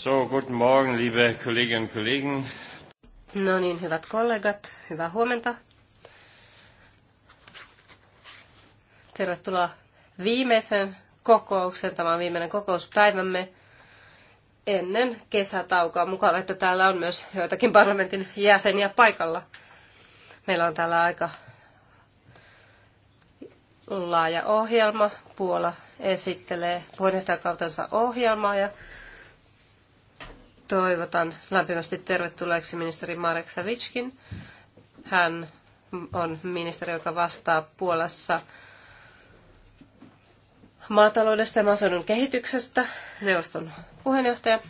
So, guten Morgen, liebe Kolleginnen und Kollegen. No niin, hyvät kollegat, hyvää huomenta. Tervetuloa viimeisen kokouksen, tämä on viimeinen kokouspäivämme ennen kesätaukoa. Mukava, että täällä on myös joitakin parlamentin jäseniä paikalla. Meillä on täällä aika laaja ohjelma. Puola esittelee puheenjohtajakautensa ohjelmaa ja toivotan lämpimästi tervetulleeksi ministeri Marek Savitskin. Hän on ministeri, joka vastaa Puolassa maataloudesta ja maaseudun kehityksestä, neuvoston puheenjohtaja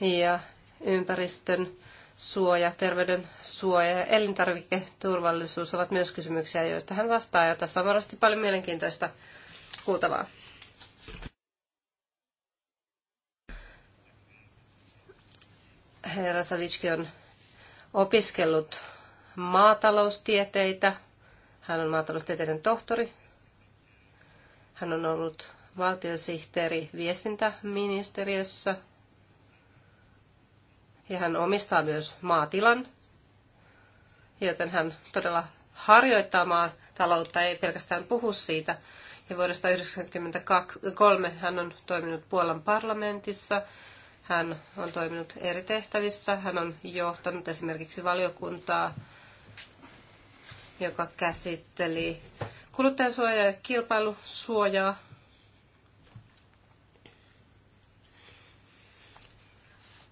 ja ympäristön suoja, terveyden suoja ja elintarviketurvallisuus ovat myös kysymyksiä, joista hän vastaa. Ja tässä on varmasti paljon mielenkiintoista kuultavaa. herra Savitski on opiskellut maataloustieteitä. Hän on maataloustieteiden tohtori. Hän on ollut valtiosihteeri viestintäministeriössä. Ja hän omistaa myös maatilan, joten hän todella harjoittaa maataloutta, ei pelkästään puhu siitä. Ja vuodesta 1993 hän on toiminut Puolan parlamentissa hän on toiminut eri tehtävissä. Hän on johtanut esimerkiksi valiokuntaa, joka käsitteli kuluttajansuojaa ja kilpailusuojaa.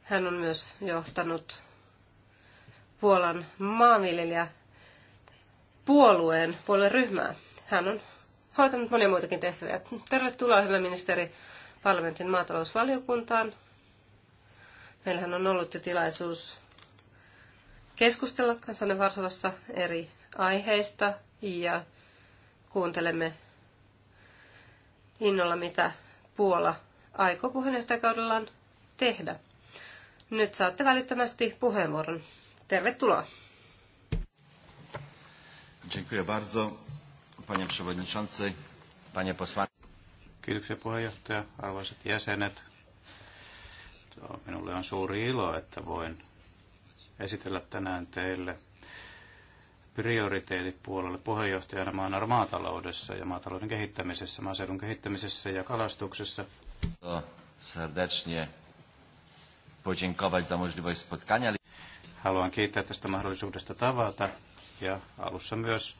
Hän on myös johtanut Puolan maanviljelijä puolueen, puolueen ryhmää. Hän on hoitanut monia muitakin tehtäviä. Tervetuloa, hyvä ministeri, parlamentin maatalousvaliokuntaan. Meillähän on ollut jo tilaisuus keskustella kanssanne Varsovassa eri aiheista ja kuuntelemme innolla, mitä Puola aikoo puheenjohtajakaudellaan tehdä. Nyt saatte välittömästi puheenvuoron. Tervetuloa. Dziękuję bardzo, panie przewodniczący, panie posłanki. Kiitoksia puheenjohtaja, arvoisat jäsenet, Minulle on suuri ilo, että voin esitellä tänään teille prioriteetit puolelle puheenjohtajana maan maataloudessa ja maatalouden kehittämisessä, maaseudun kehittämisessä ja kalastuksessa. Haluan kiittää tästä mahdollisuudesta tavata ja alussa myös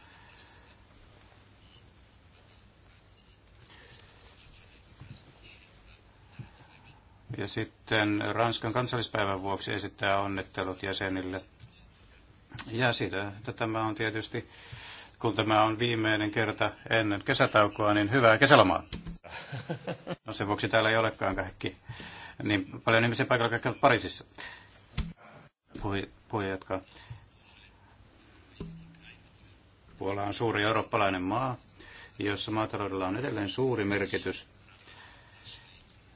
Ja sitten Ranskan kansallispäivän vuoksi esittää onnettelut jäsenille. Ja sitä, että tämä on tietysti, kun tämä on viimeinen kerta ennen kesätaukoa, niin hyvää kesälomaa. No sen vuoksi täällä ei olekaan kaikki. Niin paljon ihmisiä paikalla kaikkialla Pariisissa. Puhi, jatkaa. Puola on suuri eurooppalainen maa, jossa maataloudella on edelleen suuri merkitys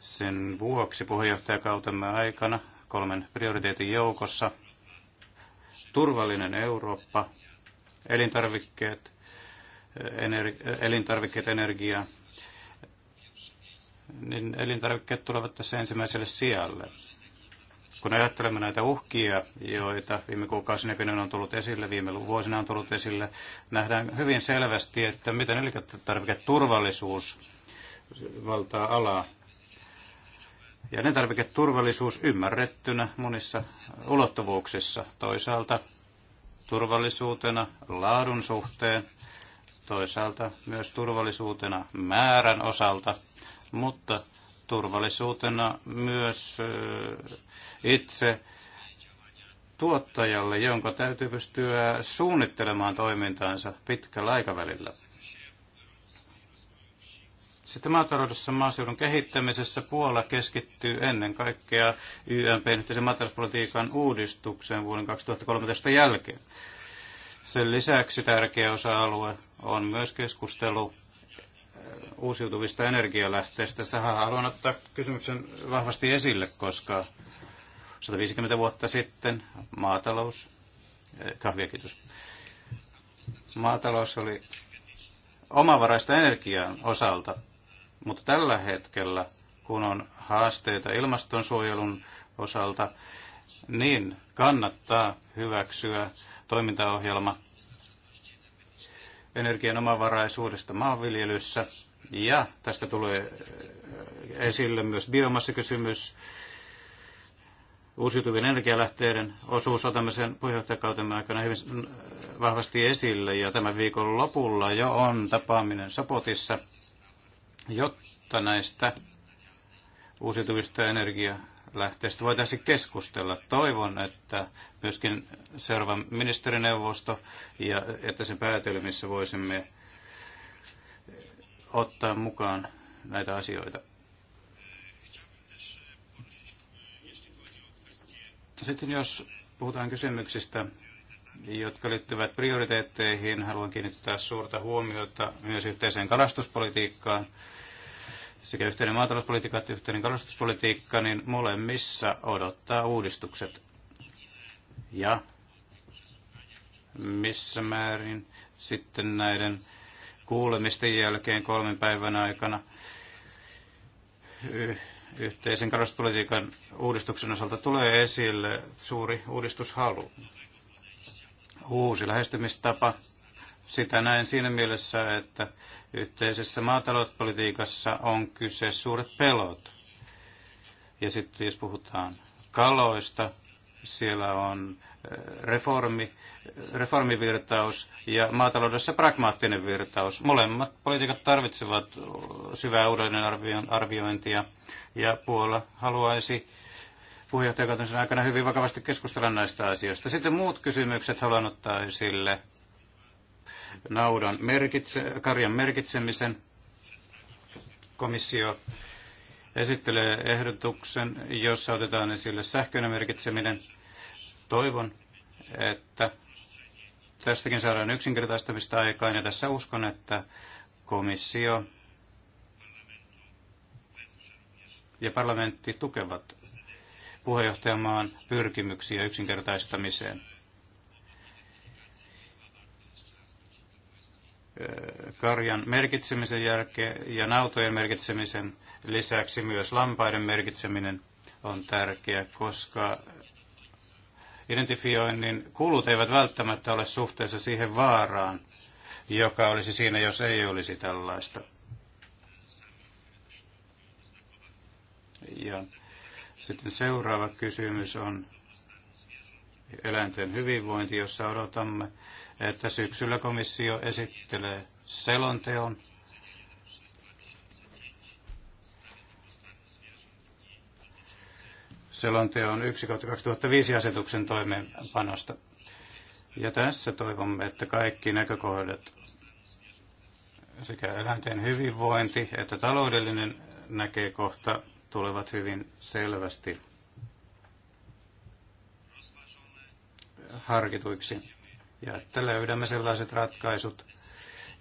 sen vuoksi puheenjohtajakautemme aikana kolmen prioriteetin joukossa turvallinen Eurooppa, elintarvikkeet, elintarvikkeet energia, niin elintarvikkeet tulevat tässä ensimmäiselle sijalle. Kun ajattelemme näitä uhkia, joita viime kuukausina on tullut esille, viime vuosina on tullut esille, nähdään hyvin selvästi, että miten elintarviketurvallisuus valtaa alaa ja elintarviketurvallisuus ymmärrettynä monissa ulottuvuuksissa. Toisaalta turvallisuutena laadun suhteen, toisaalta myös turvallisuutena määrän osalta, mutta turvallisuutena myös itse tuottajalle, jonka täytyy pystyä suunnittelemaan toimintaansa pitkällä aikavälillä. Sitten maataloudessa maaseudun kehittämisessä Puola keskittyy ennen kaikkea YMP yhteisen maatalouspolitiikan uudistukseen vuoden 2013 jälkeen. Sen lisäksi tärkeä osa-alue on myös keskustelu eh, uusiutuvista energialähteistä. Sähän haluan ottaa kysymyksen vahvasti esille, koska 150 vuotta sitten maatalous, eh, kahvia kiitos, maatalous oli omavaraista energian osalta mutta tällä hetkellä, kun on haasteita ilmastonsuojelun osalta, niin kannattaa hyväksyä toimintaohjelma energian omavaraisuudesta maanviljelyssä. Ja tästä tulee äh, esille myös biomassakysymys uusiutuvien energialähteiden osuus otamme sen puheenjohtajakautemme aikana hyvin äh, vahvasti esille ja tämän viikon lopulla jo on tapaaminen Sapotissa jotta näistä uusiutuvista energialähteistä voitaisiin keskustella. Toivon, että myöskin seuraava ministerineuvosto ja että sen päätelmissä voisimme ottaa mukaan näitä asioita. Sitten jos puhutaan kysymyksistä, jotka liittyvät prioriteetteihin, haluan kiinnittää suurta huomiota myös yhteiseen kalastuspolitiikkaan sekä yhteinen maatalouspolitiikka että yhteinen kalastuspolitiikka, niin molemmissa odottaa uudistukset. Ja missä määrin sitten näiden kuulemisten jälkeen kolmen päivän aikana yhteisen kalastuspolitiikan uudistuksen osalta tulee esille suuri uudistushalu. Uusi lähestymistapa sitä näen siinä mielessä, että yhteisessä maatalouspolitiikassa on kyse suuret pelot. Ja sitten jos puhutaan kaloista, siellä on eh, reformi, reformivirtaus ja maataloudessa pragmaattinen virtaus. Molemmat politiikat tarvitsevat eh, syvää arviointia ja Puola haluaisi puheenjohtajakautensa aikana hyvin vakavasti keskustella näistä asioista. Sitten muut kysymykset haluan ottaa esille naudan merkitse, karjan merkitsemisen. Komissio esittelee ehdotuksen, jossa otetaan esille sähköinen merkitseminen. Toivon, että tästäkin saadaan yksinkertaistamista aikaan ja tässä uskon, että komissio ja parlamentti tukevat puheenjohtajamaan pyrkimyksiä yksinkertaistamiseen. karjan merkitsemisen jälkeen ja nautojen merkitsemisen lisäksi myös lampaiden merkitseminen on tärkeä, koska identifioinnin kulut eivät välttämättä ole suhteessa siihen vaaraan, joka olisi siinä, jos ei olisi tällaista. Ja sitten seuraava kysymys on eläinten hyvinvointi, jossa odotamme että syksyllä komissio esittelee selonteon selonteon 1-2005 asetuksen toimeenpanosta. Ja tässä toivomme, että kaikki näkökohdat, sekä eläinten hyvinvointi että taloudellinen näkökohta, tulevat hyvin selvästi harkituiksi ja että löydämme sellaiset ratkaisut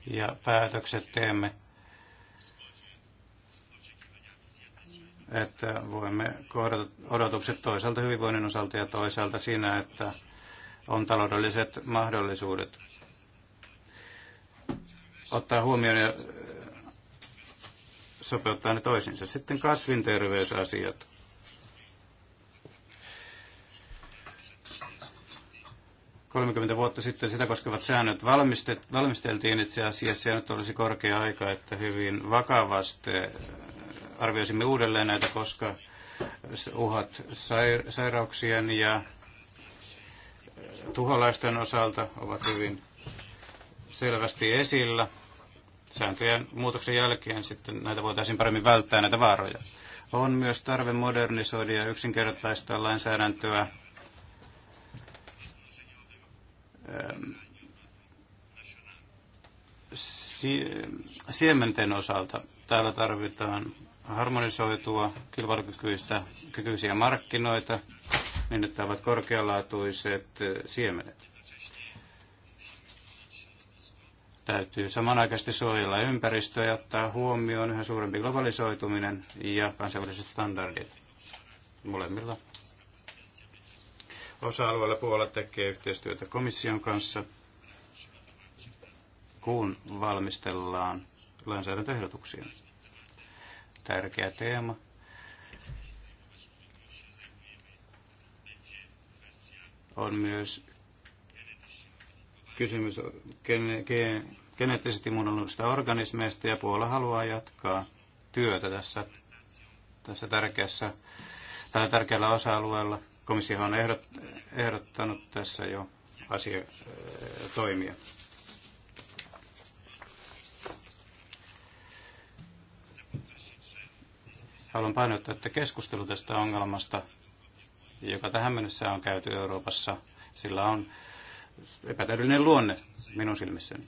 ja päätökset teemme, että voimme kohdata odotukset toisaalta hyvinvoinnin osalta ja toisaalta siinä, että on taloudelliset mahdollisuudet ottaa huomioon ja sopeuttaa ne toisinsa. Sitten kasvinterveysasiat. 30 vuotta sitten sitä koskevat säännöt valmisteltiin itse asiassa, ja nyt olisi korkea aika, että hyvin vakavasti arvioisimme uudelleen näitä, koska uhat sairauksien ja tuholaisten osalta ovat hyvin selvästi esillä. Sääntöjen muutoksen jälkeen sitten näitä voitaisiin paremmin välttää näitä vaaroja. On myös tarve modernisoida ja yksinkertaistaa lainsäädäntöä Ehm, siementen osalta. Täällä tarvitaan harmonisoitua, kilpailukykyistä, kykyisiä markkinoita, niin että ovat korkealaatuiset eh, siemenet. Täytyy samanaikaisesti suojella ympäristöä ja ottaa huomioon yhä suurempi globalisoituminen ja kansainväliset standardit molemmilla osa-alueella Puola tekee yhteistyötä komission kanssa, kun valmistellaan lainsäädäntöehdotuksia. Tärkeä teema. On myös kysymys geneettisesti muunnelluista organismeista ja Puola haluaa jatkaa työtä tässä, tässä tärkeässä, tällä tärkeällä osa-alueella – Komissio on ehdot, ehdottanut tässä jo asia, toimia. Haluan painottaa, että keskustelu tästä ongelmasta, joka tähän mennessä on käyty Euroopassa, sillä on epätäydellinen luonne minun silmissäni.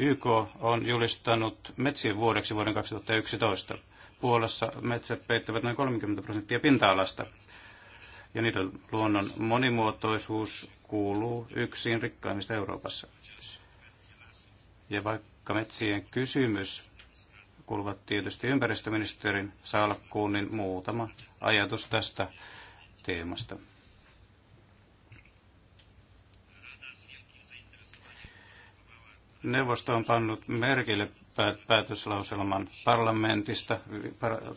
YK on julistanut metsien vuodeksi vuoden 2011. Puolassa metsät peittävät noin 30 prosenttia pinta-alasta, ja niiden luonnon monimuotoisuus kuuluu yksin rikkaimmista Euroopassa. Ja vaikka metsien kysymys kuuluvat tietysti ympäristöministerin salkkuun, niin muutama ajatus tästä teemasta. Neuvosto on pannut merkille päätöslauselman parlamentista,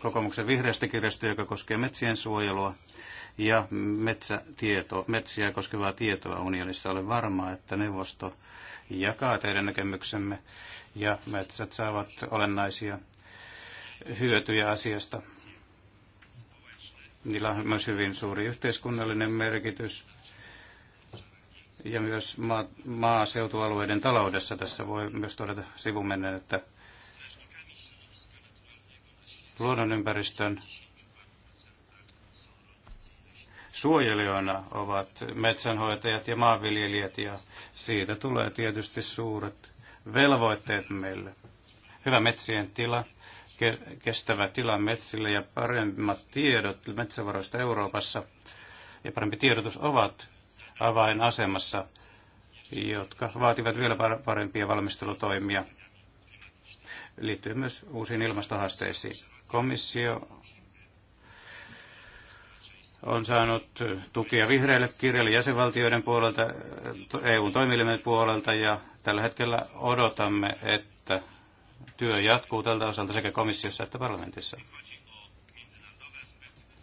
kokoomuksen vihreästä kirjasta, joka koskee metsien suojelua ja metsätieto, metsiä koskevaa tietoa unionissa. Olen varma, että neuvosto jakaa teidän näkemyksemme ja metsät saavat olennaisia hyötyjä asiasta. Niillä on myös hyvin suuri yhteiskunnallinen merkitys ja myös maa, maaseutualueiden taloudessa. Tässä voi myös todeta sivumennen, että luonnonympäristön suojelijoina ovat metsänhoitajat ja maanviljelijät ja siitä tulee tietysti suuret velvoitteet meille. Hyvä metsien tila, kestävä tila metsille ja paremmat tiedot metsävaroista Euroopassa ja parempi tiedotus ovat avainasemassa, jotka vaativat vielä parempia valmistelutoimia liittyen myös uusiin ilmastohaasteisiin. Komissio on saanut tukea vihreille kirjalle jäsenvaltioiden puolelta, EUn toimielimen puolelta ja tällä hetkellä odotamme, että työ jatkuu tältä osalta sekä komissiossa että parlamentissa.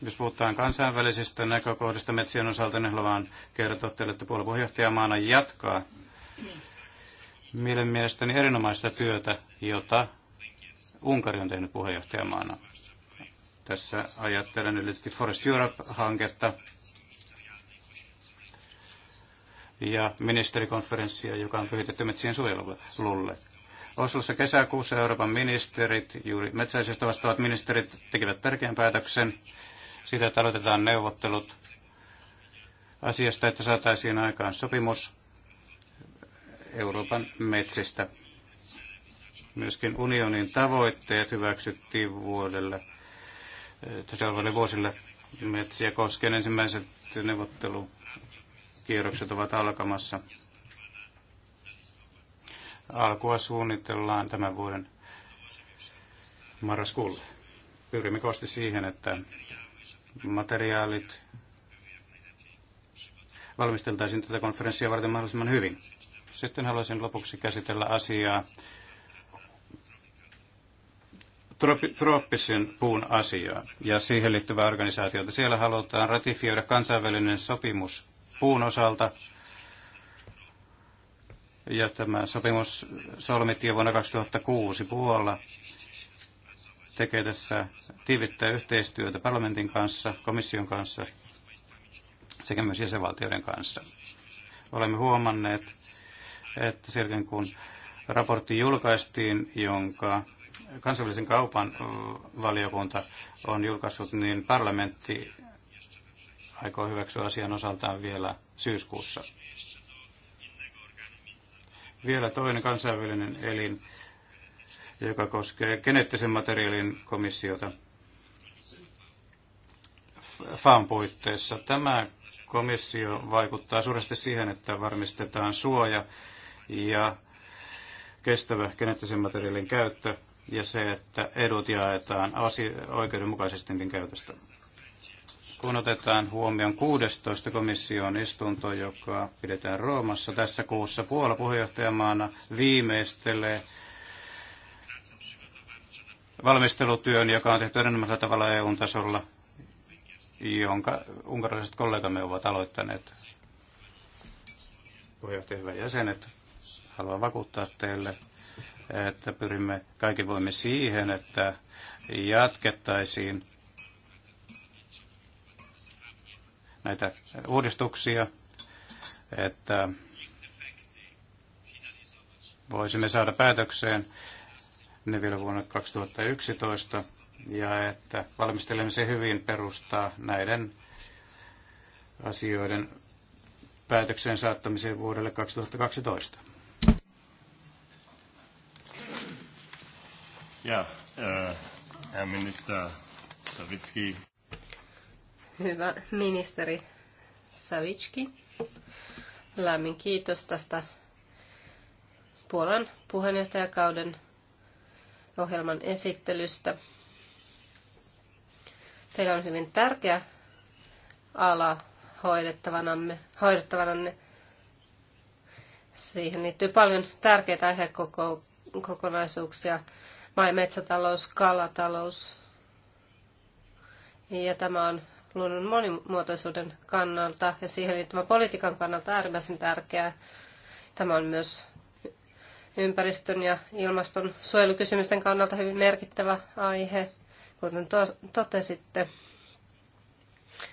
Jos puhutaan kansainvälisistä näkökohdista metsien osalta, niin haluan kertoa teille, että puoluepuheenjohtajamaana jatkaa mielen mielestäni erinomaista työtä, jota Unkari on tehnyt puheenjohtajamaana. Tässä ajattelen yleisesti Forest Europe-hanketta ja ministerikonferenssia, joka on pyhitetty metsien suojelulle. Oslossa kesäkuussa Euroopan ministerit, juuri metsäisestä vastaavat ministerit, tekivät tärkeän päätöksen siitä, että aloitetaan neuvottelut asiasta, että saataisiin aikaan sopimus Euroopan metsistä. Myöskin unionin tavoitteet hyväksyttiin vuodelle, seuraavalle vuosille metsiä koskien ensimmäiset neuvottelukierrokset ovat alkamassa. Alkua suunnitellaan tämän vuoden marraskuulle. Pyrimme kosti siihen, että materiaalit valmisteltaisiin tätä konferenssia varten mahdollisimman hyvin. Sitten haluaisin lopuksi käsitellä asiaa trooppisen puun asiaa ja siihen liittyvää organisaatiota. Siellä halutaan ratifioida kansainvälinen sopimus puun osalta. Ja tämä sopimus solmittiin vuonna 2006 puolella tekee tässä tiivittää yhteistyötä parlamentin kanssa, komission kanssa sekä myös jäsenvaltioiden kanssa. Olemme huomanneet, että silloin kun raportti julkaistiin, jonka kansainvälisen kaupan valiokunta on julkaissut, niin parlamentti aikoo hyväksyä asian osaltaan vielä syyskuussa. Vielä toinen kansainvälinen elin joka koskee geneettisen materiaalin komissiota FAN puitteissa. Tämä komissio vaikuttaa suuresti siihen, että varmistetaan suoja ja kestävä geneettisen materiaalin käyttö ja se, että edut jaetaan oikeudenmukaisesti niiden käytöstä. Kun otetaan huomioon 16 komission istunto, joka pidetään Roomassa tässä kuussa, Puola puheenjohtajamaana viimeistelee valmistelutyön, joka on tehty enemmän tavalla EU-tasolla, jonka unkarilaiset kollegamme ovat aloittaneet. Puheenjohtaja, hyvät jäsenet, haluan vakuuttaa teille, että pyrimme kaikki voimme siihen, että jatkettaisiin näitä uudistuksia, että voisimme saada päätökseen ne vielä vuonna 2011 ja että valmistelemme se hyvin perustaa näiden asioiden päätökseen saattamiseen vuodelle 2012. Ja, äh, Herr Minister Savitski. Hyvä ministeri Savitski. Lämmin kiitos tästä Puolan puheenjohtajakauden ohjelman esittelystä. Teillä on hyvin tärkeä ala hoidettavanamme, hoidettavananne. Siihen liittyy paljon tärkeitä aihekokonaisuuksia. Maa- ja metsätalous, kalatalous. Ja tämä on luonnon monimuotoisuuden kannalta ja siihen liittyvän politiikan kannalta äärimmäisen tärkeää. Tämä on myös ympäristön ja ilmaston suojelukysymysten kannalta hyvin merkittävä aihe, kuten to- totesitte.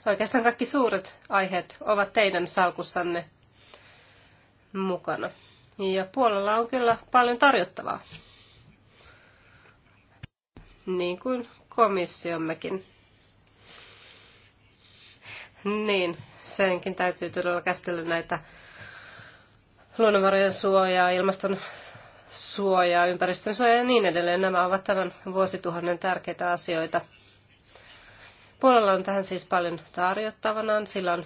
Oikeastaan kaikki suuret aiheet ovat teidän salkussanne mukana. Ja puolella on kyllä paljon tarjottavaa. Niin kuin komissiommekin. Niin, senkin täytyy todella käsitellä näitä luonnonvarojen suojaa, ilmaston suojaa, ympäristön suojaa ja niin edelleen. Nämä ovat tämän vuosituhannen tärkeitä asioita. Puolella on tähän siis paljon tarjottavanaan. Sillä on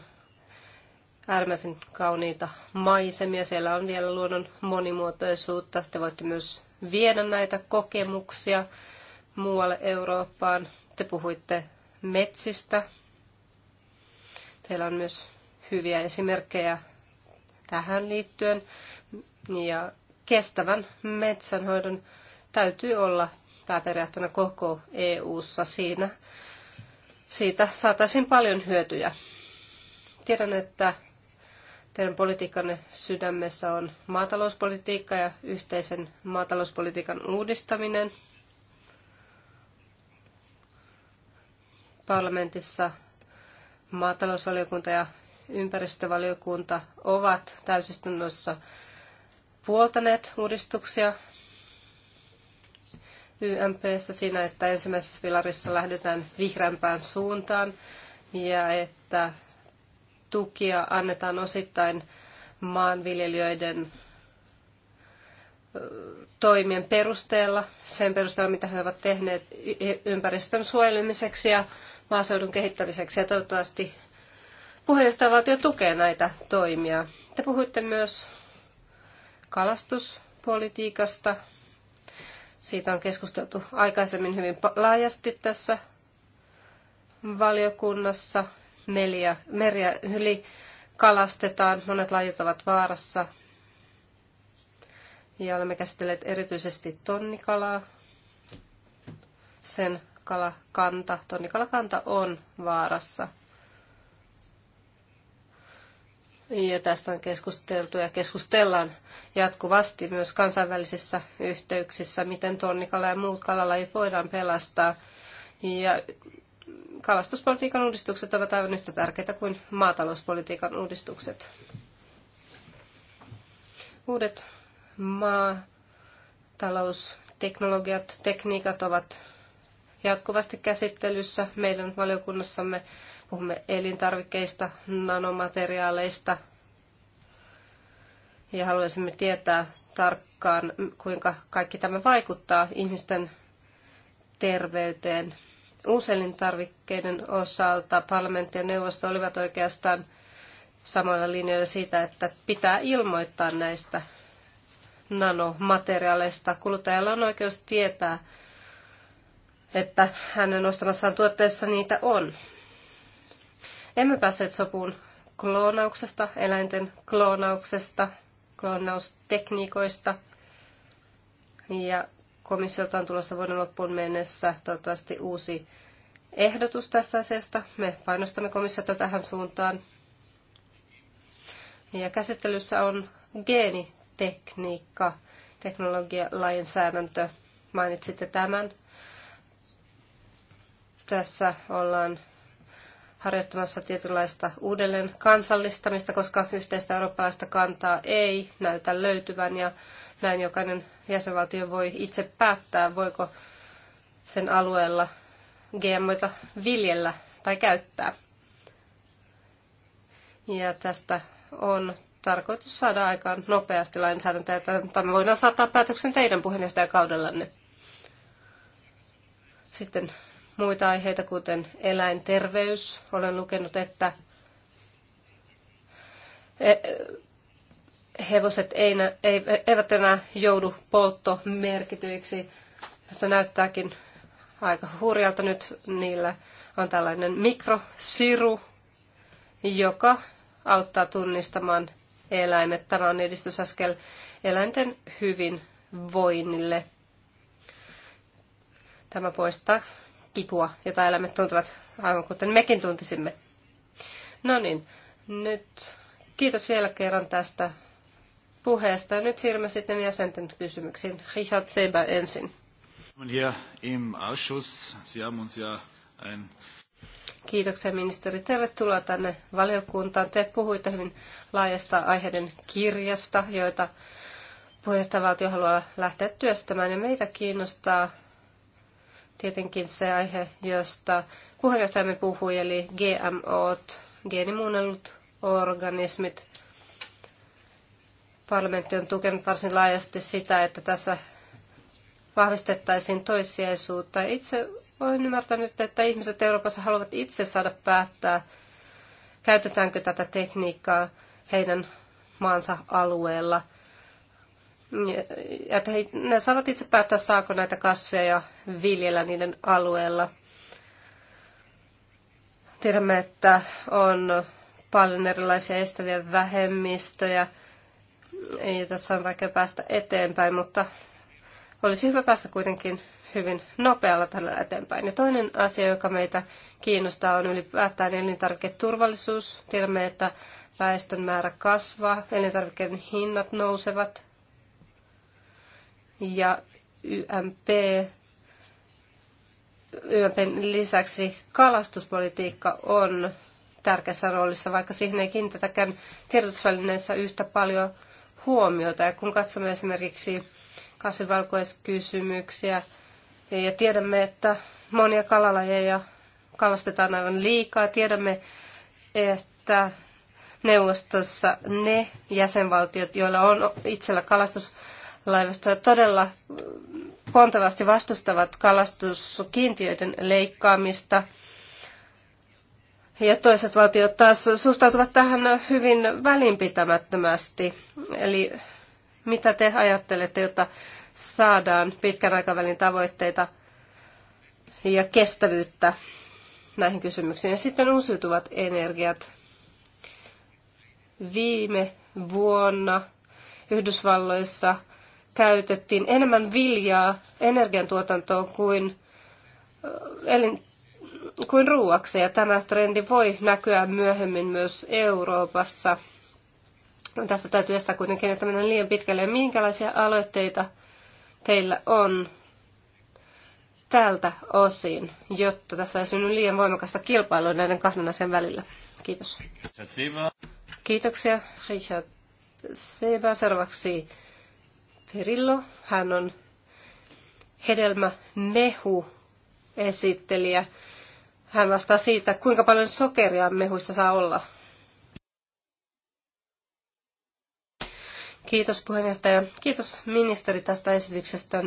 äärimmäisen kauniita maisemia. Siellä on vielä luonnon monimuotoisuutta. Te voitte myös viedä näitä kokemuksia muualle Eurooppaan. Te puhuitte metsistä. Teillä on myös hyviä esimerkkejä tähän liittyen. Ja kestävän metsänhoidon täytyy olla pääperiaatteena koko EU-ssa. Siinä, siitä saataisiin paljon hyötyjä. Tiedän, että teidän politiikkanne sydämessä on maatalouspolitiikka ja yhteisen maatalouspolitiikan uudistaminen. Parlamentissa maatalousvaliokunta ja ympäristövaliokunta ovat täysistunnossa puoltaneet uudistuksia YMPssä siinä, että ensimmäisessä pilarissa lähdetään vihreämpään suuntaan ja että tukia annetaan osittain maanviljelijöiden toimien perusteella, sen perusteella, mitä he ovat tehneet ympäristön suojelemiseksi ja maaseudun kehittämiseksi. Ja toivottavasti puheenjohtajavaltio tukee näitä toimia. Te puhuitte myös kalastuspolitiikasta. Siitä on keskusteltu aikaisemmin hyvin laajasti tässä valiokunnassa. Meliä, meriä yli kalastetaan, monet lajit ovat vaarassa. Ja olemme käsitelleet erityisesti tonnikalaa. Sen kalakanta, tonnikalakanta on vaarassa – ja tästä on keskusteltu ja keskustellaan jatkuvasti myös kansainvälisissä yhteyksissä, miten tonnikala ja muut kalalajit voidaan pelastaa. Ja kalastuspolitiikan uudistukset ovat aivan yhtä tärkeitä kuin maatalouspolitiikan uudistukset. Uudet maatalousteknologiat, tekniikat ovat jatkuvasti käsittelyssä meidän valiokunnassamme Puhumme elintarvikkeista, nanomateriaaleista ja haluaisimme tietää tarkkaan, kuinka kaikki tämä vaikuttaa ihmisten terveyteen. Uuselintarvikkeiden osalta parlamentti ja neuvosto olivat oikeastaan samoilla linjoilla siitä, että pitää ilmoittaa näistä nanomateriaaleista. Kuluttajalla on oikeus tietää, että hänen ostamassaan tuotteessa niitä on. Emme päässeet sopuun kloonauksesta, eläinten kloonauksesta, kloonaustekniikoista. Ja komissiolta on tulossa vuoden loppuun mennessä toivottavasti uusi ehdotus tästä asiasta. Me painostamme komissiota tähän suuntaan. Ja käsittelyssä on geenitekniikka, teknologialainsäädäntö. Mainitsitte tämän. Tässä ollaan harjoittamassa tietynlaista uudelleen kansallistamista, koska yhteistä eurooppalaista kantaa ei näytä löytyvän ja näin jokainen jäsenvaltio voi itse päättää, voiko sen alueella GMOita viljellä tai käyttää. Ja tästä on tarkoitus saada aikaan nopeasti lainsäädäntöä, että tämä voidaan saattaa päätöksen teidän puheenjohtajakaudellanne. Sitten muita aiheita, kuten eläinterveys. Olen lukenut, että e, hevoset eivät enää joudu polttomerkityiksi. Se näyttääkin aika hurjalta nyt. Niillä on tällainen mikrosiru, joka auttaa tunnistamaan eläimet. Tämä on edistysaskel eläinten hyvinvoinnille. Tämä poistaa kipua, jota eläimet tuntuvat, aivan kuten mekin tuntisimme. No niin, nyt kiitos vielä kerran tästä puheesta. Nyt siirrymme sitten jäsenten kysymyksiin. Richard seba ensin. Kiitoksia ministeri. Tervetuloa tänne valiokuntaan. Te puhuitte hyvin laajasta aiheiden kirjasta, joita puheenjohtajavaltio haluaa lähteä työstämään. Ja meitä kiinnostaa tietenkin se aihe, josta puheenjohtajamme puhui, eli GMOt, geenimuunnellut organismit. Parlamentti on tukenut varsin laajasti sitä, että tässä vahvistettaisiin toissijaisuutta. Itse olen ymmärtänyt, että ihmiset Euroopassa haluavat itse saada päättää, käytetäänkö tätä tekniikkaa heidän maansa alueella – ja että he, ne saavat itse päättää, saako näitä kasveja viljellä niiden alueella. Tiedämme, että on paljon erilaisia estäviä vähemmistöjä, ei tässä on vaikea päästä eteenpäin, mutta olisi hyvä päästä kuitenkin hyvin nopealla tällä eteenpäin. Ja toinen asia, joka meitä kiinnostaa, on ylipäätään elintarviketurvallisuus. Tiedämme, että väestön määrä kasvaa, elintarvikkeiden hinnat nousevat ja YMP, YMPn lisäksi kalastuspolitiikka on tärkeässä roolissa, vaikka siihen ei kiinnitetäkään tiedotusvälineissä yhtä paljon huomiota. Ja kun katsomme esimerkiksi kasvivalkoiskysymyksiä ja tiedämme, että monia kalalajeja kalastetaan aivan liikaa, tiedämme, että neuvostossa ne jäsenvaltiot, joilla on itsellä kalastus laivasta todella pontevasti vastustavat kalastuskiintiöiden leikkaamista. Ja toiset valtiot taas suhtautuvat tähän hyvin välinpitämättömästi. Eli mitä te ajattelette, jotta saadaan pitkän aikavälin tavoitteita ja kestävyyttä näihin kysymyksiin. Ja sitten uusiutuvat energiat. Viime vuonna Yhdysvalloissa käytettiin enemmän viljaa energiantuotantoon kuin, äh, elin, kuin ruuaksi. Ja tämä trendi voi näkyä myöhemmin myös Euroopassa. Tässä täytyy estää kuitenkin, että mennään liian pitkälle. Minkälaisia aloitteita teillä on tältä osin, jotta tässä ei synny liian voimakasta kilpailua näiden kahden asian välillä? Kiitos. Kiitoksia, Richard. Seba seuraavaksi Perillo, Hän on hedelmämehu esittelijä. Hän vastaa siitä, kuinka paljon sokeria mehuissa saa olla. Kiitos puheenjohtaja. Kiitos ministeri tästä esityksestä.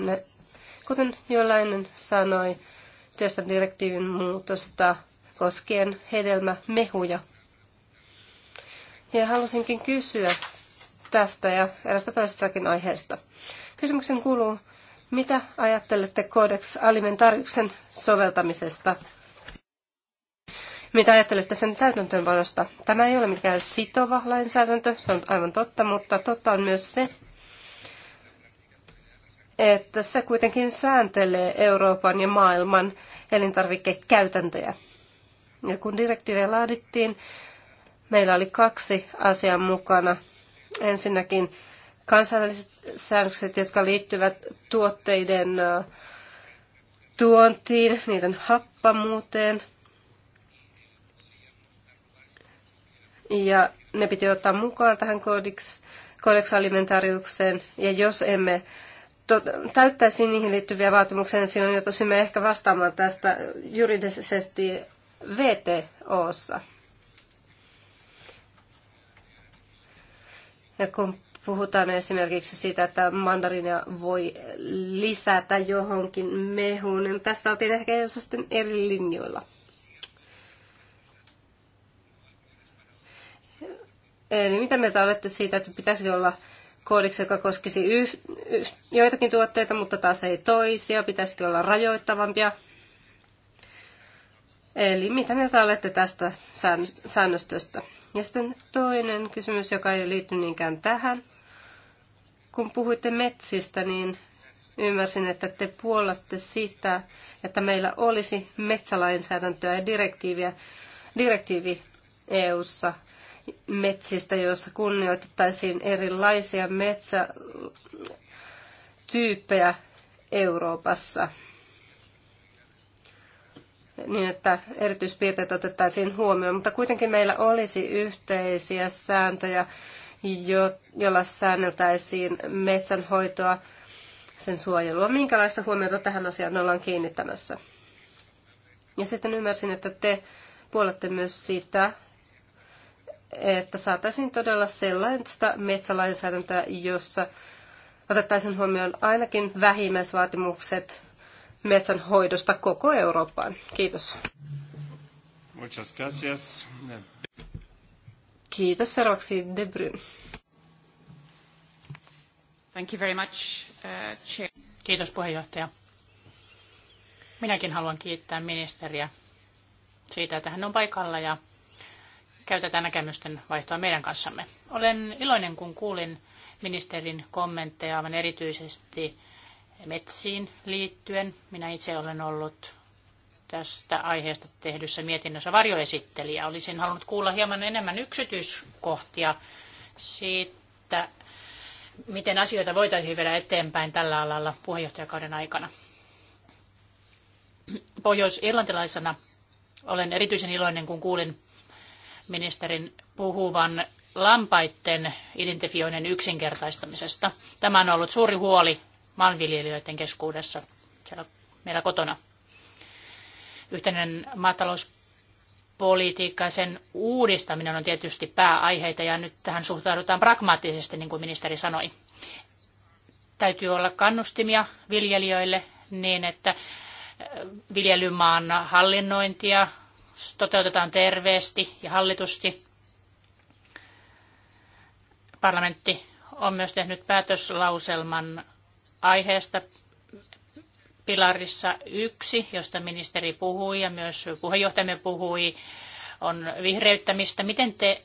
Kuten Jolainen sanoi, työstä direktiivin muutosta koskien hedelmämehuja. Ja halusinkin kysyä, tästä ja erästä toisestakin aiheesta. Kysymyksen kuuluu, mitä ajattelette Codex Alimentariuksen soveltamisesta? Mitä ajattelette sen täytäntöönpanosta? Tämä ei ole mikään sitova lainsäädäntö, se on aivan totta, mutta totta on myös se, että se kuitenkin sääntelee Euroopan ja maailman elintarvikekäytäntöjä. Ja kun direktiivejä laadittiin, meillä oli kaksi asiaa mukana – Ensinnäkin kansainväliset säännökset, jotka liittyvät tuotteiden tuontiin, niiden happamuuteen. Ja ne piti ottaa mukaan tähän kodeks, alimentariukseen. Ja jos emme täyttäisi niihin liittyviä vaatimuksia, niin silloin joutuisimme ehkä vastaamaan tästä juridisesti VTOssa. Ja kun puhutaan esimerkiksi siitä, että mandariinia voi lisätä johonkin mehuun, niin tästä oltiin ehkä jo sitten eri linjoilla. Eli mitä mieltä olette siitä, että pitäisi olla koodiksi, joka koskisi yh, yh, joitakin tuotteita, mutta taas ei toisia, pitäisikö olla rajoittavampia? Eli mitä mieltä olette tästä säännöstöstä? Ja sitten toinen kysymys, joka ei liitty niinkään tähän. Kun puhuitte metsistä, niin ymmärsin, että te puolatte sitä, että meillä olisi metsälainsäädäntöä ja direktiiviä, direktiivi EU-ssa metsistä, jossa kunnioitettaisiin erilaisia metsätyyppejä Euroopassa niin, että erityispiirteet otettaisiin huomioon, mutta kuitenkin meillä olisi yhteisiä sääntöjä, jo, jolla säänneltäisiin metsänhoitoa, sen suojelua. Minkälaista huomiota tähän asiaan ollaan kiinnittämässä? Ja sitten ymmärsin, että te puolette myös sitä, että saataisiin todella sellaista metsälainsäädäntöä, jossa otettaisiin huomioon ainakin vähimmäisvaatimukset metsänhoidosta koko Eurooppaan. Kiitos. Muchas gracias. Kiitos. Seuraavaksi De Bruyne. Thank you very much, uh, chair. Kiitos puheenjohtaja. Minäkin haluan kiittää ministeriä siitä, että hän on paikalla ja käytetään näkemysten vaihtoa meidän kanssamme. Olen iloinen, kun kuulin ministerin kommentteja aivan erityisesti metsiin liittyen. Minä itse olen ollut tästä aiheesta tehdyssä mietinnössä varjoesittelijä. Olisin halunnut kuulla hieman enemmän yksityiskohtia siitä, miten asioita voitaisiin viedä eteenpäin tällä alalla puheenjohtajakauden aikana. Pohjois-irlantilaisena olen erityisen iloinen, kun kuulin ministerin puhuvan lampaiden identifioinnin yksinkertaistamisesta. Tämä on ollut suuri huoli maanviljelijöiden keskuudessa siellä meillä kotona. Yhteinen maatalouspolitiikka ja sen uudistaminen on tietysti pääaiheita ja nyt tähän suhtaudutaan pragmaattisesti, niin kuin ministeri sanoi. Täytyy olla kannustimia viljelijöille niin, että äh, viljelymaan hallinnointia toteutetaan terveesti ja hallitusti. Parlamentti on myös tehnyt päätöslauselman aiheesta pilarissa yksi, josta ministeri puhui ja myös puheenjohtajamme puhui, on vihreyttämistä. Miten te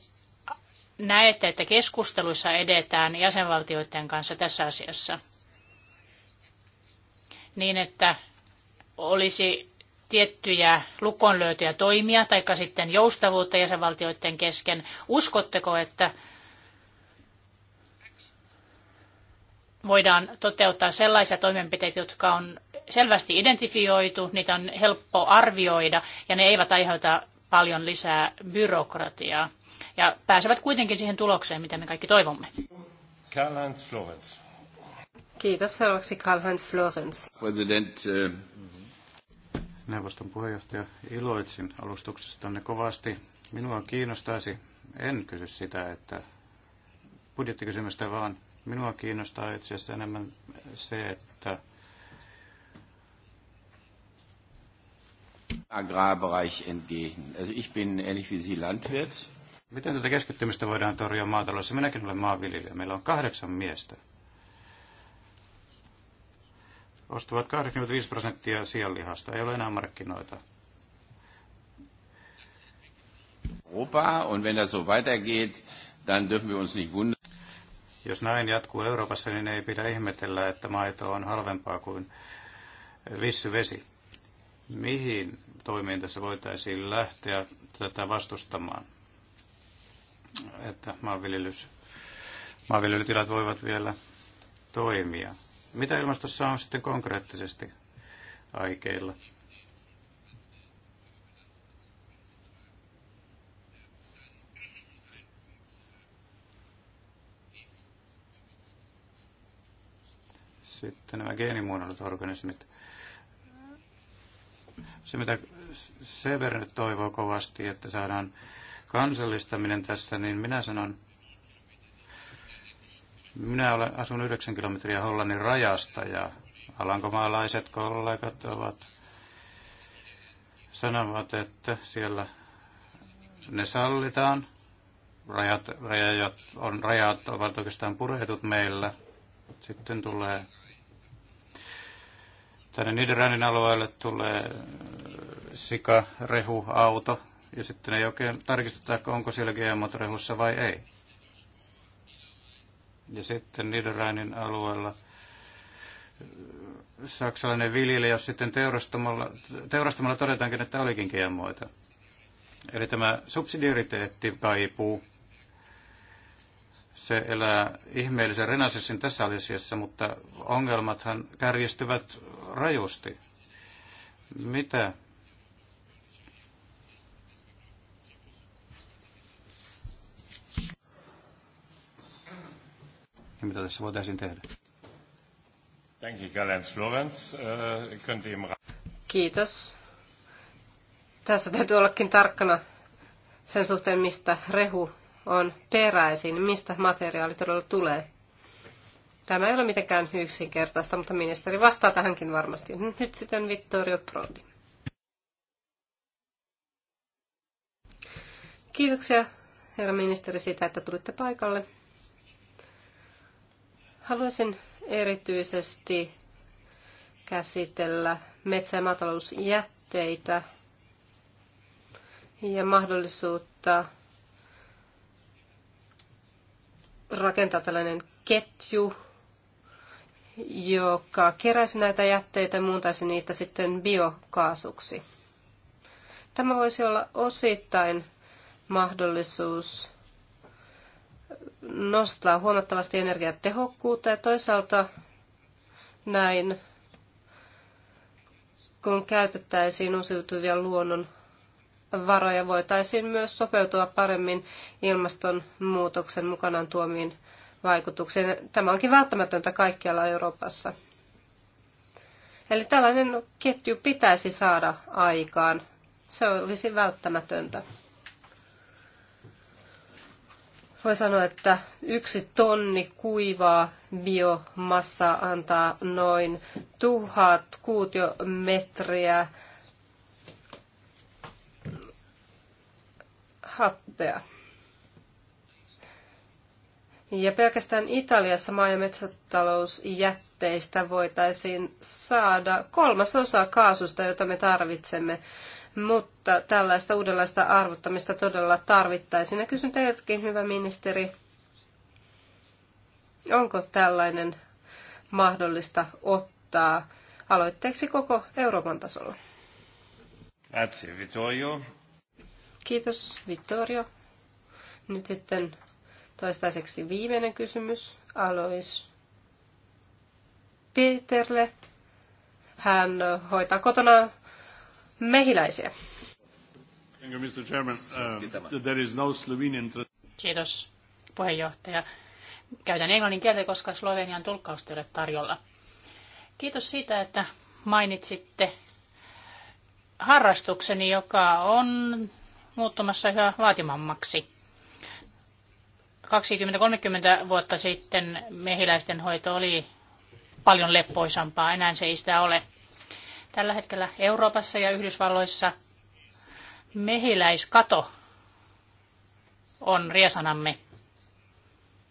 näette, että keskusteluissa edetään jäsenvaltioiden kanssa tässä asiassa? Niin, että olisi tiettyjä lukonlyötyjä toimia tai sitten joustavuutta jäsenvaltioiden kesken. Uskotteko, että voidaan toteuttaa sellaisia toimenpiteitä, jotka on selvästi identifioitu, niitä on helppo arvioida ja ne eivät aiheuta paljon lisää byrokratiaa. Ja pääsevät kuitenkin siihen tulokseen, mitä me kaikki toivomme. Karl-Heinz Florenz. Kiitos. Seuraavaksi Karl-Heinz Florenz. President, eh, Neuvoston puheenjohtaja, iloitsin alustuksestanne kovasti. Minua kiinnostaisi, en kysy sitä, että budjettikysymystä, vaan Minua kiinnostaa itse asiassa enemmän se, että Agrarbereich entgegen. Also ich bin ähnlich wie Sie Landwirt. Miten tätä keskittymistä voidaan torjua maataloudessa? Minäkin olen maanviljelijä. Meillä on kahdeksan miestä. Ostavat 85 prosenttia sianlihasta. Ei ole enää markkinoita. Europa und wenn das so weitergeht, dann dürfen wir uns nicht wundern. Jos näin jatkuu Euroopassa, niin ei pidä ihmetellä, että maito on halvempaa kuin vissyvesi. Mihin toimiin tässä voitaisiin lähteä tätä vastustamaan? Että maanviljelys, maanviljelytilat voivat vielä toimia. Mitä ilmastossa on sitten konkreettisesti aikeilla? Sitten nämä geenimuunnellut organismit. Se, mitä Sever nyt toivoo kovasti, että saadaan kansallistaminen tässä, niin minä sanon, minä olen, asun 9 kilometriä Hollannin rajasta ja alankomaalaiset kollegat ovat sanovat, että siellä ne sallitaan. Rajat, rajat, on, rajat ovat oikeastaan purehdut meillä. Sitten tulee Tänne Niederrheinin alueelle tulee sika, rehu, auto, ja sitten ei oikein tarkisteta, onko siellä gmo rehussa vai ei. Ja sitten Niederrheinin alueella äh, saksalainen viljelijä, jos sitten teurastamalla, teurastamalla todetaankin, että olikin GMOita. Eli tämä subsidiariteetti kaipuu. Se elää ihmeellisen renasessin tässä asiassa, mutta ongelmathan kärjistyvät rajusti, mitä ja mitä tässä voitaisiin tehdä. Äh, Kiitos. Tässä täytyy ollakin tarkkana sen suhteen, mistä rehu on peräisin, mistä materiaali todella tulee. Tämä ei ole mitenkään yksinkertaista, mutta ministeri vastaa tähänkin varmasti. Nyt sitten Vittorio Prodi. Kiitoksia, herra ministeri, siitä, että tulitte paikalle. Haluaisin erityisesti käsitellä metsä- ja maatalousjätteitä ja mahdollisuutta rakentaa tällainen ketju, joka keräisi näitä jätteitä ja muuntaisi niitä sitten biokaasuksi. Tämä voisi olla osittain mahdollisuus nostaa huomattavasti energiatehokkuutta ja toisaalta näin, kun käytettäisiin uusiutuvia luonnon varoja, voitaisiin myös sopeutua paremmin ilmastonmuutoksen mukanaan tuomiin Vaikutuksen Tämä onkin välttämätöntä kaikkialla Euroopassa. Eli tällainen ketju pitäisi saada aikaan. Se olisi välttämätöntä. Voi sanoa, että yksi tonni kuivaa biomassaa antaa noin tuhat kuutiometriä happea. Ja pelkästään Italiassa maa- ja metsätalousjätteistä voitaisiin saada kolmasosa kaasusta, jota me tarvitsemme. Mutta tällaista uudenlaista arvottamista todella tarvittaisiin. Ja kysyn teiltäkin, hyvä ministeri, onko tällainen mahdollista ottaa aloitteeksi koko Euroopan tasolla? Grazie, Vittorio. Kiitos, Vittorio. Nyt sitten Toistaiseksi viimeinen kysymys Alois Peterle. Hän hoitaa kotona mehiläisiä. Um, no Kiitos puheenjohtaja. Käytän englannin kieltä, koska Slovenian tulkkausta ei ole tarjolla. Kiitos siitä, että mainitsitte harrastukseni, joka on muuttumassa yhä vaatimammaksi. 20-30 vuotta sitten mehiläisten hoito oli paljon leppoisampaa, enää se ei sitä ole. Tällä hetkellä Euroopassa ja Yhdysvalloissa mehiläiskato on riesanamme.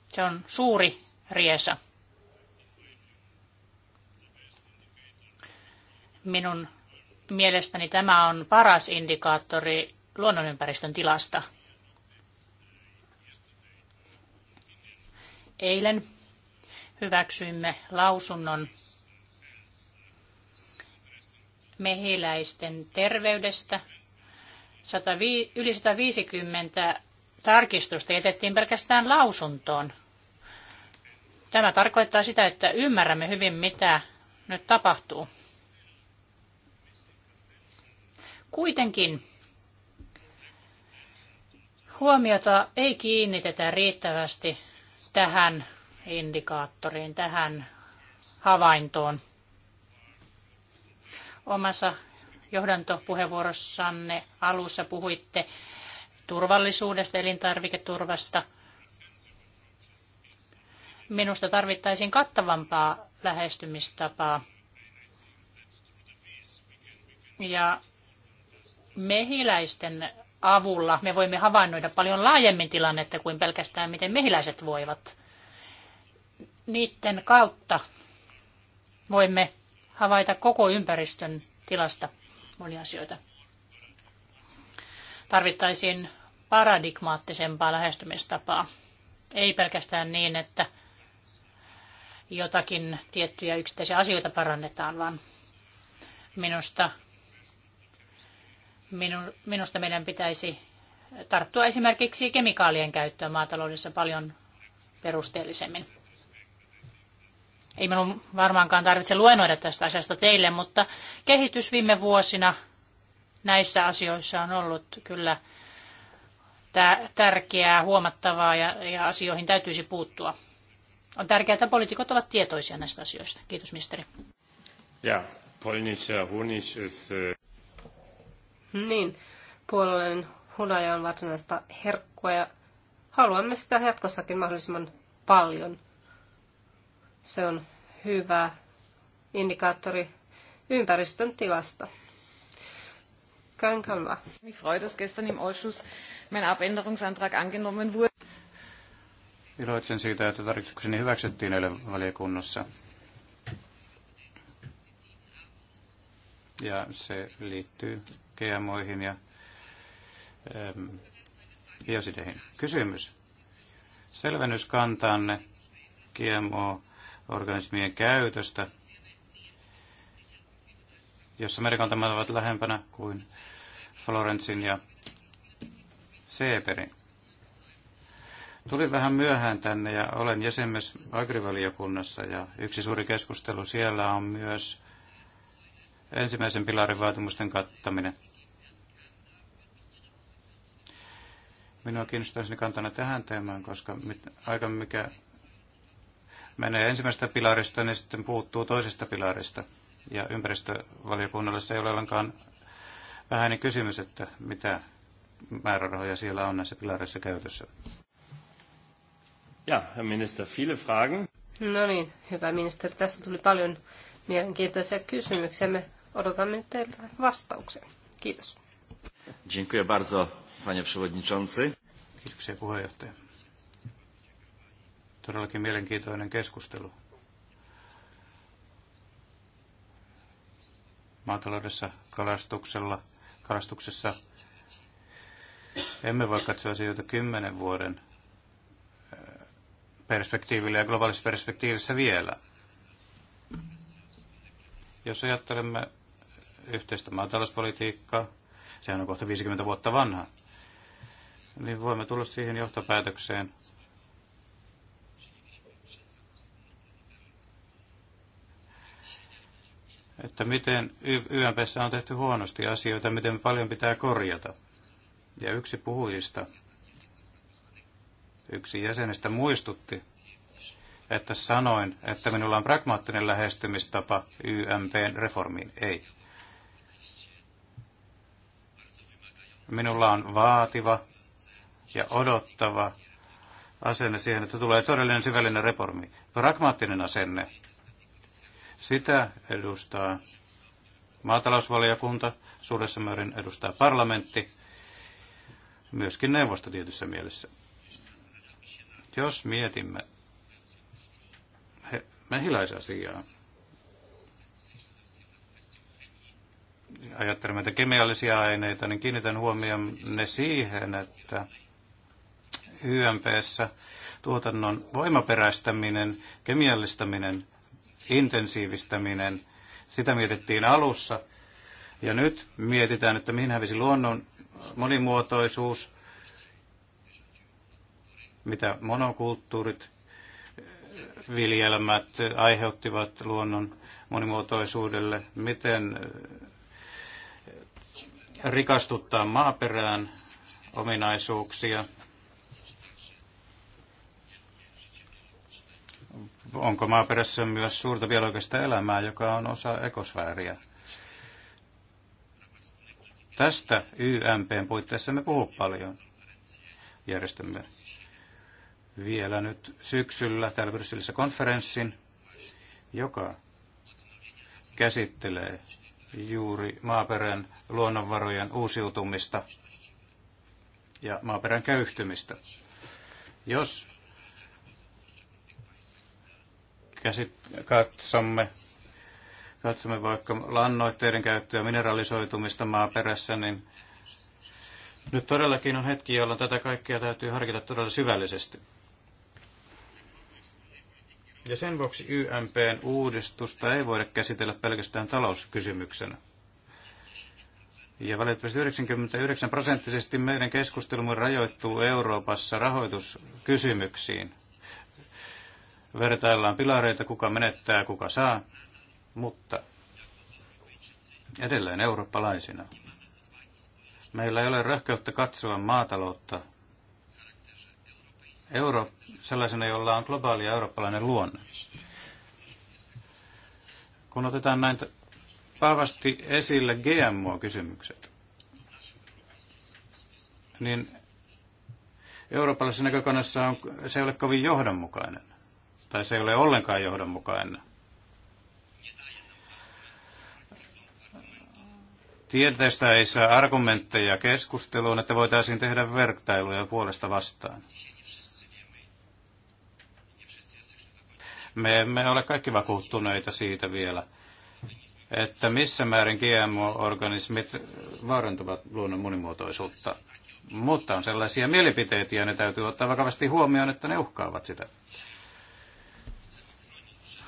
Se on suuri riesa. Minun mielestäni tämä on paras indikaattori luonnonympäristön tilasta – Eilen hyväksyimme lausunnon mehiläisten terveydestä. 105, yli 150 tarkistusta jätettiin pelkästään lausuntoon. Tämä tarkoittaa sitä, että ymmärrämme hyvin, mitä nyt tapahtuu. Kuitenkin huomiota ei kiinnitetä riittävästi tähän indikaattoriin, tähän havaintoon. Omassa johdantopuheenvuorossanne alussa puhuitte turvallisuudesta, elintarviketurvasta. Minusta tarvittaisiin kattavampaa lähestymistapaa. Ja mehiläisten avulla me voimme havainnoida paljon laajemmin tilannetta kuin pelkästään miten mehiläiset voivat. Niiden kautta voimme havaita koko ympäristön tilasta monia asioita. Tarvittaisiin paradigmaattisempaa lähestymistapaa. Ei pelkästään niin, että jotakin tiettyjä yksittäisiä asioita parannetaan, vaan minusta Minu, minusta meidän pitäisi tarttua esimerkiksi kemikaalien käyttöön maataloudessa paljon perusteellisemmin. Ei minun varmaankaan tarvitse luennoida tästä asiasta teille, mutta kehitys viime vuosina näissä asioissa on ollut kyllä tärkeää, huomattavaa ja, ja asioihin täytyisi puuttua. On tärkeää, että poliitikot ovat tietoisia näistä asioista. Kiitos, ministeri. Ja, polnischer Honig ist... Niin, puolueen hunaja on varsinaista herkkua ja haluamme sitä jatkossakin mahdollisimman paljon. Se on hyvä indikaattori ympäristön tilasta. Mich freut, dass gestern im Ausschuss mein Abänderungsantrag angenommen wurde. Iloitsen siitä, että tarkistukseni hyväksyttiin eilen valiokunnassa. Ja se liittyy GMOihin ja ähm, biosideihin. Kysymys. Selvennys kantaanne GMO-organismien käytöstä, jossa merikantamat ovat lähempänä kuin Florensin ja Seeperin. Tulin vähän myöhään tänne ja olen jäsen agrivaliokunnassa ja yksi suuri keskustelu siellä on myös ensimmäisen pilarin vaatimusten kattaminen. Minua kiinnostaisi kantana tähän teemaan, koska mit, aika mikä menee ensimmäisestä pilarista, niin sitten puuttuu toisesta pilarista. Ja ympäristövaliokunnalle se ei ole ollenkaan niin kysymys, että mitä määrärahoja siellä on näissä pilareissa käytössä. Ja, herr minister, viele Fragen. No niin, hyvä ministeri. Tässä tuli paljon mielenkiintoisia kysymyksiä. Me odotamme teiltä vastauksen. Kiitos. Dziękuję bardzo panie przewodniczący. Kiitoksia puheenjohtaja. Todellakin mielenkiintoinen keskustelu. Maataloudessa, kalastuksella, kalastuksessa emme voi katsoa asioita kymmenen vuoden eh, perspektiivillä ja globaalissa perspektiivissä vielä. Jos ajattelemme yhteistä maatalouspolitiikkaa, sehän on kohta 50 vuotta vanha niin voimme tulla siihen johtopäätökseen, että miten YMPssä on tehty huonosti asioita, miten paljon pitää korjata. Ja yksi puhujista, yksi jäsenestä muistutti, että sanoin, että minulla on pragmaattinen lähestymistapa YMPn reformiin. Ei. Minulla on vaativa ja odottava asenne siihen, että tulee todellinen syvällinen reformi. Pragmaattinen asenne. Sitä edustaa maatalousvaliokunta, suuressa määrin edustaa parlamentti, myöskin neuvosto tietyssä mielessä. Jos mietimme mehiläisasiaa, ajattelemme että kemiallisia aineita, niin kiinnitän huomioon ne siihen, että YMPssä tuotannon voimaperäistäminen, kemiallistaminen, intensiivistäminen, sitä mietittiin alussa. Ja nyt mietitään, että mihin hävisi luonnon monimuotoisuus, mitä monokulttuurit, viljelmät aiheuttivat luonnon monimuotoisuudelle, miten rikastuttaa maaperään ominaisuuksia, onko maaperässä myös suurta biologista elämää, joka on osa ekosfääriä. Tästä YMPn puitteissa me puhuu paljon järjestämme vielä nyt syksyllä täällä Brysselissä konferenssin, joka käsittelee juuri maaperän luonnonvarojen uusiutumista ja maaperän käyhtymistä. Jos käsit- katsomme, katsomme vaikka lannoitteiden käyttöä, mineralisoitumista maaperässä, niin nyt todellakin on hetki, jolloin tätä kaikkea täytyy harkita todella syvällisesti. Ja sen vuoksi YMPn uudistusta ei voida käsitellä pelkästään talouskysymyksenä. Ja valitettavasti 99 prosenttisesti meidän keskustelumme rajoittuu Euroopassa rahoituskysymyksiin, vertaillaan pilareita, kuka menettää, kuka saa, mutta edelleen eurooppalaisina. Meillä ei ole rohkeutta katsoa maataloutta euro, sellaisena, jolla on globaali ja eurooppalainen luonne. Kun otetaan näin vahvasti esille GMO-kysymykset, niin eurooppalaisessa näkökannassa on, se ei ole kovin johdonmukainen tai se ei ole ollenkaan johdonmukainen. Tieteestä ei saa argumentteja keskusteluun, että voitaisiin tehdä vertailuja puolesta vastaan. Me emme ole kaikki vakuuttuneita siitä vielä, että missä määrin GMO-organismit vaarantuvat luonnon monimuotoisuutta. Mutta on sellaisia mielipiteitä ja ne täytyy ottaa vakavasti huomioon, että ne uhkaavat sitä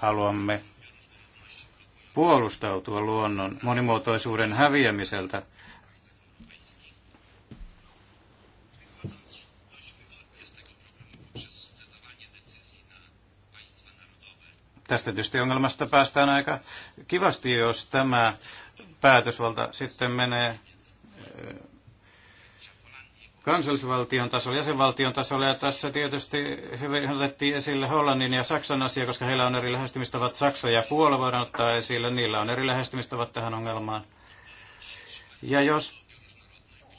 haluamme puolustautua luonnon monimuotoisuuden häviämiseltä. Tästä tietysti ongelmasta päästään aika kivasti, jos tämä päätösvalta sitten menee kansallisvaltion tasolla, jäsenvaltion tasolla. Ja tässä tietysti hyvin otettiin esille Hollannin ja Saksan asia, koska heillä on eri lähestymistavat. Saksa ja Puola voidaan ottaa esille, niillä on eri lähestymistavat tähän ongelmaan. Ja jos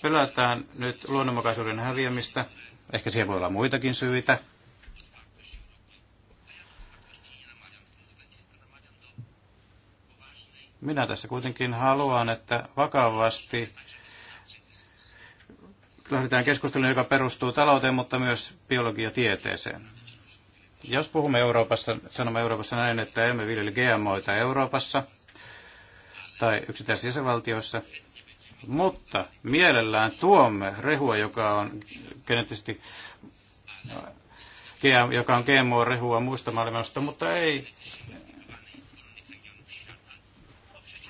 pelätään nyt luonnonmukaisuuden häviämistä, ehkä siihen voi olla muitakin syitä, Minä tässä kuitenkin haluan, että vakavasti lähdetään keskusteluun, joka perustuu talouteen, mutta myös biologiatieteeseen. Jos puhumme Euroopassa, sanomme Euroopassa näin, että emme viljele GMOita Euroopassa tai yksittäisissä jäsenvaltioissa, mutta mielellään tuomme rehua, joka on geneettisesti joka on GMO-rehua muista maailmasta, mutta ei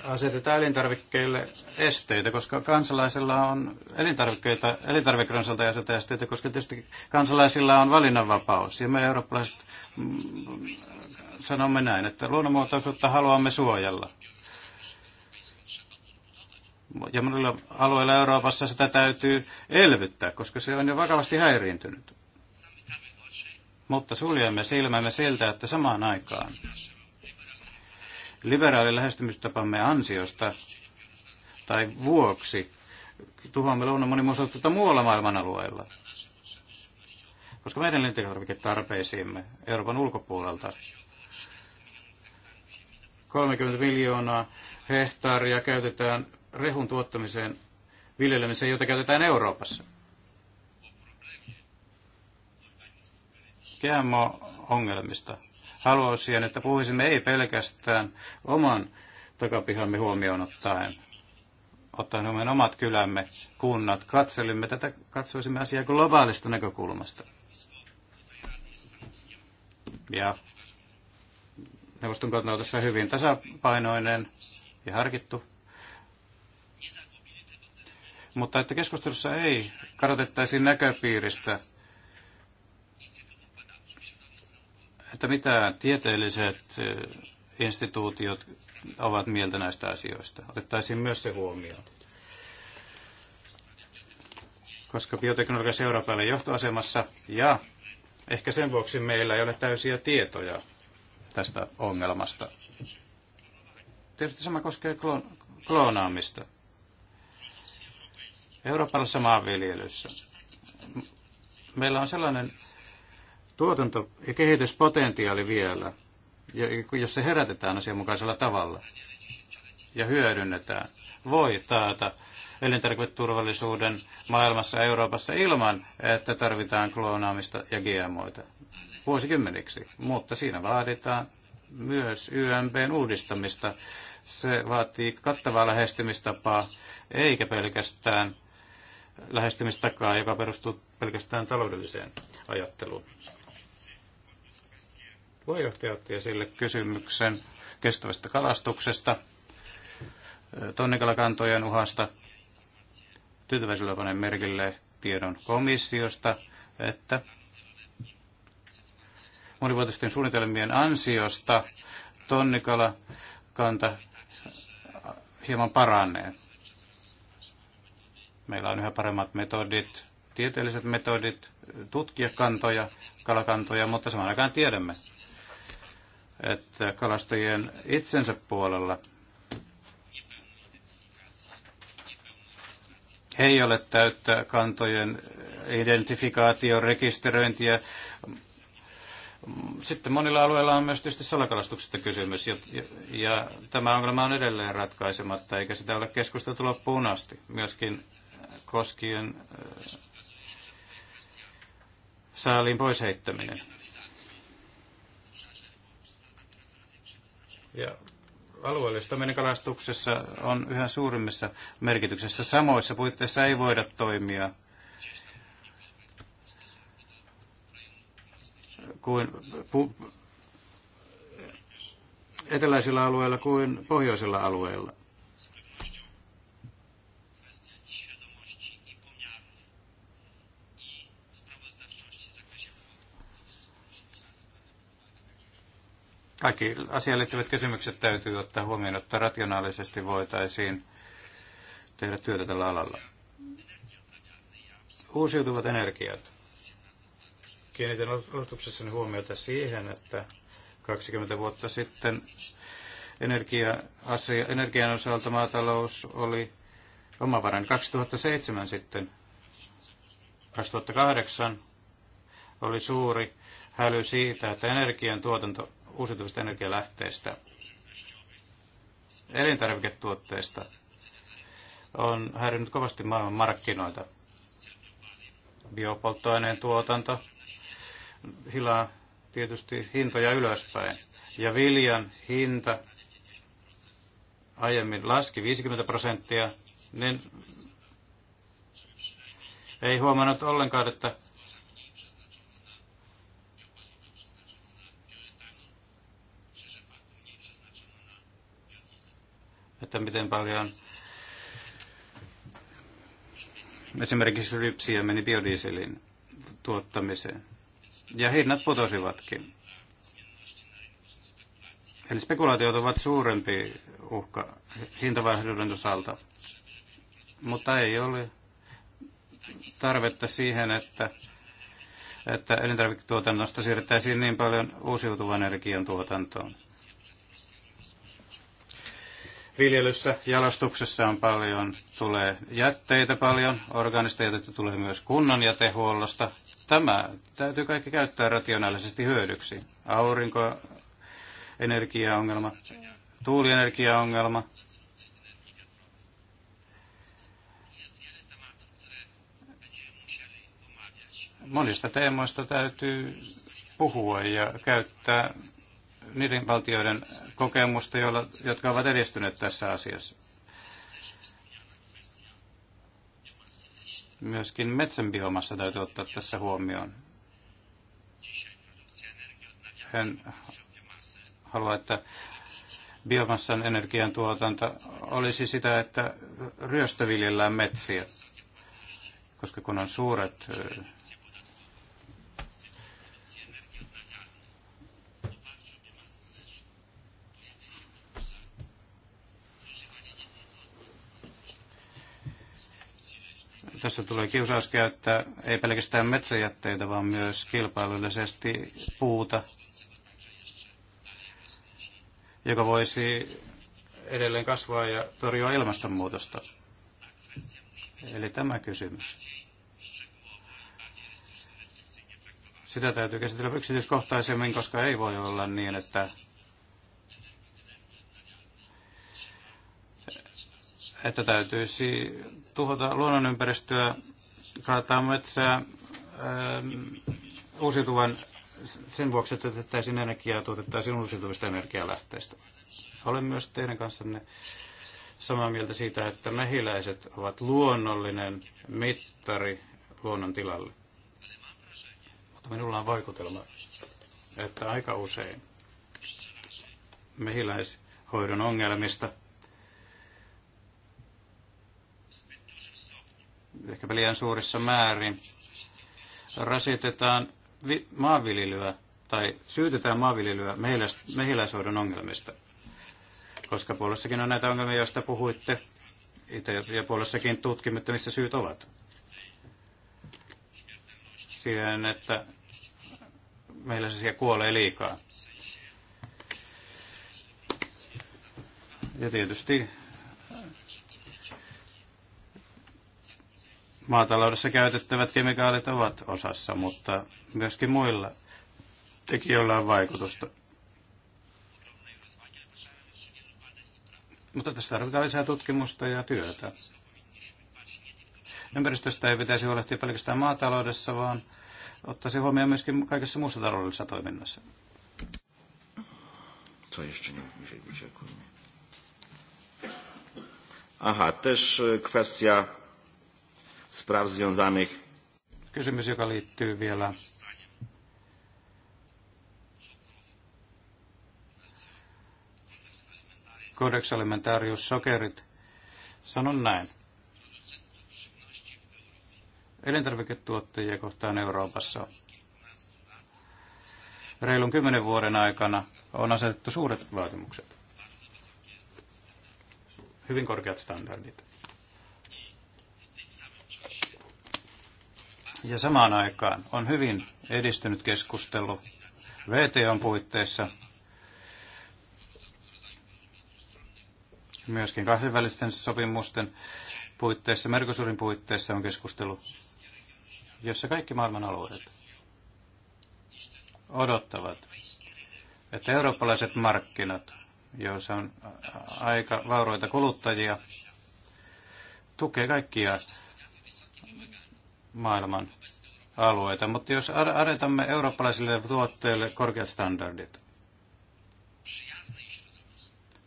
asetetaan elintarvikkeille esteitä, koska kansalaisilla on elintarvikkeita, elintarvikkeiden asetetaan esteitä, koska tietysti kansalaisilla on valinnanvapaus. Ja me eurooppalaiset mm, sanomme näin, että luonnonmuotoisuutta haluamme suojella. Ja monilla alueilla Euroopassa sitä täytyy elvyttää, koska se on jo vakavasti häiriintynyt. Mutta suljemme silmämme siltä, että samaan aikaan liberaalin lähestymistapamme ansiosta tai vuoksi tuhoamme luonnon monimuotoisuutta muualla maailman alueella. Koska meidän tarpeisiimme Euroopan ulkopuolelta 30 miljoonaa hehtaaria käytetään rehun tuottamiseen, viljelemiseen, jota käytetään Euroopassa. GMO-ongelmista haluaisin, että puhuisimme ei pelkästään oman takapihamme huomioon ottaen, ottaen huomioon omat kylämme, kunnat, katselimme tätä, katsoisimme asiaa globaalista näkökulmasta. Ja neuvoston kautta on tässä hyvin tasapainoinen ja harkittu. Mutta että keskustelussa ei kadotettaisi näköpiiristä että mitä tieteelliset instituutiot ovat mieltä näistä asioista. Otettaisiin myös se huomioon. Koska bioteknologia seuraa päälle johtoasemassa ja ehkä sen vuoksi meillä ei ole täysiä tietoja tästä ongelmasta. Tietysti sama koskee kloonaamista. Eurooppalaisessa maanviljelyssä meillä on sellainen tuotanto- ja kehityspotentiaali vielä, jos se herätetään asianmukaisella tavalla ja hyödynnetään, voi taata elintarviketurvallisuuden maailmassa Euroopassa ilman, että tarvitaan kloonaamista ja GMOita vuosikymmeniksi. Mutta siinä vaaditaan myös YMPn uudistamista. Se vaatii kattavaa lähestymistapaa, eikä pelkästään lähestymistakaa, joka perustuu pelkästään taloudelliseen ajatteluun. Puheenjohtaja otti esille kysymyksen kestävästä kalastuksesta, tonnikalakantojen uhasta. Tyytyväisyydellä panen merkille tiedon komissiosta, että monivuotisten suunnitelmien ansiosta tonnikala kanta hieman paranee. Meillä on yhä paremmat metodit, tieteelliset metodit tutkia kantoja, kalakantoja, mutta samaan aikaan tiedämme, että kalastajien itsensä puolella ei ole täyttä kantojen identifikaatio, rekisteröintiä. Sitten monilla alueilla on myös tietysti salakalastuksesta kysymys, ja, ja, ja tämä ongelma on edelleen ratkaisematta, eikä sitä ole keskusteltu loppuun asti, myöskin koskien äh, saaliin pois heittäminen. Ja alueellistaminen kalastuksessa on yhä suurimmissa merkityksessä. Samoissa puitteissa ei voida toimia kuin pu- eteläisillä alueilla kuin pohjoisilla alueilla. Kaikki asiaan liittyvät kysymykset täytyy ottaa huomioon, että rationaalisesti voitaisiin tehdä työtä tällä alalla. Uusiutuvat energiat. Kiinnitän alustuksessani huomiota siihen, että 20 vuotta sitten energia-asia, energian osalta maatalous oli omavaran 2007 sitten. 2008 oli suuri häly siitä, että energian tuotanto uusiutuvista energialähteistä, elintarviketuotteista, on häirinnyt kovasti maailman markkinoita. Biopolttoaineen tuotanto hilaa tietysti hintoja ylöspäin. Ja viljan hinta aiemmin laski 50 prosenttia, niin ei huomannut ollenkaan, että että miten paljon esimerkiksi rypsiä meni biodieselin tuottamiseen. Ja hinnat putosivatkin. Eli spekulaatiot ovat suurempi uhka hintavaihdon osalta. Mutta ei ole tarvetta siihen, että, että elintarviketuotannosta siirrettäisiin niin paljon uusiutuvan energian tuotantoon viljelyssä, jalostuksessa on paljon, tulee jätteitä paljon, orgaanista jätettä tulee myös kunnan jätehuollosta. Tämä täytyy kaikki käyttää rationaalisesti hyödyksi. Aurinkoenergiaongelma, tuulienergiaongelma, monista teemoista täytyy puhua ja käyttää niiden valtioiden kokemusta, joilla, jotka ovat edistyneet tässä asiassa. Myöskin metsän biomassa täytyy ottaa tässä huomioon. Hän haluaa, että biomassan energiantuotanto olisi sitä, että ryöstöviljellään metsiä, koska kun on suuret tässä tulee kiusaus käyttää ei pelkästään metsäjätteitä, vaan myös kilpailullisesti puuta, joka voisi edelleen kasvaa ja torjua ilmastonmuutosta. Eli tämä kysymys. Sitä täytyy käsitellä yksityiskohtaisemmin, koska ei voi olla niin, että että täytyisi tuhota luonnonympäristöä, kaataa metsää ähm, uusiutuvan sen vuoksi, että tuotettaisiin energiaa, tuotettaisiin uusiutuvista energialähteistä. Olen myös teidän kanssanne samaa mieltä siitä, että mehiläiset ovat luonnollinen mittari luonnon tilalle. Mutta minulla on vaikutelma, että aika usein mehiläishoidon ongelmista ehkäpä liian suurissa määrin, rasitetaan vi- maanviljelyä tai syytetään maanviljelyä mehiläishoidon ongelmista. Koska puolessakin on näitä ongelmia, joista puhuitte, itse ja puolessakin tutkimme, missä syyt ovat. Siihen, että meillä se kuolee liikaa. Ja tietysti maataloudessa käytettävät kemikaalit ovat osassa, mutta myöskin muilla tekijöillä on vaikutusta. Mutta tässä tarvitaan lisää tutkimusta ja työtä. Ympäristöstä ei pitäisi huolehtia pelkästään maataloudessa, vaan ottaisi huomioon myöskin kaikessa muussa taloudellisessa toiminnassa. Aha, też e, kwestia spraw związanych. Kysymys, joka liittyy vielä Codex Alimentarius sokerit. Sanon näin. Elintarviketuottajia kohtaan Euroopassa reilun kymmenen vuoden aikana on asetettu suuret vaatimukset. Hyvin korkeat standardit. Ja samaan aikaan on hyvin edistynyt keskustelu VTOn puitteissa myöskin kahdenvälisten sopimusten puitteissa, merkosurin puitteissa on keskustelu, jossa kaikki maailman alueet odottavat, että eurooppalaiset markkinat, joissa on aika vauroita kuluttajia, tukee kaikkia maailman alueita, mutta jos aretamme eurooppalaisille tuotteille korkeat standardit,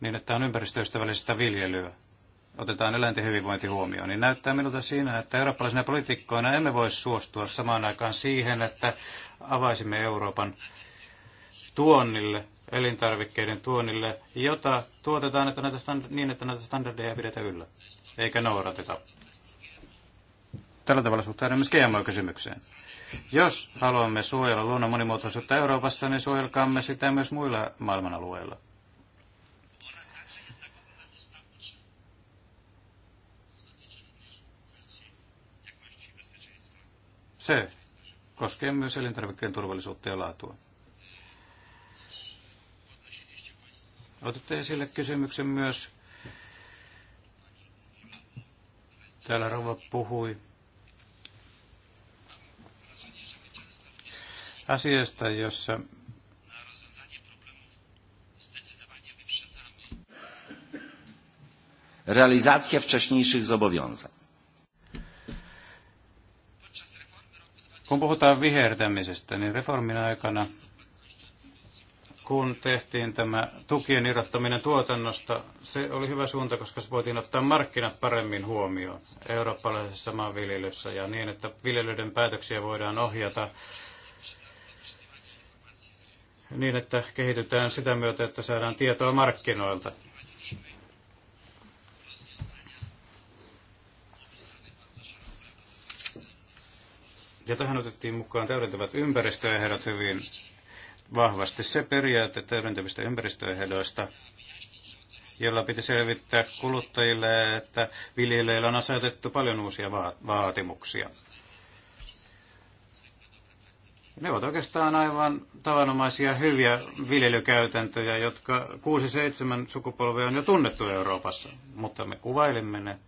niin että on ympäristöystävällistä viljelyä, otetaan eläinten hyvinvointi huomioon, niin näyttää minulta siinä, että eurooppalaisina poliitikkoina emme voi suostua samaan aikaan siihen, että avaisimme Euroopan tuonnille, elintarvikkeiden tuonnille, jota tuotetaan että näitä stand- niin, että näitä standardeja ei pidetä yllä, eikä noudateta tällä tavalla suhtaudun myös GMO-kysymykseen. Jos haluamme suojella luonnon monimuotoisuutta Euroopassa, niin suojelkaamme sitä myös muilla maailmanalueilla. Se koskee myös elintarvikkeiden turvallisuutta ja laatua. Otitte esille kysymyksen myös. Täällä Rova puhui asiasta, jossa realizacja wcześniejszych zobowiązań. Kun puhutaan vihertämisestä, niin reformin aikana, kun tehtiin tämä tukien irrottaminen tuotannosta, se oli hyvä suunta, koska se voitiin ottaa markkinat paremmin huomioon eurooppalaisessa maanviljelyssä ja niin, että viljelyiden päätöksiä voidaan ohjata niin, että kehitetään sitä myötä, että saadaan tietoa markkinoilta. Ja tähän otettiin mukaan täydentävät ympäristöehdot hyvin vahvasti se periaate täydentävistä ympäristöehdoista, jolla piti selvittää kuluttajille, että viljelijöillä on asetettu paljon uusia vaatimuksia. Ne ovat oikeastaan aivan tavanomaisia hyviä viljelykäytäntöjä, jotka 6-7 sukupolvia on jo tunnettu Euroopassa, mutta me kuvailimme ne,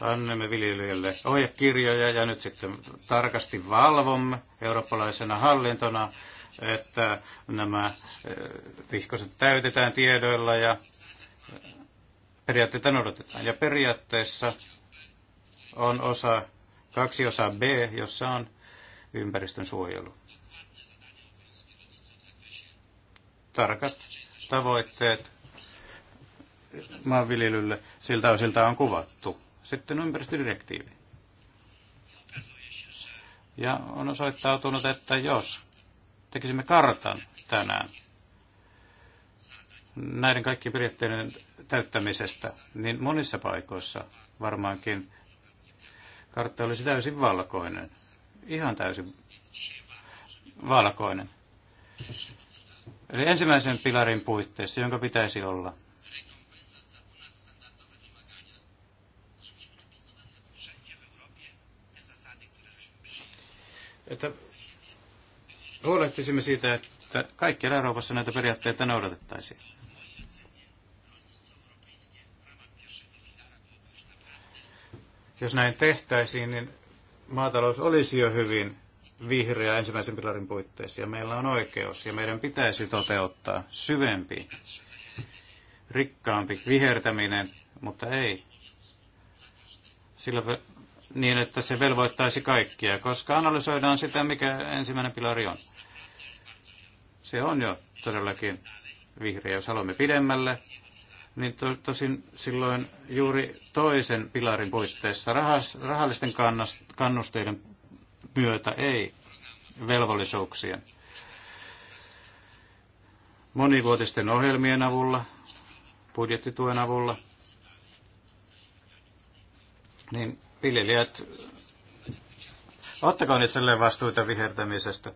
annamme viljelijöille ohjekirjoja ja nyt sitten tarkasti valvomme eurooppalaisena hallintona, että nämä eh, vihkoset täytetään tiedoilla ja periaatteita noudatetaan. Ja periaatteessa on osa, kaksi osaa B, jossa on ympäristön suojelu. Tarkat tavoitteet maanviljelylle siltä osilta on kuvattu. Sitten ympäristödirektiivi. Ja on osoittautunut, että jos tekisimme kartan tänään näiden kaikkien periaatteiden täyttämisestä, niin monissa paikoissa varmaankin kartta olisi täysin valkoinen ihan täysin valkoinen. Eli ensimmäisen pilarin puitteissa, jonka pitäisi olla. Että huolehtisimme siitä, että kaikkialla Euroopassa näitä periaatteita noudatettaisiin. Jos näin tehtäisiin, niin maatalous olisi jo hyvin vihreä ensimmäisen pilarin puitteissa ja meillä on oikeus ja meidän pitäisi toteuttaa syvempi, rikkaampi vihertäminen, mutta ei sillä niin, että se velvoittaisi kaikkia, koska analysoidaan sitä, mikä ensimmäinen pilari on. Se on jo todellakin vihreä, jos haluamme pidemmälle, niin to, tosin silloin juuri toisen pilarin puitteissa rahas, rahallisten kannast, kannusteiden myötä ei velvollisuuksien. Monivuotisten ohjelmien avulla, budjettituen avulla, niin viljelijät, ottakaa itselleen vastuuta vihertämisestä.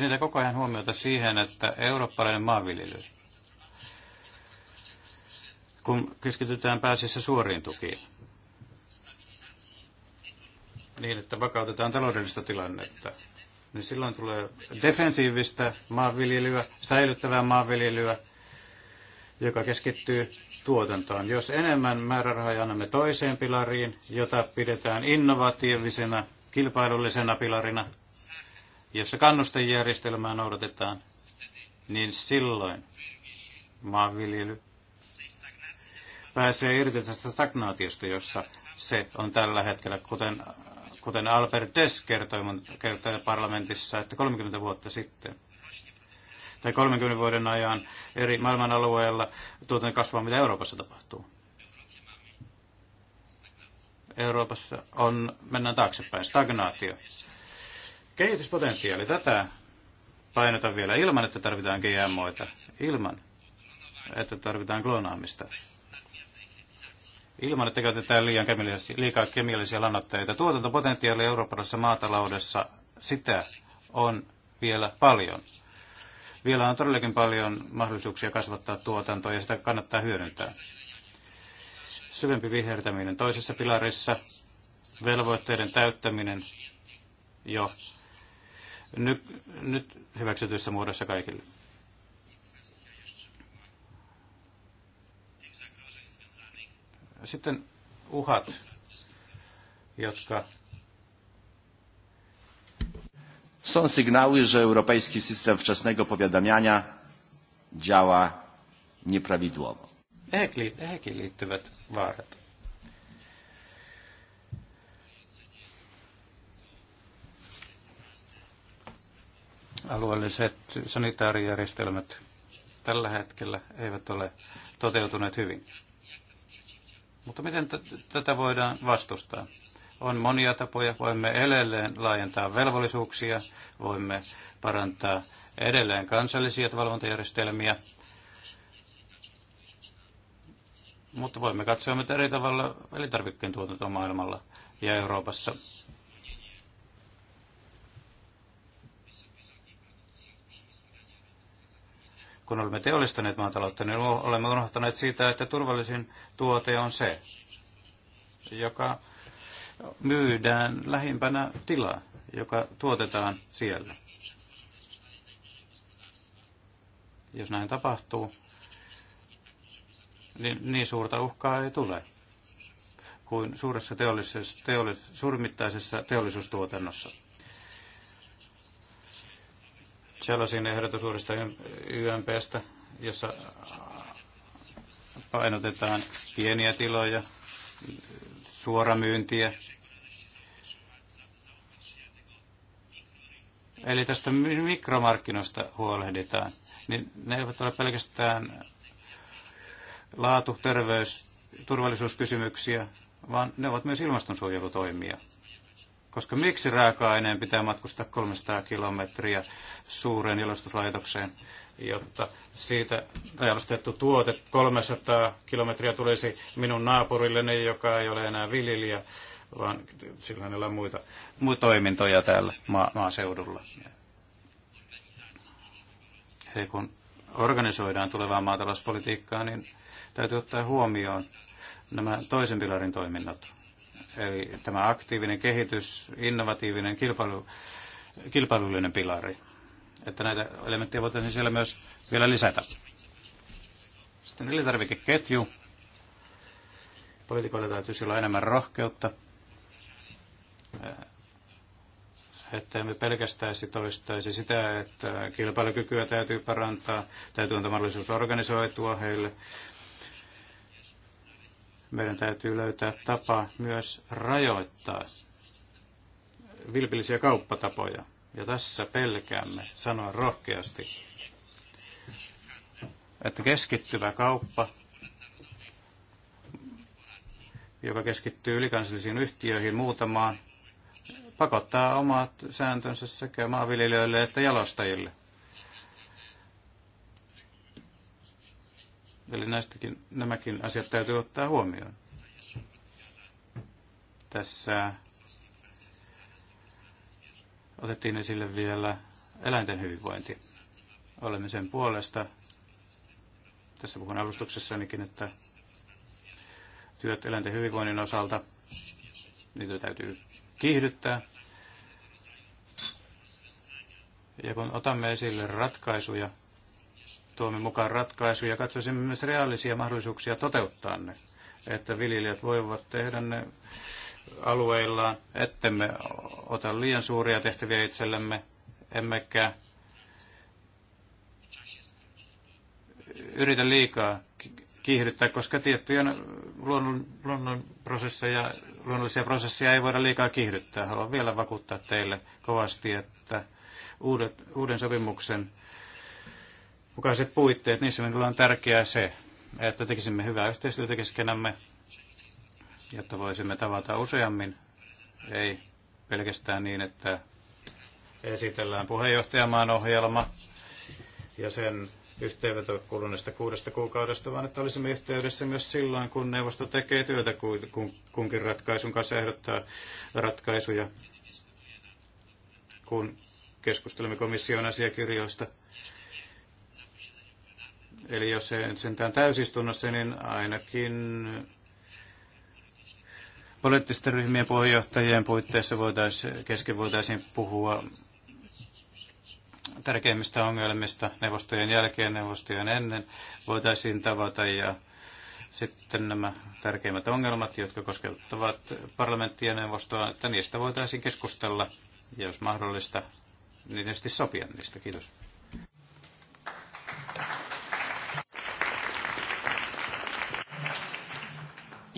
kiinnitä koko ajan huomiota siihen, että eurooppalainen maanviljely, kun keskitytään pääsissä suoriin tukiin, niin että vakautetaan taloudellista tilannetta, niin silloin tulee defensiivistä maanviljelyä, säilyttävää maanviljelyä, joka keskittyy tuotantoon. Jos enemmän määrärahoja annamme toiseen pilariin, jota pidetään innovatiivisena, kilpailullisena pilarina, jossa kannustejärjestelmää noudatetaan, niin silloin maanviljely pääsee irti tästä stagnaatiosta, jossa se on tällä hetkellä, kuten, kuten Albert Des kertoi mun parlamentissa, että 30 vuotta sitten tai 30 vuoden ajan eri maailman alueella tuotanto kasvaa, mitä Euroopassa tapahtuu. Euroopassa on, mennään taaksepäin, stagnaatio. Kehityspotentiaali tätä painotan vielä ilman, että tarvitaan GMOita, ilman, että tarvitaan kloonaamista, ilman, että käytetään liian kemiallisia, liikaa kemiallisia lannoitteita. Tuotantopotentiaali eurooppalaisessa maataloudessa, sitä on vielä paljon. Vielä on todellakin paljon mahdollisuuksia kasvattaa tuotantoa ja sitä kannattaa hyödyntää. Syvempi vihertäminen toisessa pilarissa, velvoitteiden täyttäminen jo ny, nyt hyväksytyissä muodossa kaikille. Sitten uhat, jotka Są sygnały, że europejski system wczesnego powiadamiania działa nieprawidłowo. Ehkäkin liittyvät vaarat. alueelliset sanitaarijärjestelmät tällä hetkellä eivät ole toteutuneet hyvin. Mutta miten tätä voidaan vastustaa? On monia tapoja. Voimme edelleen laajentaa velvollisuuksia, voimme parantaa edelleen kansallisia valvontajärjestelmiä, mutta voimme katsoa, mitä eri tavalla elintarvikkeen tuotanto maailmalla ja Euroopassa kun olemme teollistaneet maataloutta, niin olemme unohtaneet siitä, että turvallisin tuote on se, joka myydään lähimpänä tilaa, joka tuotetaan siellä. Jos näin tapahtuu, niin, niin suurta uhkaa ei tule kuin suuressa teollisessa, teollis, suurimittaisessa teollisuustuotannossa. Chalosin ehdotus uudesta YMPstä, jossa painotetaan pieniä tiloja, suoramyyntiä. Eli tästä mikromarkkinoista huolehditaan. Niin ne eivät ole pelkästään laatu, terveys, turvallisuuskysymyksiä, vaan ne ovat myös ilmastonsuojelutoimia. Koska miksi raaka-aineen pitää matkustaa 300 kilometriä suureen jalostuslaitokseen, jotta siitä jalostettu tuote 300 kilometriä tulisi minun naapurilleni, joka ei ole enää viljelijä, vaan sillä hänellä on muita, muita toimintoja täällä ma- maaseudulla. Eli kun organisoidaan tulevaa maatalouspolitiikkaa, niin täytyy ottaa huomioon nämä toisen pilarin toiminnot. Eli tämä aktiivinen kehitys, innovatiivinen, kilpailu, kilpailullinen pilari. Että näitä elementtejä voitaisiin siellä myös vielä lisätä. Sitten elintarvikeketju. Poliitikoilla täytyisi olla enemmän rohkeutta, että emme pelkästään toistaisi sitä, että kilpailukykyä täytyy parantaa, täytyy antaa mahdollisuus organisoitua heille, meidän täytyy löytää tapa myös rajoittaa vilpillisiä kauppatapoja. Ja tässä pelkäämme sanoa rohkeasti, että keskittyvä kauppa, joka keskittyy ylikansallisiin yhtiöihin muutamaan, pakottaa omat sääntönsä sekä maanviljelijöille että jalostajille. Eli näistäkin, nämäkin asiat täytyy ottaa huomioon. Tässä otettiin esille vielä eläinten hyvinvointi. Olemme sen puolesta. Tässä puhun alustuksessanikin, että työt eläinten hyvinvoinnin osalta, niitä täytyy kiihdyttää. Ja kun otamme esille ratkaisuja, tuomme mukaan ratkaisuja ja katsoisimme myös reaalisia mahdollisuuksia toteuttaa ne, että viljelijät voivat tehdä ne alueillaan, ettemme ota liian suuria tehtäviä itsellemme, emmekä yritä liikaa kiihdyttää, koska tiettyjä luonnon, luonnon prosesseja, luonnollisia prosesseja ei voida liikaa kiihdyttää. Haluan vielä vakuuttaa teille kovasti, että uudet, uuden sopimuksen mukaiset puitteet, niissä minulle on tärkeää se, että tekisimme hyvää yhteistyötä keskenämme, jotta voisimme tavata useammin, ei pelkästään niin, että esitellään puheenjohtajamaan ohjelma ja sen yhteenveto kuluneesta kuudesta kuukaudesta, vaan että olisimme yhteydessä myös silloin, kun neuvosto tekee työtä kunkin ratkaisun kanssa ehdottaa ratkaisuja, kun keskustelemme komission asiakirjoista – Eli jos se sentään täysistunnossa, niin ainakin poliittisten ryhmien puheenjohtajien puitteissa voitaisiin, kesken voitaisiin puhua tärkeimmistä ongelmista neuvostojen jälkeen, neuvostojen ennen voitaisiin tavata ja sitten nämä tärkeimmät ongelmat, jotka koskettavat parlamenttia ja neuvostoa, että niistä voitaisiin keskustella ja jos mahdollista, niin tietysti sopia niistä. Kiitos.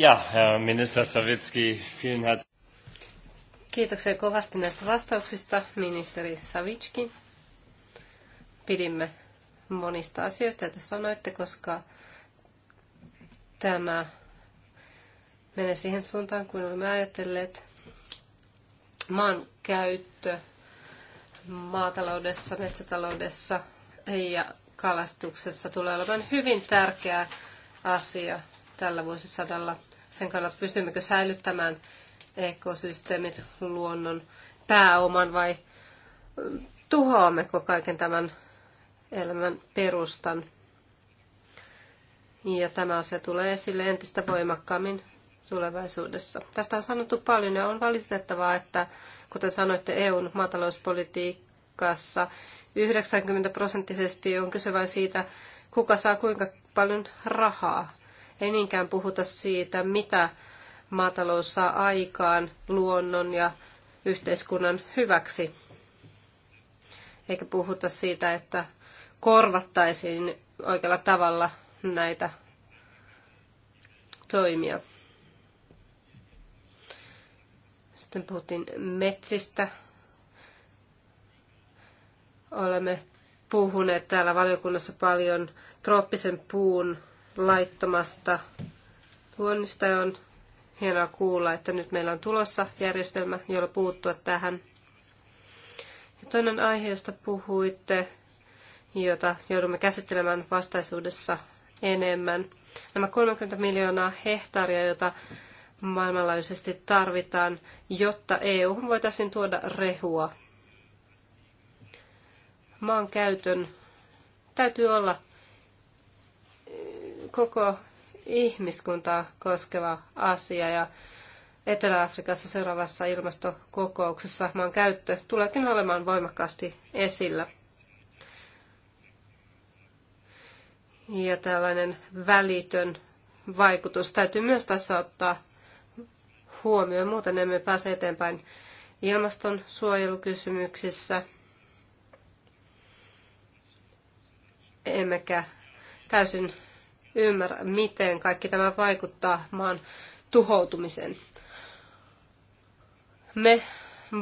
Ja, Herr Minister Savitski, vielen herzlichen Kiitoksia kovasti näistä vastauksista, ministeri Savitski. Pidimme monista asioista, joita sanoitte, koska tämä menee siihen suuntaan, kuin olemme ajatelleet. Maan käyttö maataloudessa, metsätaloudessa ja kalastuksessa tulee olemaan hyvin tärkeä asia tällä vuosisadalla – sen kannalta, pystymmekö säilyttämään ekosysteemit, luonnon pääoman vai tuhoammeko kaiken tämän elämän perustan. Ja tämä asia tulee esille entistä voimakkaammin tulevaisuudessa. Tästä on sanottu paljon ja on valitettavaa, että kuten sanoitte EUn maatalouspolitiikassa 90 prosenttisesti on kyse vain siitä, kuka saa kuinka paljon rahaa. Ei niinkään puhuta siitä, mitä maatalous saa aikaan luonnon ja yhteiskunnan hyväksi. Eikä puhuta siitä, että korvattaisiin oikealla tavalla näitä toimia. Sitten puhuttiin metsistä. Olemme puhuneet täällä valiokunnassa paljon trooppisen puun laittomasta tuonnista. On hienoa kuulla, että nyt meillä on tulossa järjestelmä, jolla puuttua tähän. Ja toinen aiheesta puhuitte, jota joudumme käsittelemään vastaisuudessa enemmän. Nämä 30 miljoonaa hehtaaria, jota maailmanlaajuisesti tarvitaan, jotta EU voitaisiin tuoda rehua. Maan käytön täytyy olla koko ihmiskuntaa koskeva asia ja Etelä-Afrikassa seuraavassa ilmastokokouksessa maan käyttö tuleekin olemaan voimakkaasti esillä. Ja tällainen välitön vaikutus täytyy myös tässä ottaa huomioon, muuten emme pääse eteenpäin ilmastonsuojelukysymyksissä. Emmekä täysin ymmärrä, miten kaikki tämä vaikuttaa maan tuhoutumiseen. Me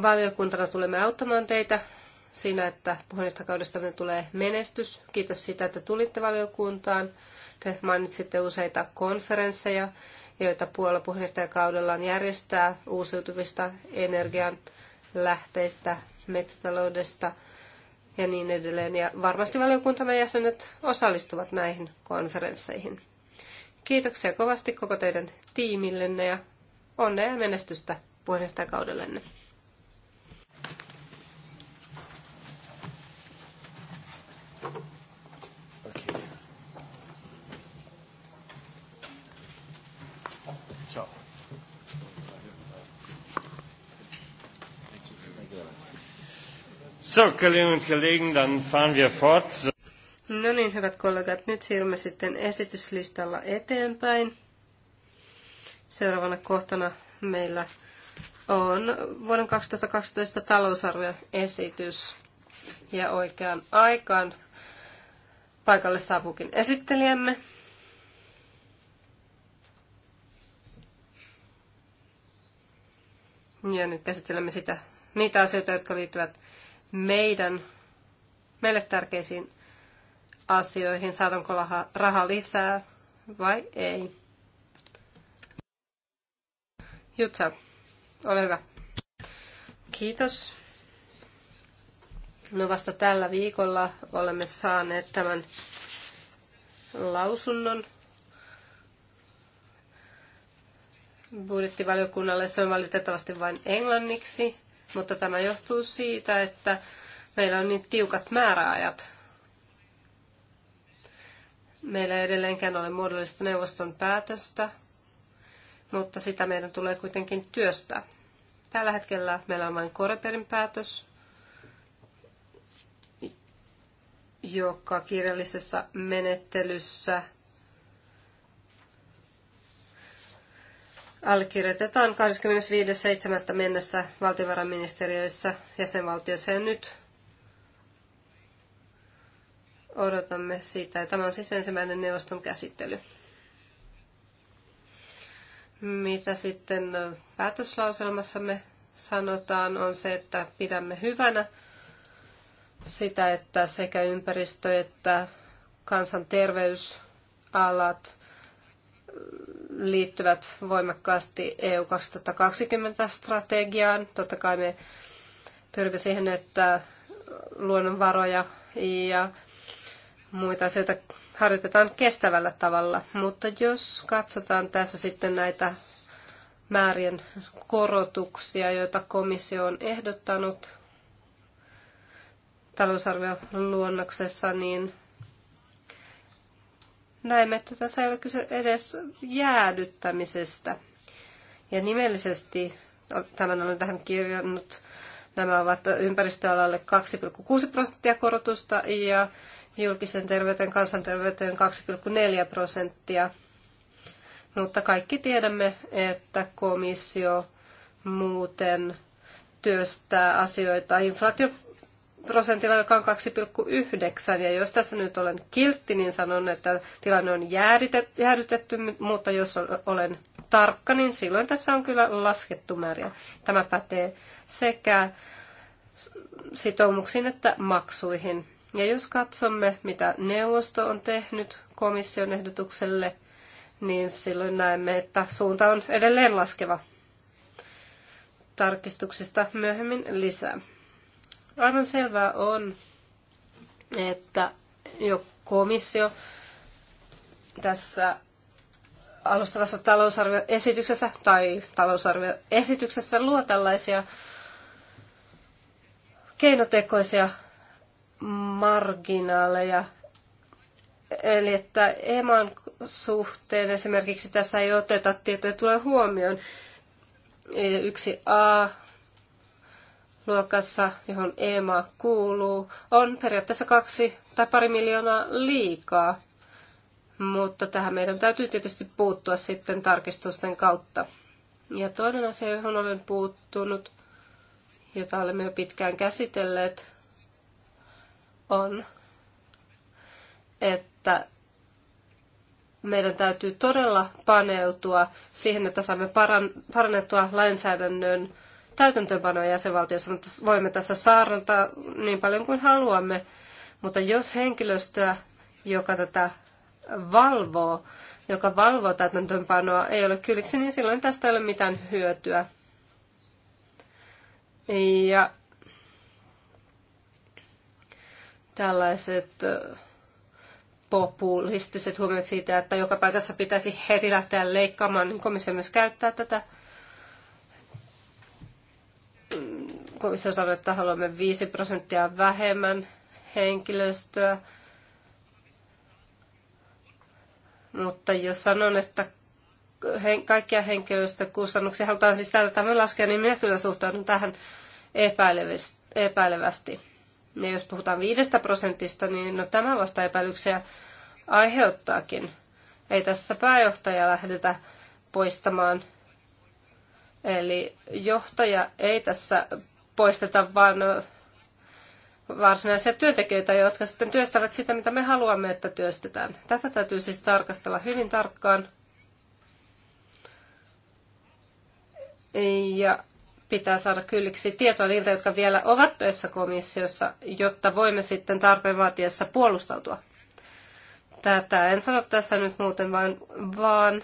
valiokuntana tulemme auttamaan teitä siinä, että puheenjohtajakaudesta tulee menestys. Kiitos siitä, että tulitte valiokuntaan. Te mainitsitte useita konferensseja, joita puolella puheenjohtajakaudellaan järjestää uusiutuvista energian lähteistä, metsätaloudesta – ja niin edelleen. Ja varmasti valiokuntamme jäsenet osallistuvat näihin konferensseihin. Kiitoksia kovasti koko teidän tiimillenne ja onnea ja menestystä puheenjohtajakaudellenne. So, Kollegen, dann fahren wir fort. No niin, hyvät kollegat, nyt siirrymme sitten esityslistalla eteenpäin. Seuraavana kohtana meillä on vuoden 2012 talousarvioesitys ja oikeaan aikaan paikalle saapukin esittelijämme. Ja nyt käsittelemme sitä, niitä asioita, jotka liittyvät meidän, meille tärkeisiin asioihin, saadaanko rahaa lisää vai ei. Jutsa, ole hyvä. Kiitos. No vasta tällä viikolla olemme saaneet tämän lausunnon budjettivaliokunnalle. Se on valitettavasti vain englanniksi mutta tämä johtuu siitä, että meillä on niin tiukat määräajat. Meillä ei edelleenkään ole muodollista neuvoston päätöstä, mutta sitä meidän tulee kuitenkin työstää. Tällä hetkellä meillä on vain Koreperin päätös, joka kirjallisessa menettelyssä – allekirjoitetaan 25.7. mennessä valtiovarainministeriöissä jäsenvaltioissa ja nyt odotamme Ja Tämä on siis ensimmäinen neuvoston käsittely. Mitä sitten päätöslauselmassamme sanotaan on se, että pidämme hyvänä sitä, että sekä ympäristö että kansanterveysalat liittyvät voimakkaasti EU 2020-strategiaan. Totta kai me pyrimme siihen, että luonnonvaroja ja muita asioita harjoitetaan kestävällä tavalla. Mutta jos katsotaan tässä sitten näitä määrien korotuksia, joita komissio on ehdottanut talousarvioluonnoksessa, niin näemme, että tässä ei ole kyse edes jäädyttämisestä. Ja nimellisesti, tämän olen tähän kirjannut, nämä ovat ympäristöalalle 2,6 prosenttia korotusta ja julkisen terveyteen, kansanterveyteen 2,4 prosenttia. No, mutta kaikki tiedämme, että komissio muuten työstää asioita inflaatio prosentilla, joka on 2,9. Ja jos tässä nyt olen kiltti, niin sanon, että tilanne on jäädytetty, mutta jos olen tarkka, niin silloin tässä on kyllä laskettu määriä. Tämä pätee sekä sitoumuksiin että maksuihin. Ja jos katsomme, mitä neuvosto on tehnyt komission ehdotukselle, niin silloin näemme, että suunta on edelleen laskeva. Tarkistuksista myöhemmin lisää. Aivan selvää on, että jo komissio tässä alustavassa talousarvioesityksessä tai talousarvioesityksessä luo tällaisia keinotekoisia marginaaleja. Eli että eman suhteen esimerkiksi tässä ei oteta tietoja tulee huomioon. Yksi A luokassa, johon EMA kuuluu, on periaatteessa kaksi tai pari miljoonaa liikaa. Mutta tähän meidän täytyy tietysti puuttua sitten tarkistusten kautta. Ja toinen asia, johon olen puuttunut, jota olemme jo pitkään käsitelleet, on, että meidän täytyy todella paneutua siihen, että saamme parannettua lainsäädännön täytäntöönpanoa jäsenvaltioissa, mutta voimme tässä saarnata niin paljon kuin haluamme. Mutta jos henkilöstöä, joka tätä valvoo, joka valvoo täytäntöönpanoa, ei ole kylliksi, niin silloin tästä ei ole mitään hyötyä. Ja tällaiset populistiset huomiot siitä, että joka paikassa pitäisi heti lähteä leikkaamaan, niin komissio myös käyttää tätä komission sanoi, että haluamme 5 prosenttia vähemmän henkilöstöä. Mutta jos sanon, että kaikkia henkilöstökustannuksia halutaan siis tätä tämän laskea, niin minä kyllä suhtaudun tähän epäilevästi. Ja jos puhutaan viidestä prosentista, niin no, tämä vasta epäilyksiä aiheuttaakin. Ei tässä pääjohtaja lähdetä poistamaan. Eli johtaja ei tässä poisteta, vaan varsinaisia työntekijöitä, jotka sitten työstävät sitä, mitä me haluamme, että työstetään. Tätä täytyy siis tarkastella hyvin tarkkaan. Ja pitää saada kylliksi tietoa niiltä, jotka vielä ovat töissä komissiossa, jotta voimme sitten tarpeen vaatiessa puolustautua. Tätä en sano tässä nyt muuten, vaan, vaan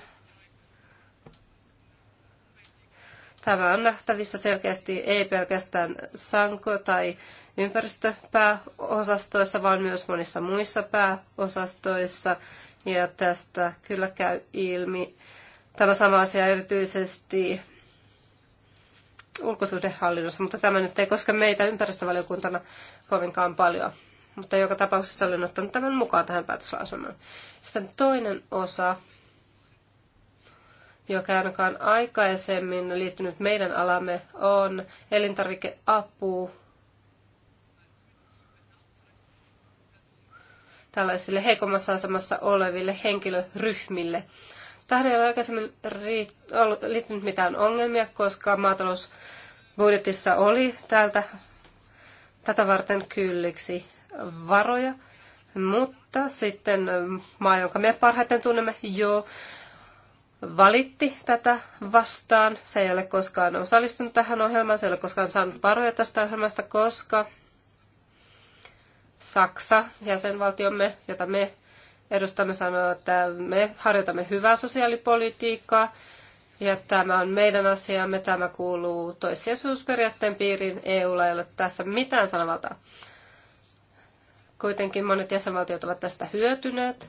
Tämä on nähtävissä selkeästi ei pelkästään sanko- tai ympäristöpääosastoissa, vaan myös monissa muissa pääosastoissa. Ja tästä kyllä käy ilmi tämä sama asia erityisesti ulkosuhdehallinnossa, mutta tämä nyt ei koske meitä ympäristövaliokuntana kovinkaan paljon. Mutta joka tapauksessa olen ottanut tämän mukaan tähän päätöslauselmaan. Sitten toinen osa joka ainakaan aikaisemmin liittynyt meidän alamme, on elintarvikeapu tällaisille heikommassa asemassa oleville henkilöryhmille. Tähän ei ole aikaisemmin liittynyt mitään ongelmia, koska maatalousbudjetissa oli täältä tätä varten kylliksi varoja, mutta sitten maa, jonka me parhaiten tunnemme jo, valitti tätä vastaan. Se ei ole koskaan osallistunut tähän ohjelmaan, se ei ole koskaan saanut varoja tästä ohjelmasta, koska Saksa, jäsenvaltiomme, jota me edustamme, sanoo, että me harjoitamme hyvää sosiaalipolitiikkaa ja tämä on meidän asiamme, tämä kuuluu toissijaisuusperiaatteen piiriin, EUlla ei ole tässä mitään sanavaltaa. Kuitenkin monet jäsenvaltiot ovat tästä hyötyneet,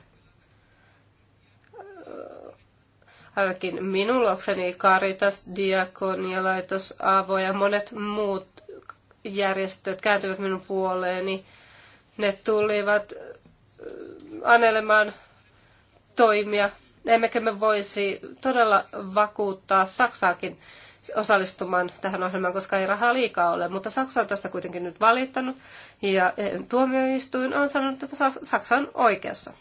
ainakin minun luokseni Karitas, Diakonialaitos, Avo ja monet muut järjestöt kääntyivät minun puoleeni. Ne tulivat äh, anelemaan toimia. Emmekä me voisi todella vakuuttaa Saksaakin osallistumaan tähän ohjelmaan, koska ei rahaa liikaa ole. Mutta Saksa on tästä kuitenkin nyt valittanut ja tuomioistuin on sanonut, että Saksa on oikeassa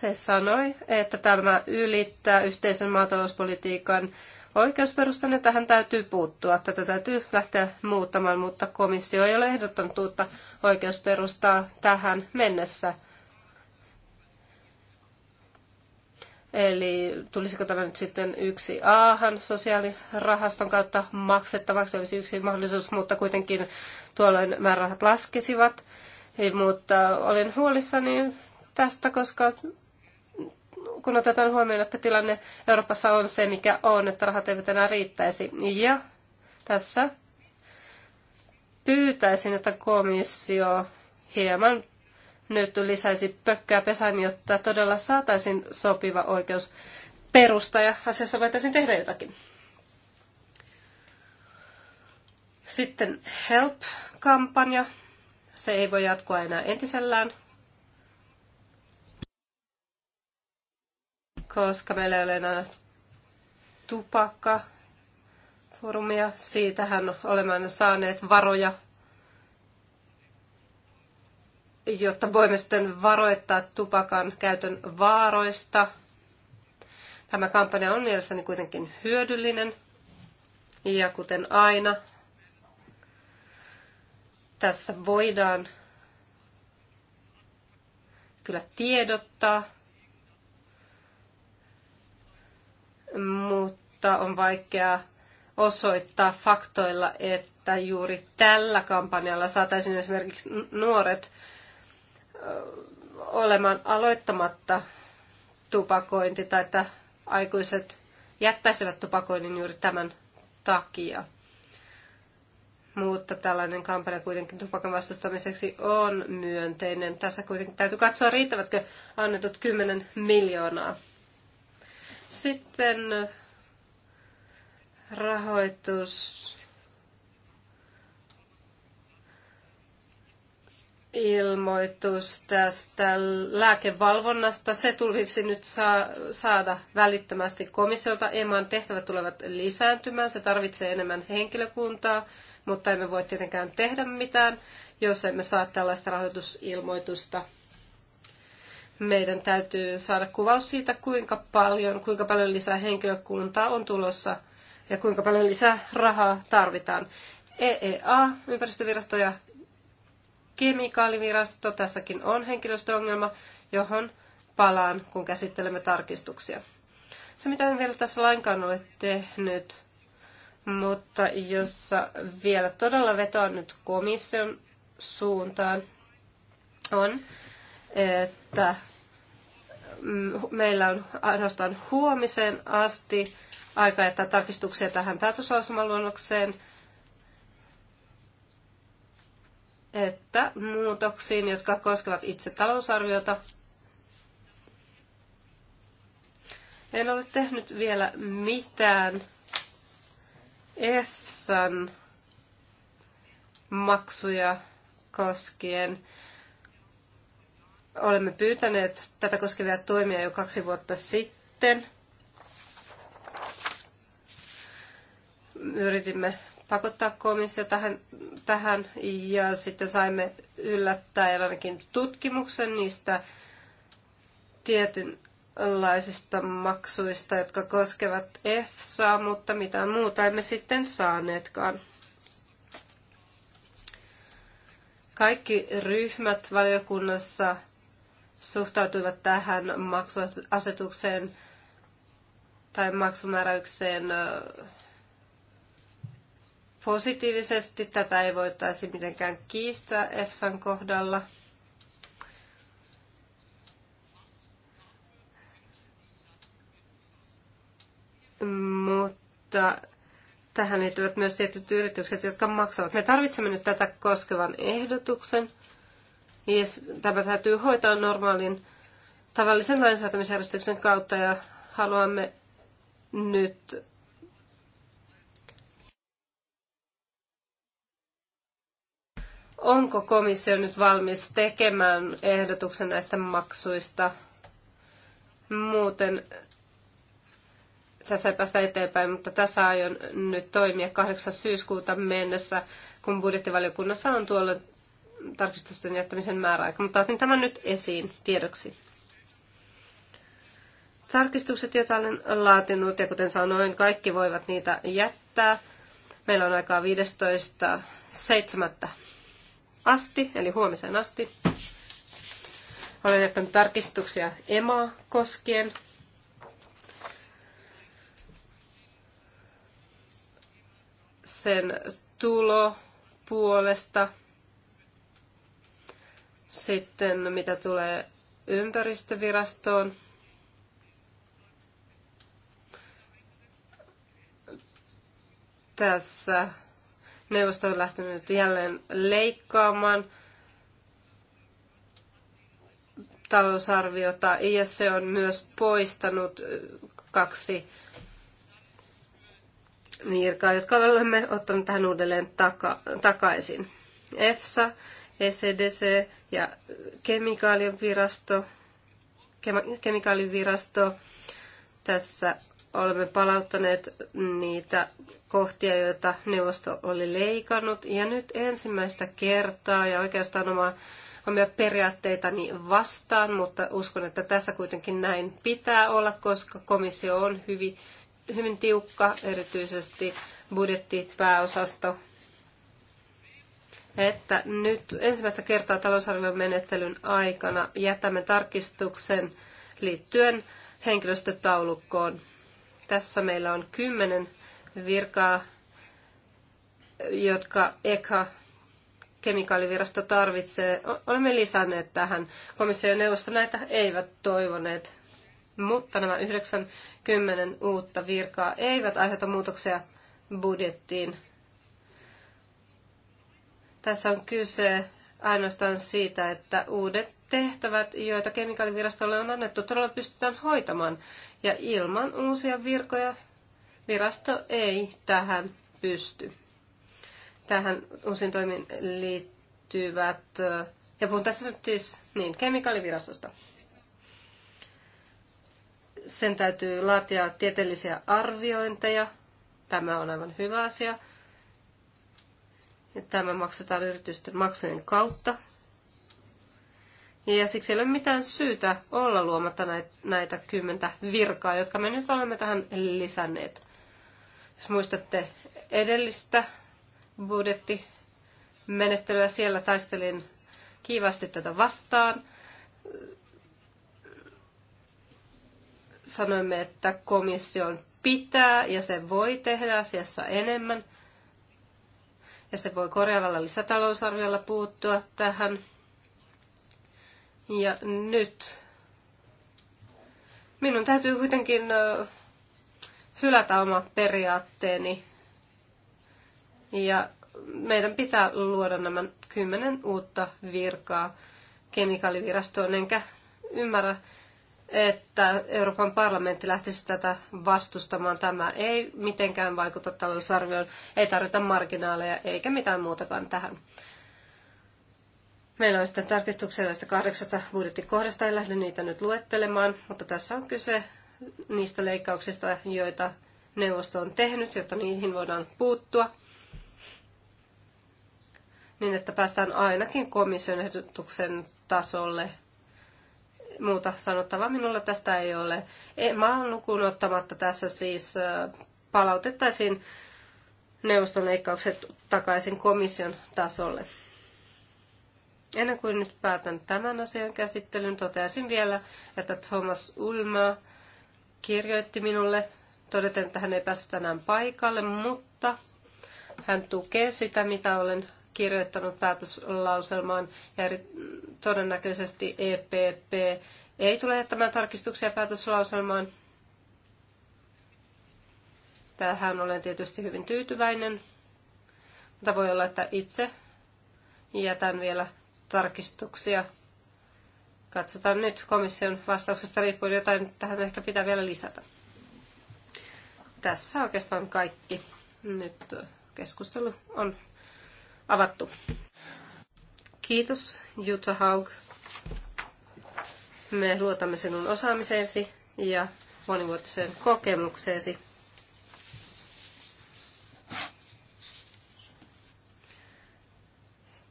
se sanoi, että tämä ylittää yhteisen maatalouspolitiikan oikeusperustan ja tähän täytyy puuttua. Tätä täytyy lähteä muuttamaan, mutta komissio ei ole ehdottanut uutta oikeusperustaa tähän mennessä. Eli tulisiko tämä nyt sitten yksi A-han sosiaalirahaston kautta maksettavaksi, olisi yksi mahdollisuus, mutta kuitenkin tuolloin määrärahat laskisivat. Mutta olen huolissani tästä, koska kun otetaan huomioon, että tilanne Euroopassa on se, mikä on, että rahat eivät enää riittäisi. Ja tässä pyytäisin, että komissio hieman nyt lisäisi pökkää pesän, jotta todella saataisiin sopiva oikeus perusta ja asiassa voitaisiin tehdä jotakin. Sitten Help-kampanja. Se ei voi jatkua enää entisellään. koska meillä ei ole enää tupakka Siitähän olemme aina saaneet varoja, jotta voimme sitten varoittaa tupakan käytön vaaroista. Tämä kampanja on mielessäni kuitenkin hyödyllinen. Ja kuten aina, tässä voidaan kyllä tiedottaa mutta on vaikea osoittaa faktoilla, että juuri tällä kampanjalla saataisiin esimerkiksi nuoret olemaan aloittamatta tupakointi tai että aikuiset jättäisivät tupakoinnin juuri tämän takia. Mutta tällainen kampanja kuitenkin tupakan vastustamiseksi on myönteinen. Tässä kuitenkin täytyy katsoa, riittävätkö annetut 10 miljoonaa. Sitten rahoitus ilmoitus tästä lääkevalvonnasta. Se tulisi nyt saa, saada välittömästi komissiolta. EMAan tehtävät tulevat lisääntymään. Se tarvitsee enemmän henkilökuntaa, mutta emme voi tietenkään tehdä mitään, jos emme saa tällaista rahoitusilmoitusta meidän täytyy saada kuvaus siitä, kuinka paljon, kuinka paljon lisää henkilökuntaa on tulossa ja kuinka paljon lisää rahaa tarvitaan. EEA, ympäristövirasto ja kemikaalivirasto, tässäkin on henkilöstöongelma, johon palaan, kun käsittelemme tarkistuksia. Se, mitä en vielä tässä lainkaan ole tehnyt, mutta jossa vielä todella vetoan nyt komission suuntaan, on että mm, meillä on ainoastaan huomiseen asti aika jättää tarkistuksia tähän päätöslausumaluonnokseen, että muutoksiin, jotka koskevat itse talousarviota. En ole tehnyt vielä mitään EFSAn maksuja koskien. Olemme pyytäneet tätä koskevia toimia jo kaksi vuotta sitten. Yritimme pakottaa komissio tähän, tähän ja sitten saimme yllättäen ainakin tutkimuksen niistä tietynlaisista maksuista, jotka koskevat EFSAa, mutta mitään muuta emme sitten saaneetkaan. Kaikki ryhmät valiokunnassa suhtautuivat tähän maksuasetukseen tai maksumääräykseen positiivisesti. Tätä ei voitaisi mitenkään kiistää EFSAn kohdalla. Mutta tähän liittyvät myös tietyt yritykset, jotka maksavat. Me tarvitsemme nyt tätä koskevan ehdotuksen. Niin, tämä täytyy hoitaa normaalin tavallisen lainsäätämisjärjestyksen kautta ja haluamme nyt Onko komissio nyt valmis tekemään ehdotuksen näistä maksuista? Muuten tässä ei päästä eteenpäin, mutta tässä aion nyt toimia 8. syyskuuta mennessä, kun budjettivaliokunnassa on tuolle tarkistusten jättämisen määräaika, mutta otin tämän nyt esiin tiedoksi. Tarkistukset, joita olen laatinut, ja kuten sanoin, kaikki voivat niitä jättää. Meillä on aikaa 15.7. asti, eli huomiseen asti. Olen jättänyt tarkistuksia emaa koskien. Sen tulo puolesta sitten mitä tulee ympäristövirastoon, tässä neuvosto on lähtenyt jälleen leikkaamaan talousarviota ja se on myös poistanut kaksi virkaa, jotka olemme ottaneet tähän uudelleen taka- takaisin. EFSA ECDC ja kemikaalivirasto, kemikaalivirasto. Tässä olemme palauttaneet niitä kohtia, joita neuvosto oli leikannut. Ja nyt ensimmäistä kertaa ja oikeastaan oma, omia periaatteitani vastaan, mutta uskon, että tässä kuitenkin näin pitää olla, koska komissio on hyvin, hyvin tiukka, erityisesti budjettipääosasto että nyt ensimmäistä kertaa menettelyn aikana jätämme tarkistuksen liittyen henkilöstötaulukkoon. Tässä meillä on kymmenen virkaa, jotka EKA kemikaalivirasto tarvitsee. Olemme lisänneet tähän. Komission neuvosto näitä eivät toivoneet, mutta nämä 90 uutta virkaa eivät aiheuta muutoksia budjettiin tässä on kyse ainoastaan siitä, että uudet tehtävät, joita kemikaalivirastolle on annettu, todella pystytään hoitamaan. Ja ilman uusia virkoja virasto ei tähän pysty. Tähän uusiin toimiin liittyvät, ja puhun tässä nyt siis niin, kemikaalivirastosta. Sen täytyy laatia tieteellisiä arviointeja. Tämä on aivan hyvä asia. Tämä maksetaan yritysten maksujen kautta. Ja siksi ei ole mitään syytä olla luomatta näitä kymmentä virkaa, jotka me nyt olemme tähän lisänneet. Jos muistatte edellistä budjettimenettelyä, siellä taistelin kiivasti tätä vastaan. Sanoimme, että komission pitää ja se voi tehdä asiassa enemmän – ja se voi korjaavalla lisätalousarviolla puuttua tähän. Ja nyt minun täytyy kuitenkin hylätä omat periaatteeni. Ja meidän pitää luoda nämä kymmenen uutta virkaa kemikaalivirastoon, enkä ymmärrä, että Euroopan parlamentti lähtisi tätä vastustamaan. Tämä ei mitenkään vaikuta talousarvioon, ei tarvita marginaaleja eikä mitään muutakaan tähän. Meillä on sitten tarkistuksia näistä kahdeksasta budjettikohdasta, en lähde niitä nyt luettelemaan, mutta tässä on kyse niistä leikkauksista, joita neuvosto on tehnyt, jotta niihin voidaan puuttua, niin että päästään ainakin komission ehdotuksen tasolle muuta sanottavaa minulla tästä ei ole. E, maan lukuun ottamatta tässä siis palautettaisiin neuvoston leikkaukset takaisin komission tasolle. Ennen kuin nyt päätän tämän asian käsittelyn, toteaisin vielä, että Thomas Ulma kirjoitti minulle todeten, että hän ei päässyt tänään paikalle, mutta hän tukee sitä, mitä olen kirjoittanut päätöslauselmaan ja todennäköisesti EPP ei tule jättämään tarkistuksia päätöslauselmaan. Tähän olen tietysti hyvin tyytyväinen, mutta voi olla, että itse jätän vielä tarkistuksia. Katsotaan nyt komission vastauksesta riippuen jotain, tähän ehkä pitää vielä lisätä. Tässä oikeastaan kaikki. Nyt keskustelu on avattu. Kiitos, Jutta Haug. Me luotamme sinun osaamiseesi ja monivuotiseen kokemukseesi.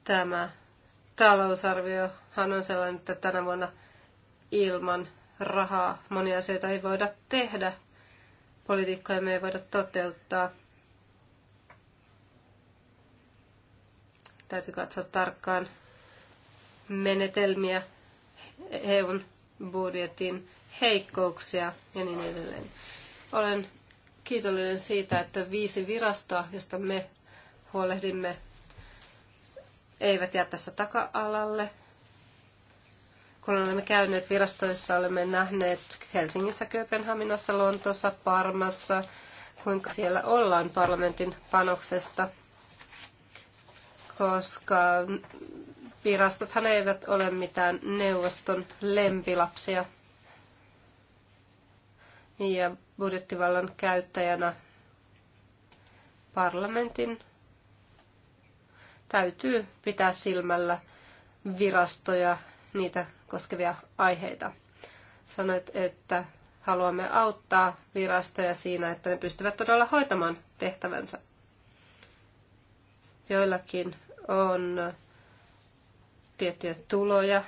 Tämä talousarviohan on sellainen, että tänä vuonna ilman rahaa monia asioita ei voida tehdä. Politiikkaa me ei voida toteuttaa. Täytyy katsoa tarkkaan menetelmiä, EUn budjetin heikkouksia ja niin edelleen. Olen kiitollinen siitä, että viisi virastoa, josta me huolehdimme, eivät jää tässä taka-alalle. Kun olemme käyneet virastoissa, olemme nähneet Helsingissä, Kööpenhaminassa, Lontoossa, Parmassa, kuinka siellä ollaan parlamentin panoksesta – koska virastothan eivät ole mitään neuvoston lempilapsia. Ja budjettivallan käyttäjänä parlamentin täytyy pitää silmällä virastoja, niitä koskevia aiheita. Sanoit, että haluamme auttaa virastoja siinä, että ne pystyvät todella hoitamaan tehtävänsä. Joillakin on tiettyjä tuloja,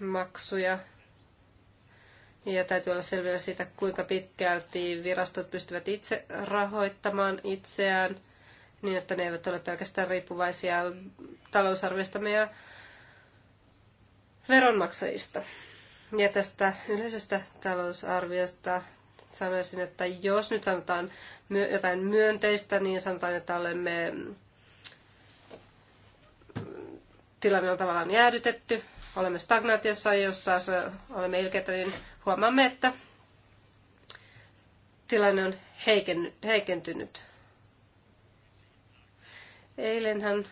maksuja, ja täytyy olla selvillä siitä, kuinka pitkälti virastot pystyvät itse rahoittamaan itseään, niin että ne eivät ole pelkästään riippuvaisia talousarviosta ja veronmaksajista. Ja tästä yleisestä talousarviosta sanoisin, että jos nyt sanotaan jotain myönteistä, niin sanotaan, että olemme tilanne on tavallaan jäädytetty, olemme stagnaatiossa ja jos taas olemme ilkeitä, niin huomaamme, että tilanne on heikentynyt. Eilenhän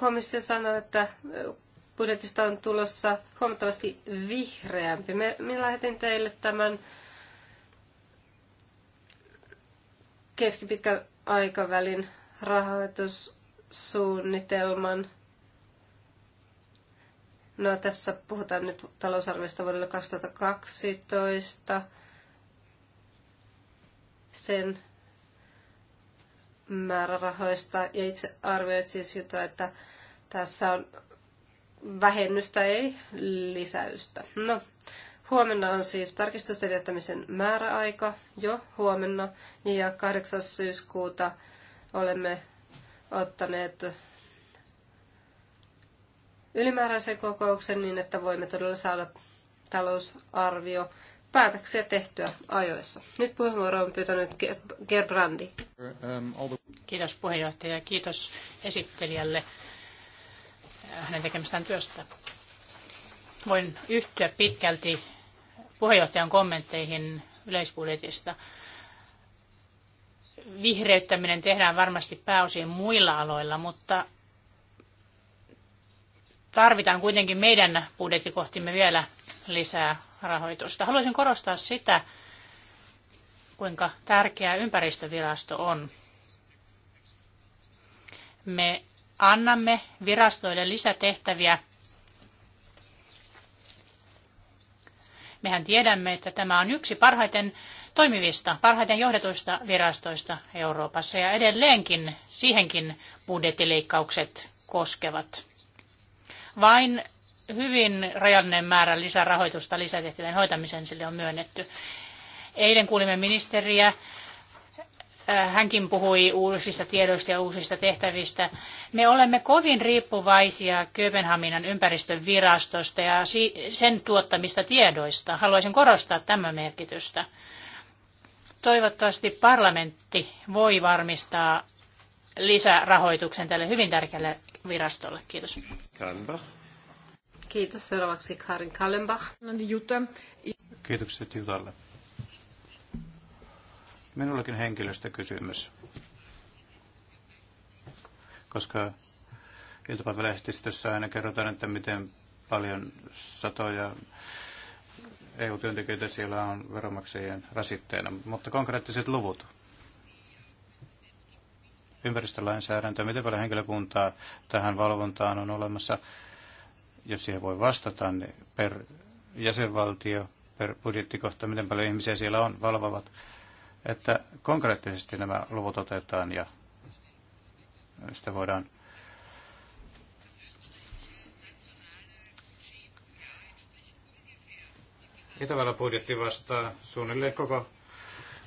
komissio sanoi, että budjetista on tulossa huomattavasti vihreämpi. Minä lähetin teille tämän keskipitkän aikavälin rahoitus suunnitelman. No tässä puhutaan nyt talousarviosta vuodelle 2012. Sen määrärahoista ja itse arvioit siis jotain, että tässä on vähennystä, ei lisäystä. No, huomenna on siis tarkistusten jättämisen määräaika jo huomenna ja 8. syyskuuta olemme ottaneet ylimääräisen kokouksen niin, että voimme todella saada talousarvio päätöksiä tehtyä ajoissa. Nyt puheenvuoro on pyytänyt Gerbrandi. Kiitos puheenjohtaja ja kiitos esittelijälle hänen tekemistään työstä. Voin yhtyä pitkälti puheenjohtajan kommentteihin yleisbudjetista vihreyttäminen tehdään varmasti pääosin muilla aloilla, mutta tarvitaan kuitenkin meidän budjettikohtimme vielä lisää rahoitusta. Haluaisin korostaa sitä, kuinka tärkeä ympäristövirasto on. Me annamme virastoille lisätehtäviä. Mehän tiedämme, että tämä on yksi parhaiten toimivista, parhaiten johdetuista virastoista Euroopassa ja edelleenkin siihenkin budjettileikkaukset koskevat. Vain hyvin rajallinen määrä lisärahoitusta lisätehtävien hoitamiseen sille on myönnetty. Eilen kuulimme ministeriä. Äh, hänkin puhui uusista tiedoista ja uusista tehtävistä. Me olemme kovin riippuvaisia Kööpenhaminan ympäristön virastosta ja sen tuottamista tiedoista. Haluaisin korostaa tämän merkitystä toivottavasti parlamentti voi varmistaa lisärahoituksen tälle hyvin tärkeälle virastolle. Kiitos. Kallenbach. Kiitos. Seuraavaksi Karin Kallenbach. Jutta. Kiitokset Jutalle. Minullakin henkilöstökysymys. Koska iltapäivälehdistössä aina kerrotaan, että miten paljon satoja EU-työntekijöitä siellä on veronmaksajien rasitteena. Mutta konkreettiset luvut. Ympäristölainsäädäntö, miten paljon henkilökuntaa tähän valvontaan on olemassa? Jos siihen voi vastata, niin per jäsenvaltio, per budjettikohta, miten paljon ihmisiä siellä on, valvovat, että konkreettisesti nämä luvut otetaan ja sitä voidaan Itävallan budjetti vastaa suunnilleen koko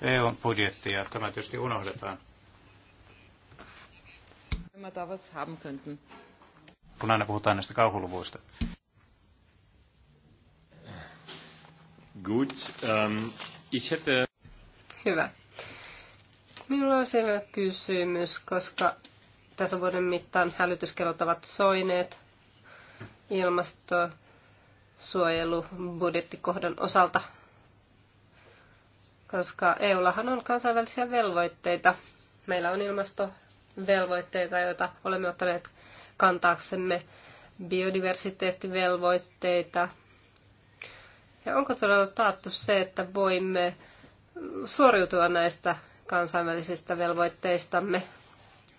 EUn budjettia. Tämä tietysti unohdetaan. Kun aina puhutaan näistä kauhuluvuista. Good. Um, ähm, ich hätte... Hyvä. Minulla on selvä kysymys, koska tässä vuoden mittaan hälytyskellot ovat soineet. Ilmasto suojelubudjettikohdan osalta, koska EUllahan on kansainvälisiä velvoitteita. Meillä on ilmastovelvoitteita, joita olemme ottaneet kantaaksemme, biodiversiteettivelvoitteita. Ja onko todella taattu se, että voimme suoriutua näistä kansainvälisistä velvoitteistamme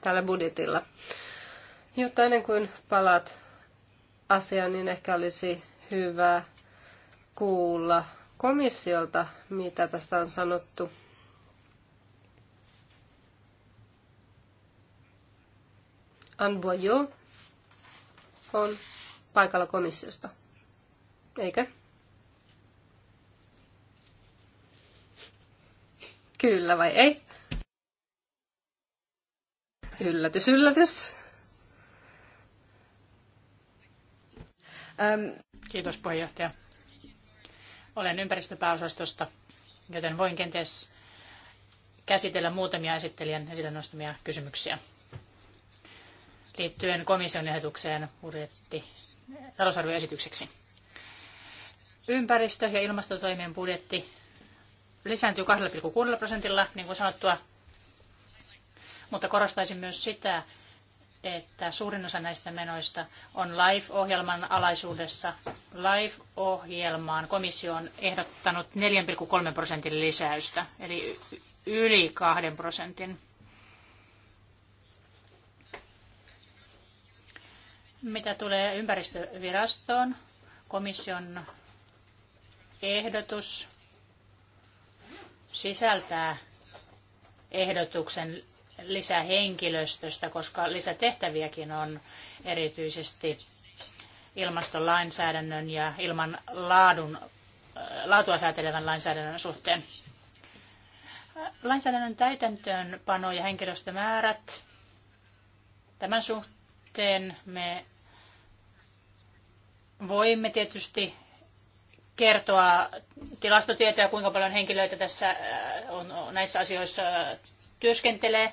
tällä budjetilla? Jutta, ennen kuin palaat asiaan, niin ehkä olisi hyvä kuulla komissiolta, mitä tästä on sanottu. Anne on paikalla komissiosta, eikö? Kyllä vai ei? Yllätys, yllätys. Um, Kiitos puheenjohtaja. Olen ympäristöpääosastosta, joten voin kenties käsitellä muutamia esittelijän esille nostamia kysymyksiä liittyen komission ehdotukseen budjetti talousarvioesitykseksi. Ympäristö- ja ilmastotoimien budjetti lisääntyy 2,6 prosentilla, niin kuin sanottua, mutta korostaisin myös sitä, että suurin osa näistä menoista on LIFE-ohjelman alaisuudessa. LIFE-ohjelmaan komissio on ehdottanut 4,3 prosentin lisäystä, eli yli 2 prosentin. Mitä tulee ympäristövirastoon, komission ehdotus sisältää ehdotuksen lisää henkilöstöstä, koska lisätehtäviäkin on erityisesti ilmastolainsäädännön ja ilman laadun, äh, laatua säätelevän lainsäädännön suhteen. Lainsäädännön täytäntöönpano ja henkilöstömäärät. Tämän suhteen me voimme tietysti kertoa tilastotietoja, kuinka paljon henkilöitä tässä äh, on näissä asioissa työskentelee.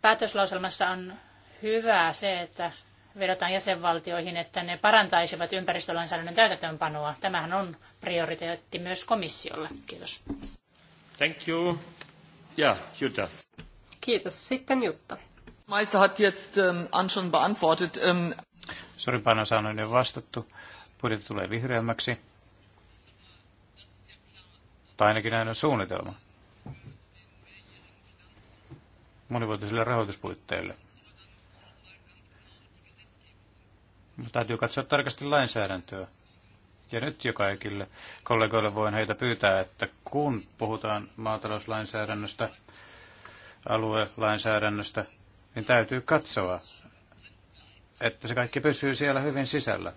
Päätöslauselmassa on hyvää se, että vedotaan jäsenvaltioihin, että ne parantaisivat ympäristölainsäädännön täytäntöönpanoa. Tämähän on prioriteetti myös komissiolle. Kiitos. Thank you. Ja, Jutta. Kiitos. Sitten Jutta. Meister hat jetzt ähm, schon beantwortet. Ähm. Sorin panosaan jo vastattu. Budjetti tulee vihreämmäksi. Tai ainakin näin on suunnitelma. monivuotisille rahoituspuitteille. Mutta täytyy katsoa tarkasti lainsäädäntöä. Ja nyt jo kaikille kollegoille voin heitä pyytää, että kun puhutaan maatalouslainsäädännöstä, aluelainsäädännöstä, niin täytyy katsoa, että se kaikki pysyy siellä hyvin sisällä.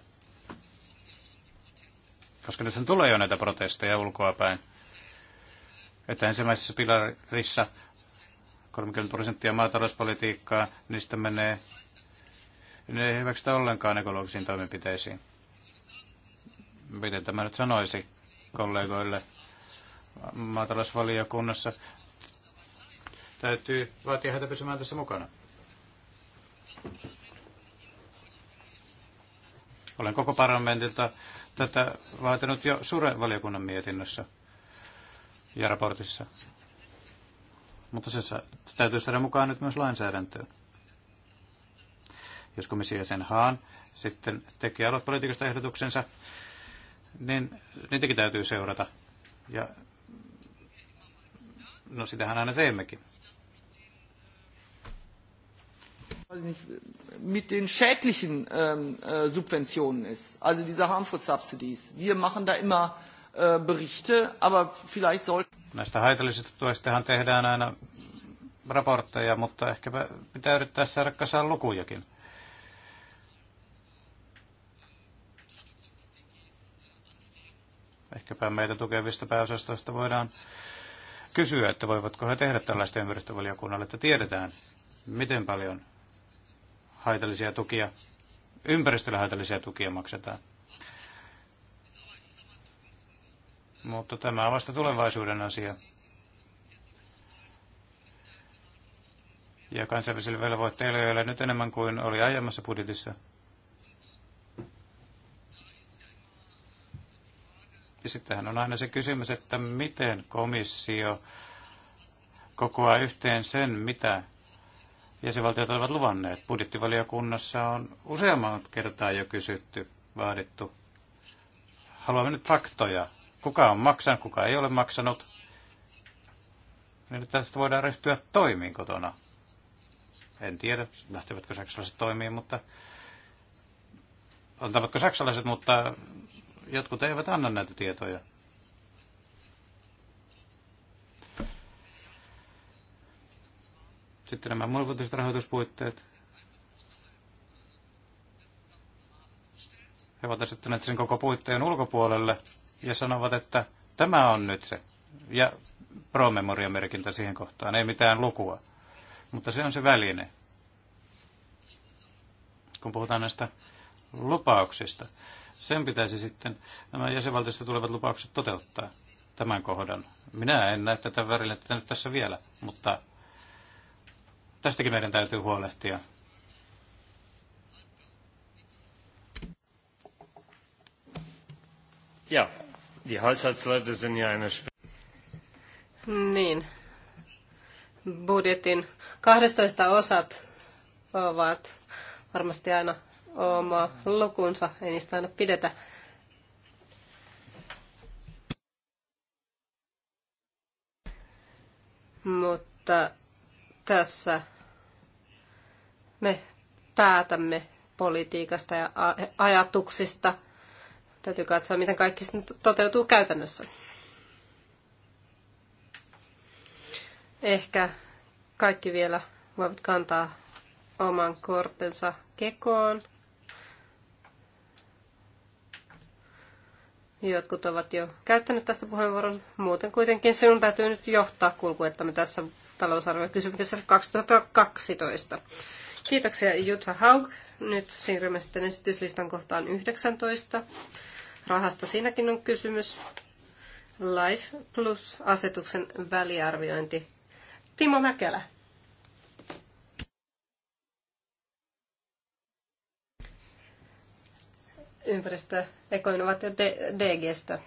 Koska nythän tulee jo näitä protesteja ulkoapäin. Että ensimmäisessä pilarissa 30 prosenttia maatalouspolitiikkaa, niistä menee, ne ei hyväksytä ollenkaan ekologisiin toimenpiteisiin. Miten tämä nyt sanoisi kollegoille maatalousvaliokunnassa? Täytyy vaatia heitä pysymään tässä mukana. Olen koko parlamentilta tätä vaatinut jo suuren valiokunnan mietinnössä ja raportissa. Mutta se, se täytyy saada mukaan nyt myös lainsäädäntöön. Jos komissio sen haan sitten tekee aluepolitiikasta ehdotuksensa, niin niitäkin täytyy seurata. Ja no sitähän aina teemmekin. mit den schädlichen ähm, äh, Subventionen ist, also diese harmful subsidies. Wir machen da immer äh, Äh, Berichte, aber vielleicht soll... Näistä haitallisista tuistahan tehdään aina raportteja, mutta ehkä pitää yrittää saada kasaan lukujakin. Ehkäpä meitä tukevista pääosastoista voidaan kysyä, että voivatko he tehdä tällaista ympäristövaliokunnalle, että tiedetään, miten paljon haitallisia tukia, ympäristölle haitallisia tukia maksetaan. mutta tämä on vasta tulevaisuuden asia. Ja kansainvälisille velvoitteille ei ole nyt enemmän kuin oli aiemmassa budjetissa. Ja sittenhän on aina se kysymys, että miten komissio kokoaa yhteen sen, mitä jäsenvaltiot ovat luvanneet. Budjettivaliokunnassa on useamman kertaa jo kysytty, vaadittu. Haluamme nyt faktoja, kuka on maksanut, kuka ei ole maksanut, niin tästä voidaan ryhtyä toimiin kotona. En tiedä, lähtevätkö saksalaiset toimiin, mutta antavatko saksalaiset, mutta jotkut eivät anna näitä tietoja. Sitten nämä monivuotiset rahoituspuitteet. He ovat asettaneet sen koko puitteen ulkopuolelle ja sanovat, että tämä on nyt se. Ja promemoriamerkintä siihen kohtaan, ei mitään lukua. Mutta se on se väline. Kun puhutaan näistä lupauksista, sen pitäisi sitten nämä jäsenvaltiosta tulevat lupaukset toteuttaa tämän kohdan. Minä en näe tätä värinettä nyt tässä vielä, mutta tästäkin meidän täytyy huolehtia. Joo. Die Haushaltsleute sind ja eine Niin. Budjetin 12 osat ovat varmasti aina oma lukunsa. Ei niistä aina pidetä. Mutta tässä me päätämme politiikasta ja ajatuksista – Täytyy katsoa, miten kaikki toteutuu käytännössä. Ehkä kaikki vielä voivat kantaa oman kortensa kekoon. Jotkut ovat jo käyttäneet tästä puheenvuoron. Muuten kuitenkin sinun täytyy nyt johtaa kulkuettamme tässä talousarviokysymyksessä 2012. Kiitoksia Jutta Haug. Nyt siirrymme sitten esityslistan kohtaan 19 rahasta siinäkin on kysymys. Life plus asetuksen väliarviointi. Timo Mäkelä. Ympäristö, ekoinnovaatio DGstä.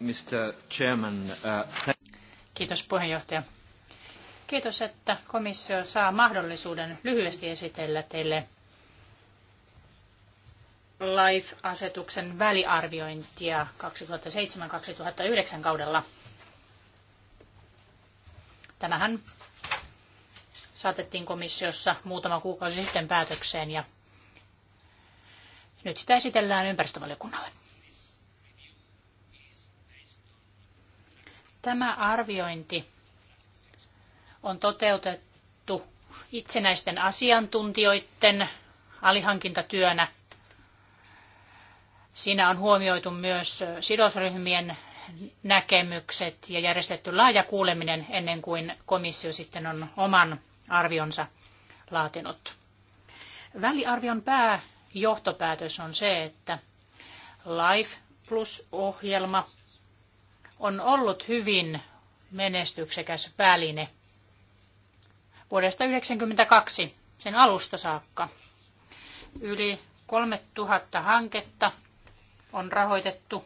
Mr. Chairman, uh, Kiitos puheenjohtaja. Kiitos, että komissio saa mahdollisuuden lyhyesti esitellä teille Life-asetuksen väliarviointia 2007-2009 kaudella. Tämähän saatettiin komissiossa muutama kuukausi sitten päätökseen ja nyt sitä esitellään ympäristövaliokunnalle. Tämä arviointi on toteutettu itsenäisten asiantuntijoiden alihankintatyönä Siinä on huomioitu myös sidosryhmien näkemykset ja järjestetty laaja kuuleminen ennen kuin komissio sitten on oman arvionsa laatinut. Väliarvion pääjohtopäätös on se, että Life Plus-ohjelma on ollut hyvin menestyksekäs väline vuodesta 1992 sen alusta saakka. Yli 3000 hanketta on rahoitettu.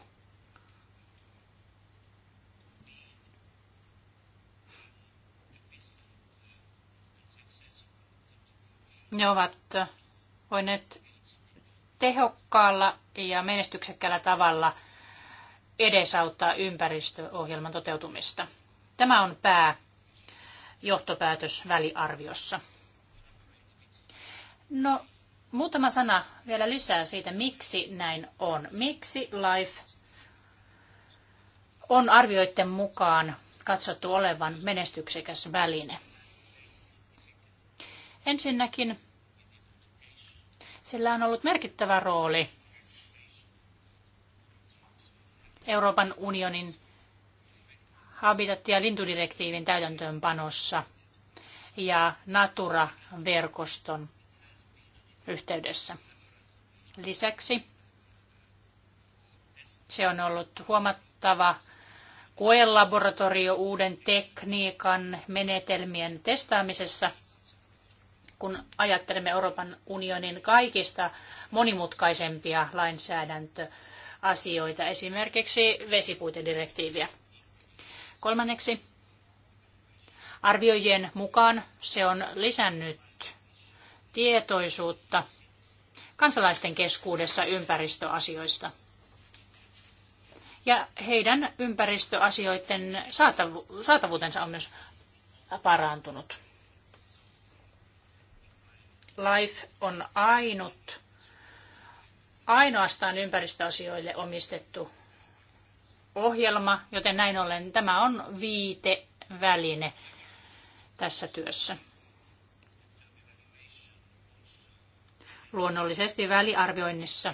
Ne ovat voineet tehokkaalla ja menestyksekkäällä tavalla edesauttaa ympäristöohjelman toteutumista. Tämä on pääjohtopäätös väliarviossa. No, Muutama sana vielä lisää siitä, miksi näin on. Miksi LIFE on arvioiden mukaan katsottu olevan menestyksekäs väline? Ensinnäkin sillä on ollut merkittävä rooli Euroopan unionin Habitat- ja lintudirektiivin täytäntöönpanossa ja Natura-verkoston yhteydessä. Lisäksi se on ollut huomattava koelaboratorio uuden tekniikan menetelmien testaamisessa, kun ajattelemme Euroopan unionin kaikista monimutkaisempia lainsäädäntöasioita, esimerkiksi vesipuitedirektiiviä. Kolmanneksi, arvioijien mukaan se on lisännyt tietoisuutta kansalaisten keskuudessa ympäristöasioista ja heidän ympäristöasioiden saatavuutensa on myös parantunut. Life on ainut, ainoastaan ympäristöasioille omistettu ohjelma, joten näin ollen tämä on viiteväline tässä työssä. Luonnollisesti väliarvioinnissa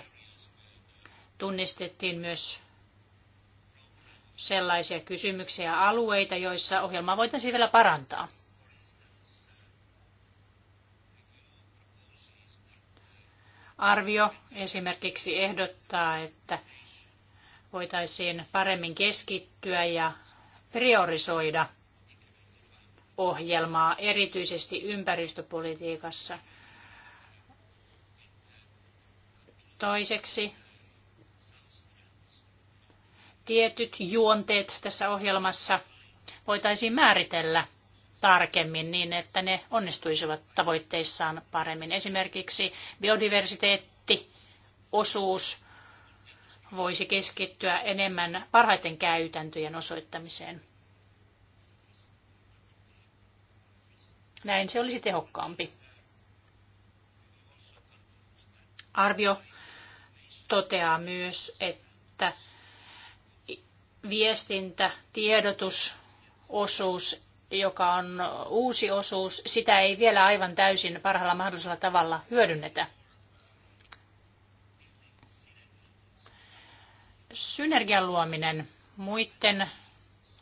tunnistettiin myös sellaisia kysymyksiä ja alueita, joissa ohjelmaa voitaisiin vielä parantaa. Arvio esimerkiksi ehdottaa, että voitaisiin paremmin keskittyä ja priorisoida ohjelmaa erityisesti ympäristöpolitiikassa – Toiseksi tietyt juonteet tässä ohjelmassa voitaisiin määritellä tarkemmin niin, että ne onnistuisivat tavoitteissaan paremmin. Esimerkiksi biodiversiteetti, osuus voisi keskittyä enemmän parhaiten käytäntöjen osoittamiseen. Näin se olisi tehokkaampi. Arvio toteaa myös, että viestintä, tiedotus, osuus, joka on uusi osuus, sitä ei vielä aivan täysin parhaalla mahdollisella tavalla hyödynnetä. Synergian luominen muiden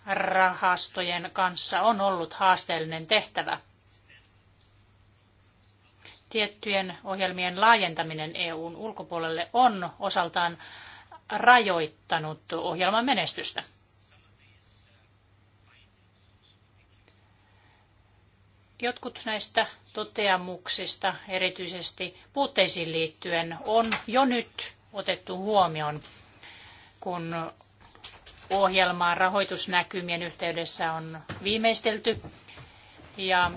rahastojen kanssa on ollut haasteellinen tehtävä – tiettyjen ohjelmien laajentaminen EUn ulkopuolelle on osaltaan rajoittanut ohjelman menestystä. Jotkut näistä toteamuksista, erityisesti puutteisiin liittyen, on jo nyt otettu huomioon, kun ohjelmaa rahoitusnäkymien yhteydessä on viimeistelty. Ja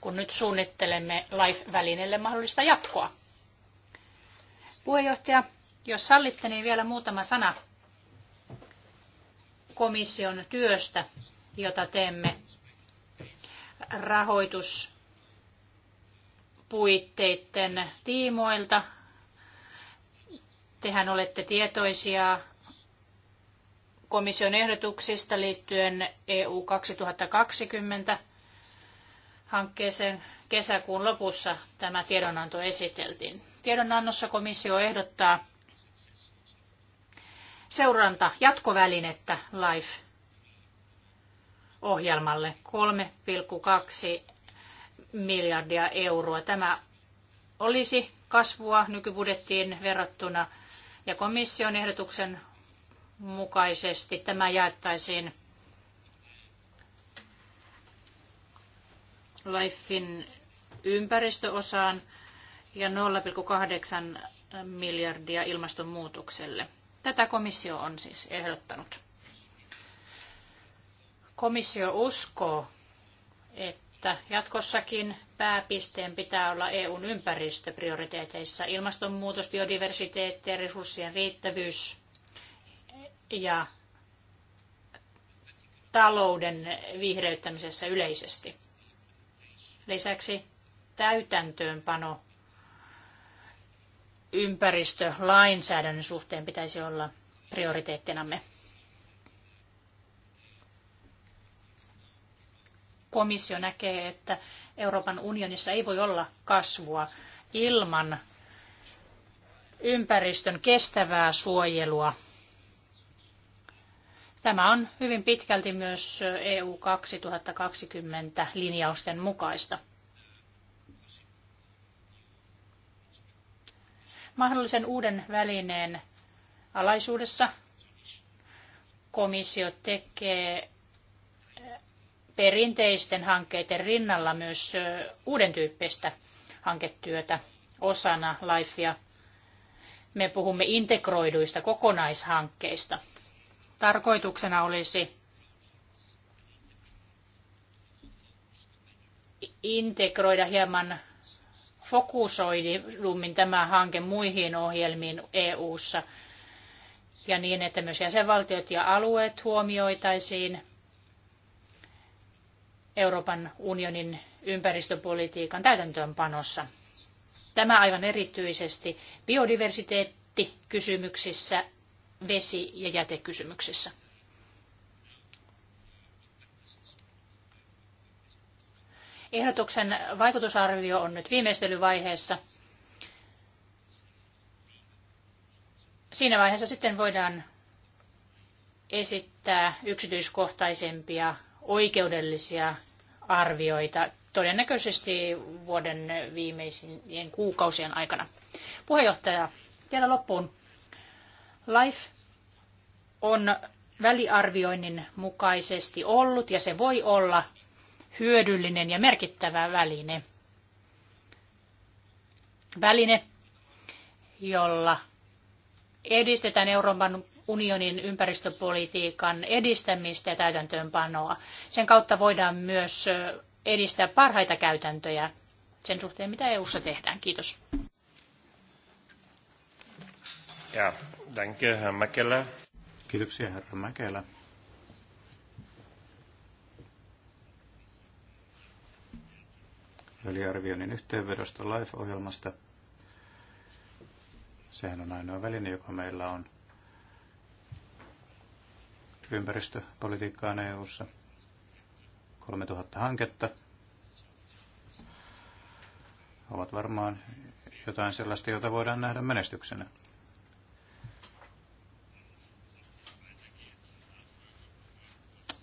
kun nyt suunnittelemme LIFE-välineelle mahdollista jatkoa. Puheenjohtaja, jos sallitte, niin vielä muutama sana komission työstä, jota teemme rahoituspuitteiden tiimoilta. Tehän olette tietoisia komission ehdotuksista liittyen EU 2020 hankkeeseen kesäkuun lopussa tämä tiedonanto esiteltiin. Tiedonannossa komissio ehdottaa seuranta jatkovälinettä LIFE ohjelmalle 3,2 miljardia euroa. Tämä olisi kasvua nykybudjettiin verrattuna ja komission ehdotuksen mukaisesti tämä jaettaisiin Lifein ympäristöosaan ja 0,8 miljardia ilmastonmuutokselle. Tätä komissio on siis ehdottanut. Komissio uskoo, että jatkossakin pääpisteen pitää olla EUn ympäristöprioriteeteissa ilmastonmuutos, biodiversiteetti ja resurssien riittävyys ja talouden vihreyttämisessä yleisesti. Lisäksi täytäntöönpano ympäristölainsäädännön suhteen pitäisi olla prioriteettinamme. Komissio näkee, että Euroopan unionissa ei voi olla kasvua ilman ympäristön kestävää suojelua Tämä on hyvin pitkälti myös EU 2020 linjausten mukaista. Mahdollisen uuden välineen alaisuudessa komissio tekee perinteisten hankkeiden rinnalla myös uuden tyyppistä hanketyötä osana LIFEa. Me puhumme integroiduista kokonaishankkeista – tarkoituksena olisi integroida hieman fokusoidummin tämä hanke muihin ohjelmiin EU:ssa ja niin, että myös jäsenvaltiot ja alueet huomioitaisiin Euroopan unionin ympäristöpolitiikan täytäntöönpanossa. Tämä aivan erityisesti biodiversiteettikysymyksissä vesi- ja jätekysymyksissä. Ehdotuksen vaikutusarvio on nyt viimeistelyvaiheessa. Siinä vaiheessa sitten voidaan esittää yksityiskohtaisempia oikeudellisia arvioita todennäköisesti vuoden viimeisien kuukausien aikana. Puheenjohtaja, vielä loppuun LIFE on väliarvioinnin mukaisesti ollut ja se voi olla hyödyllinen ja merkittävä väline. Väline, jolla edistetään Euroopan unionin ympäristöpolitiikan edistämistä ja täytäntöönpanoa. Sen kautta voidaan myös edistää parhaita käytäntöjä sen suhteen, mitä EU:ssa tehdään. Kiitos. Ja, Danke, Herr Mäkelä. Kiitoksia, herra Mäkelä. väliarvioinnin yhteenvedosta life ohjelmasta Sehän on ainoa väline, joka meillä on ympäristöpolitiikkaan EU-ssa. 3000 hanketta ovat varmaan jotain sellaista, jota voidaan nähdä menestyksenä.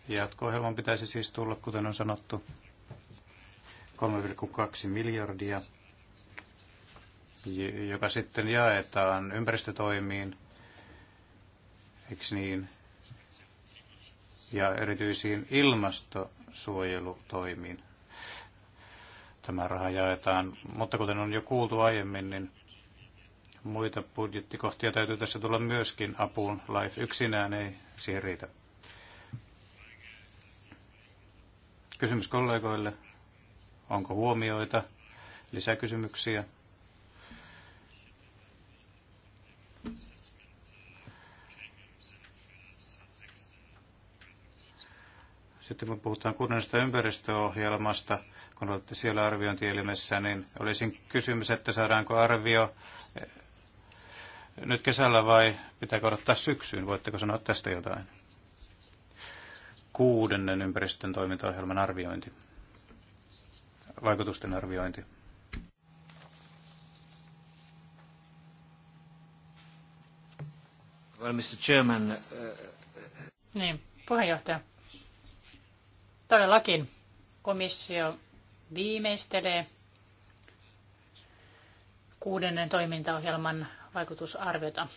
Jatko-ohjelman pitäisi siis tulla, kuten on sanottu, 3,2 miljardia, joka sitten jaetaan ympäristötoimiin, eikö niin, ja erityisiin ilmastosuojelutoimiin. Tämä raha jaetaan, mutta kuten on jo kuultu aiemmin, niin muita budjettikohtia täytyy tässä tulla myöskin apuun. Life yksinään ei siihen riitä. Kysymys kollegoille. Onko huomioita? Lisäkysymyksiä? Sitten kun puhutaan kunnallisesta ympäristöohjelmasta, kun olette siellä arviointielimessä, niin olisin kysymys, että saadaanko arvio eh, nyt kesällä vai pitääkö odottaa syksyyn? Voitteko sanoa tästä jotain? kuudennen ympäristön toimintaohjelman arviointi, vaikutusten arviointi. Well, Mr. Chairman, uh... Niin, puheenjohtaja. Todellakin komissio viimeistelee kuudennen toimintaohjelman vaikutusarviota.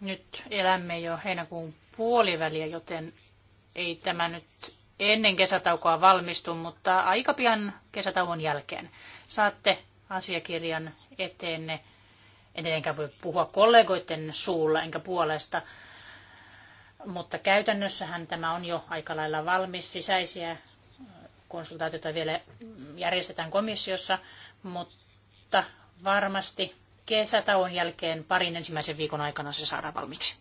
Nyt elämme jo heinäkuun puoliväliä, joten ei tämä nyt ennen kesätaukoa valmistu, mutta aika pian kesätauon jälkeen saatte asiakirjan eteenne. En tietenkään voi puhua kollegoiden suulla enkä puolesta, mutta käytännössähän tämä on jo aika lailla valmis. Sisäisiä konsultaatioita vielä järjestetään komissiossa, mutta varmasti kesätauon jälkeen parin ensimmäisen viikon aikana se saadaan valmiiksi.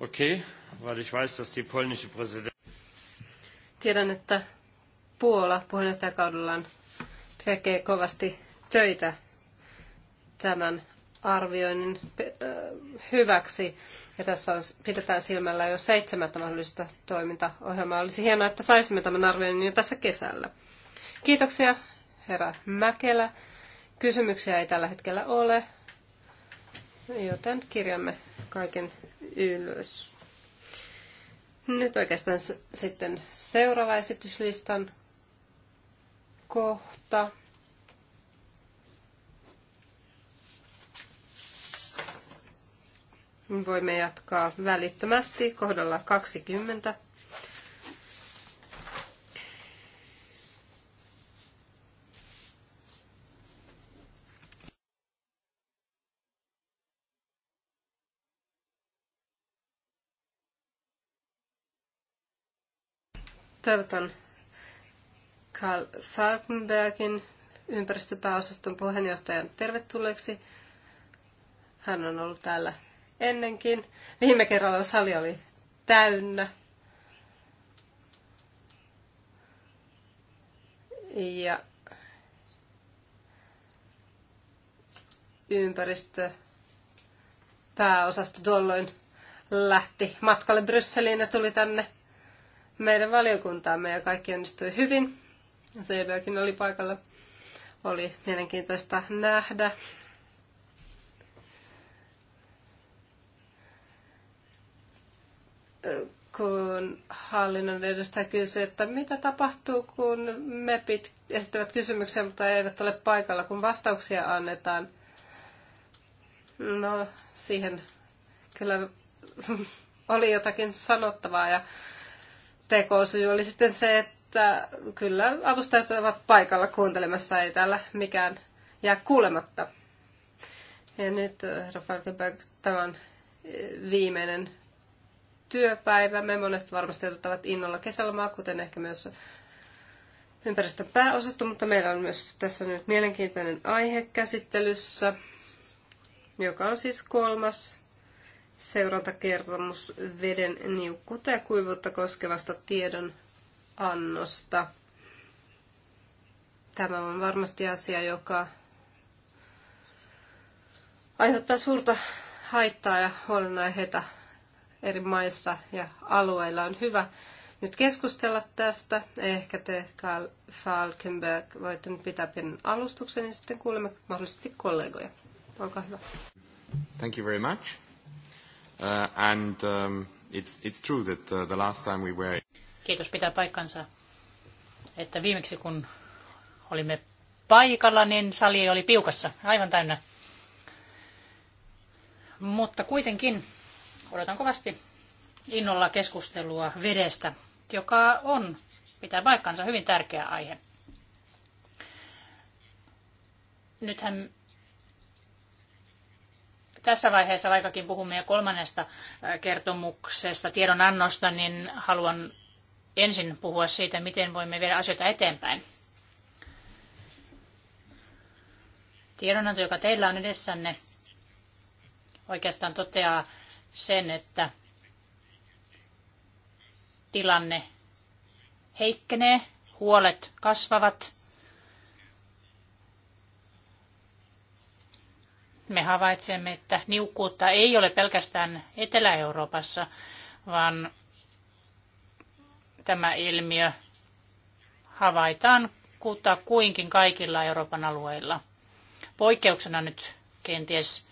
Okei, okay, weil ich weiß, dass die polnische Präsident... Tiedän, että Puola puheenjohtajakaudellaan tekee kovasti töitä tämän arvioinnin äh, hyväksi. Ja tässä on, pidetään silmällä jo seitsemättä mahdollista toimintaohjelmaa. Olisi hienoa, että saisimme tämän arvioinnin jo tässä kesällä. Kiitoksia herra Mäkelä. Kysymyksiä ei tällä hetkellä ole, joten kirjamme kaiken ylös. Nyt oikeastaan sitten seuraava esityslistan kohta. Voimme jatkaa välittömästi kohdalla 20. Toivotan Karl Falkenbergin ympäristöpääosaston puheenjohtajan tervetulleeksi. Hän on ollut täällä ennenkin. Viime kerralla sali oli täynnä. Ja ympäristöpääosasto tuolloin lähti matkalle Brysseliin ja tuli tänne meidän valiokuntaamme ja kaikki onnistui hyvin. Seiväkin oli paikalla. Oli mielenkiintoista nähdä. Kun hallinnon edustaja kysyi, että mitä tapahtuu, kun MEPit esittävät kysymyksiä, mutta eivät ole paikalla, kun vastauksia annetaan. No, siihen kyllä oli jotakin sanottavaa ja tekosyy oli sitten se, että kyllä avustajat ovat paikalla kuuntelemassa, ei täällä mikään jää kuulematta. Ja nyt eh, Rafael tämä tämän eh, viimeinen työpäivä. Me monet varmasti odottavat innolla kesälomaa, kuten ehkä myös ympäristön pääosasto, mutta meillä on myös tässä nyt mielenkiintoinen aihe käsittelyssä, joka on siis kolmas seurantakertomus veden niukkuutta ja kuivuutta koskevasta tiedon annosta. Tämä on varmasti asia, joka aiheuttaa suurta haittaa ja huolenaiheita eri maissa ja alueilla. On hyvä nyt keskustella tästä. Ehkä te, Karl Falkenberg, voitte nyt pitää pienen alustuksen ja sitten kuulemme mahdollisesti kollegoja. Olkaa hyvä. Thank you very much. Uh, and um, it's, it's true that uh, the last time we were... Kiitos pitää paikkansa, että viimeksi kun olimme paikalla, niin sali oli piukassa, aivan täynnä. Mutta kuitenkin odotan kovasti innolla keskustelua vedestä, joka on, pitää paikkansa, hyvin tärkeä aihe. Nythän tässä vaiheessa, vaikkakin puhumme jo kolmannesta kertomuksesta, tiedonannosta, niin haluan ensin puhua siitä, miten voimme viedä asioita eteenpäin. Tiedonanto, joka teillä on edessänne, oikeastaan toteaa sen, että tilanne heikkenee, huolet kasvavat, me havaitsemme, että niukkuutta ei ole pelkästään Etelä-Euroopassa, vaan tämä ilmiö havaitaan kuinkin kaikilla Euroopan alueilla. Poikkeuksena nyt kenties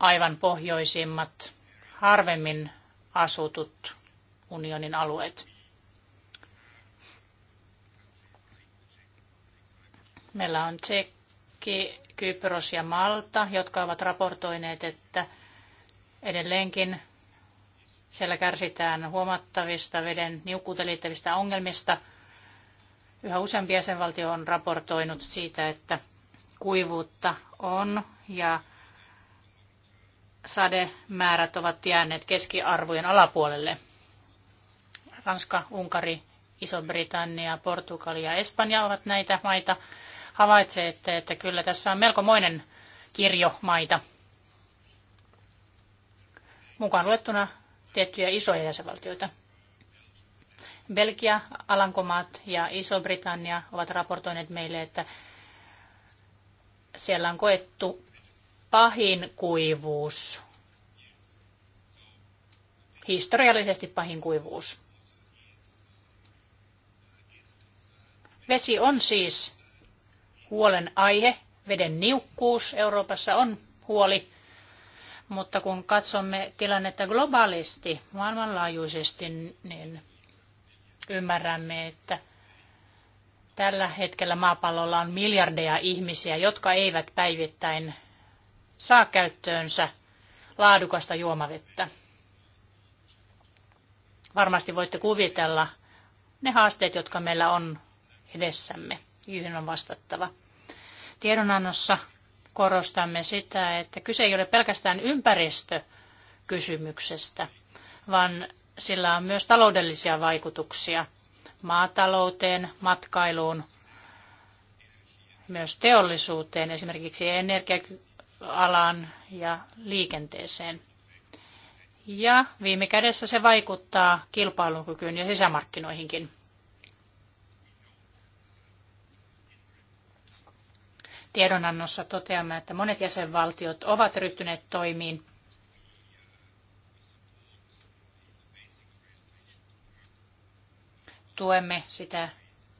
aivan pohjoisimmat, harvemmin asutut unionin alueet. Meillä on Tsekki, Kypros ja Malta, jotka ovat raportoineet, että edelleenkin siellä kärsitään huomattavista veden niukkuuteen liittyvistä ongelmista. Yhä useampi jäsenvaltio on raportoinut siitä, että kuivuutta on ja sademäärät ovat jääneet keskiarvojen alapuolelle. Ranska, Unkari, Iso-Britannia, Portugali ja Espanja ovat näitä maita, havaitsette, että kyllä tässä on melkomoinen kirjo maita. Mukaan luettuna tiettyjä isoja jäsenvaltioita. Belgia, Alankomaat ja Iso-Britannia ovat raportoineet meille, että siellä on koettu pahin kuivuus, historiallisesti pahin kuivuus. Vesi on siis huolen aihe. Veden niukkuus Euroopassa on huoli. Mutta kun katsomme tilannetta globaalisti, maailmanlaajuisesti, niin ymmärrämme, että tällä hetkellä maapallolla on miljardeja ihmisiä, jotka eivät päivittäin saa käyttöönsä laadukasta juomavettä. Varmasti voitte kuvitella ne haasteet, jotka meillä on edessämme. Yhden on vastattava. Tiedonannossa korostamme sitä, että kyse ei ole pelkästään ympäristökysymyksestä, vaan sillä on myös taloudellisia vaikutuksia maatalouteen, matkailuun, myös teollisuuteen, esimerkiksi energiaalaan ja liikenteeseen. Ja viime kädessä se vaikuttaa kilpailukykyyn ja sisämarkkinoihinkin. Tiedonannossa toteamme, että monet jäsenvaltiot ovat ryhtyneet toimiin tuemme sitä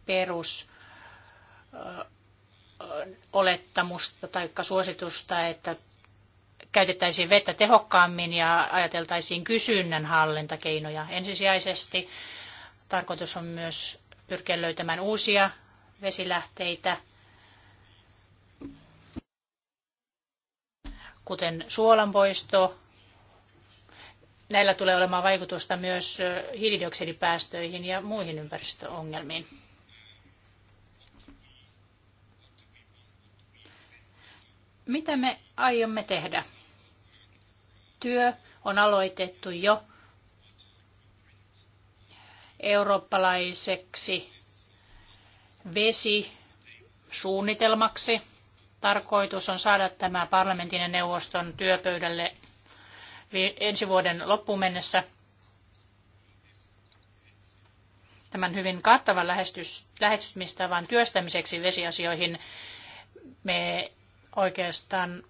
perusolettamusta tai suositusta, että käytettäisiin vettä tehokkaammin ja ajateltaisiin kysynnän hallintakeinoja. Ensisijaisesti tarkoitus on myös pyrkiä löytämään uusia vesilähteitä kuten suolanpoisto. Näillä tulee olemaan vaikutusta myös hiilidioksidipäästöihin ja muihin ympäristöongelmiin. Mitä me aiomme tehdä? Työ on aloitettu jo eurooppalaiseksi vesisuunnitelmaksi – tarkoitus on saada tämä parlamentin ja neuvoston työpöydälle ensi vuoden loppuun mennessä. Tämän hyvin kattavan lähestymistavan työstämiseksi vesiasioihin me oikeastaan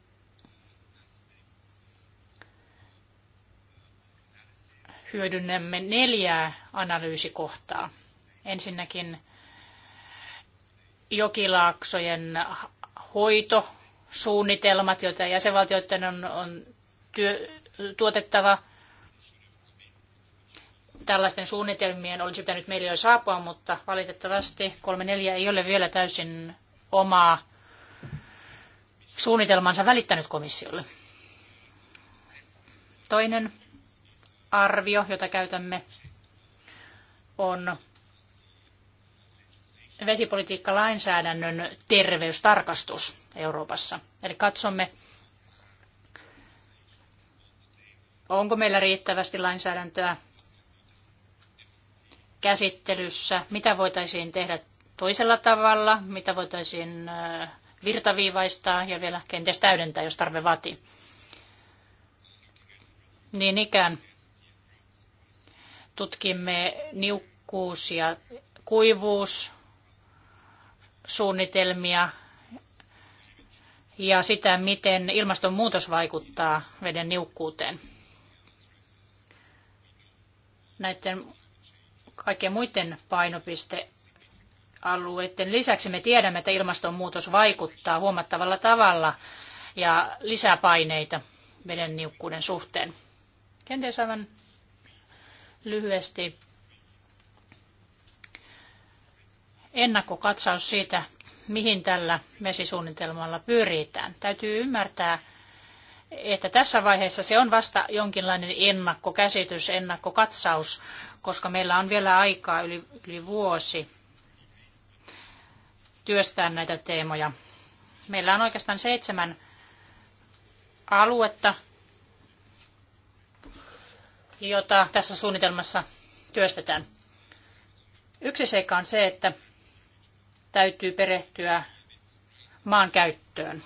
hyödynnämme neljää analyysikohtaa. Ensinnäkin jokilaaksojen hoitosuunnitelmat, joita jäsenvaltioiden on, on työ, tuotettava. Tällaisten suunnitelmien olisi pitänyt meille jo saapua, mutta valitettavasti 3.4 ei ole vielä täysin omaa suunnitelmansa välittänyt komissiolle. Toinen arvio, jota käytämme, on vesipolitiikkalainsäädännön terveystarkastus Euroopassa. Eli katsomme, onko meillä riittävästi lainsäädäntöä käsittelyssä, mitä voitaisiin tehdä toisella tavalla, mitä voitaisiin virtaviivaistaa ja vielä kenties täydentää, jos tarve vaatii. Niin ikään tutkimme niukkuus- ja kuivuus suunnitelmia ja sitä, miten ilmastonmuutos vaikuttaa veden niukkuuteen. Näiden kaikkien muiden painopiste lisäksi me tiedämme, että ilmastonmuutos vaikuttaa huomattavalla tavalla ja lisää paineita veden niukkuuden suhteen. Kenties aivan lyhyesti ennakkokatsaus siitä, mihin tällä vesisuunnitelmalla pyritään. Täytyy ymmärtää, että tässä vaiheessa se on vasta jonkinlainen ennakkokäsitys, ennakkokatsaus, koska meillä on vielä aikaa yli, yli vuosi työstää näitä teemoja. Meillä on oikeastaan seitsemän aluetta, jota tässä suunnitelmassa työstetään. Yksi seikka on se, että täytyy perehtyä maan käyttöön.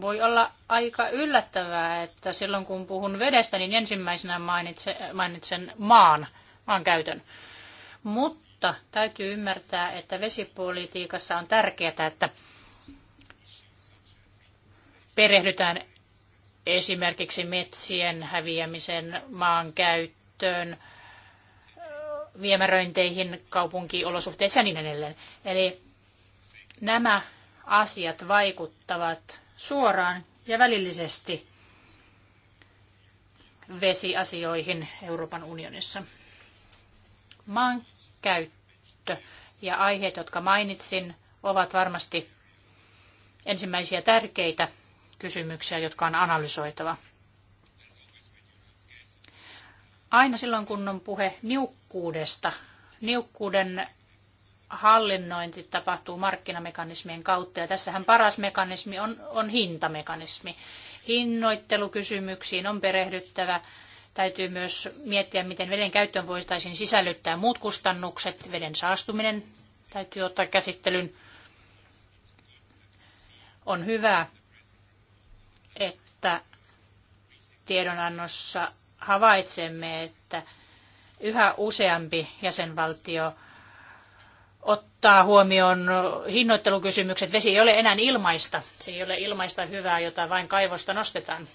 Voi olla aika yllättävää, että silloin kun puhun vedestä, niin ensimmäisenä mainitsen, mainitsen maan, maan käytön. Mutta täytyy ymmärtää, että vesipolitiikassa on tärkeää, että perehdytään esimerkiksi metsien häviämisen maan käyttöön, viemäröinteihin, kaupunkiolosuhteisiin ja niin edelleen. Eli Nämä asiat vaikuttavat suoraan ja välillisesti vesiasioihin Euroopan unionissa. Maan käyttö ja aiheet, jotka mainitsin, ovat varmasti ensimmäisiä tärkeitä kysymyksiä, jotka on analysoitava. Aina silloin, kun on puhe niukkuudesta, niukkuuden hallinnointi tapahtuu markkinamekanismien kautta ja tässähän paras mekanismi on, on hintamekanismi. Hinnoittelukysymyksiin on perehdyttävä. Täytyy myös miettiä, miten veden käyttöön voitaisiin sisällyttää muut kustannukset. Veden saastuminen täytyy ottaa käsittelyn. On hyvä, että tiedonannossa havaitsemme, että yhä useampi jäsenvaltio – ottaa huomioon hinnoittelukysymykset. Vesi ei ole enää ilmaista. Se ei ole ilmaista hyvää, jota vain kaivosta nostetaan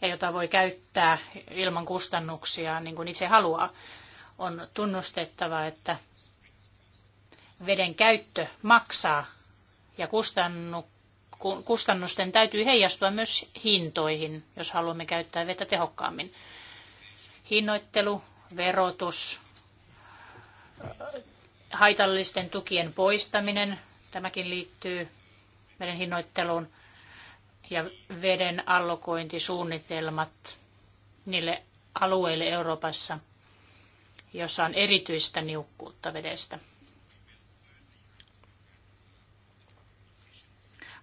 ja jota voi käyttää ilman kustannuksia, niin kuin itse haluaa. On tunnustettava, että veden käyttö maksaa ja kustannu, kustannusten täytyy heijastua myös hintoihin, jos haluamme käyttää vettä tehokkaammin. Hinnoittelu, verotus, haitallisten tukien poistaminen, tämäkin liittyy veden hinnoitteluun, ja veden allokointisuunnitelmat niille alueille Euroopassa, jossa on erityistä niukkuutta vedestä.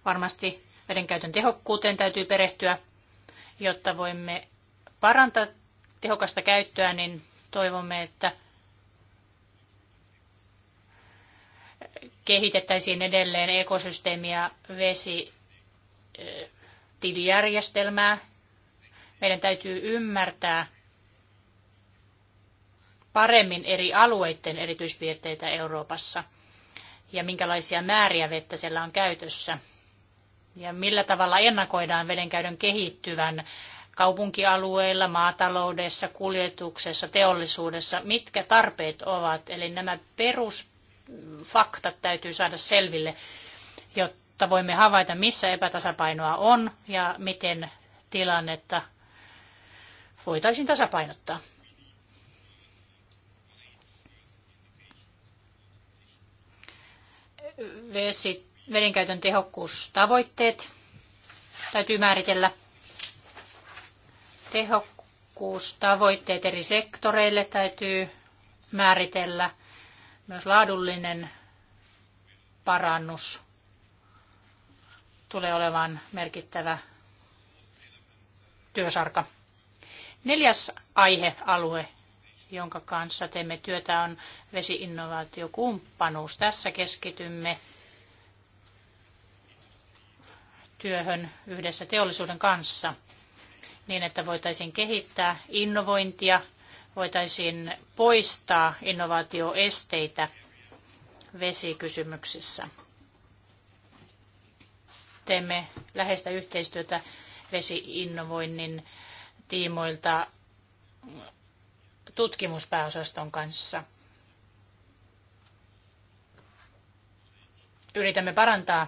Varmasti vedenkäytön tehokkuuteen täytyy perehtyä, jotta voimme parantaa tehokasta käyttöä, niin toivomme, että – kehitettäisiin edelleen ekosysteemiä vesitilijärjestelmää. Meidän täytyy ymmärtää paremmin eri alueiden erityispiirteitä Euroopassa ja minkälaisia määriä vettä siellä on käytössä. Ja millä tavalla ennakoidaan vedenkäytön kehittyvän kaupunkialueilla, maataloudessa, kuljetuksessa, teollisuudessa, mitkä tarpeet ovat. Eli nämä perus faktat täytyy saada selville, jotta voimme havaita, missä epätasapainoa on ja miten tilannetta voitaisiin tasapainottaa. Vesit, vedenkäytön tehokkuustavoitteet täytyy määritellä. Tehokkuustavoitteet eri sektoreille täytyy määritellä – myös laadullinen parannus tulee olemaan merkittävä työsarka. Neljäs aihealue, jonka kanssa teemme työtä, on vesiinnovaatiokumppanuus. Tässä keskitymme työhön yhdessä teollisuuden kanssa niin, että voitaisiin kehittää innovointia voitaisiin poistaa innovaatioesteitä vesikysymyksissä. Teemme läheistä yhteistyötä vesiinnovoinnin tiimoilta tutkimuspääosaston kanssa. Yritämme parantaa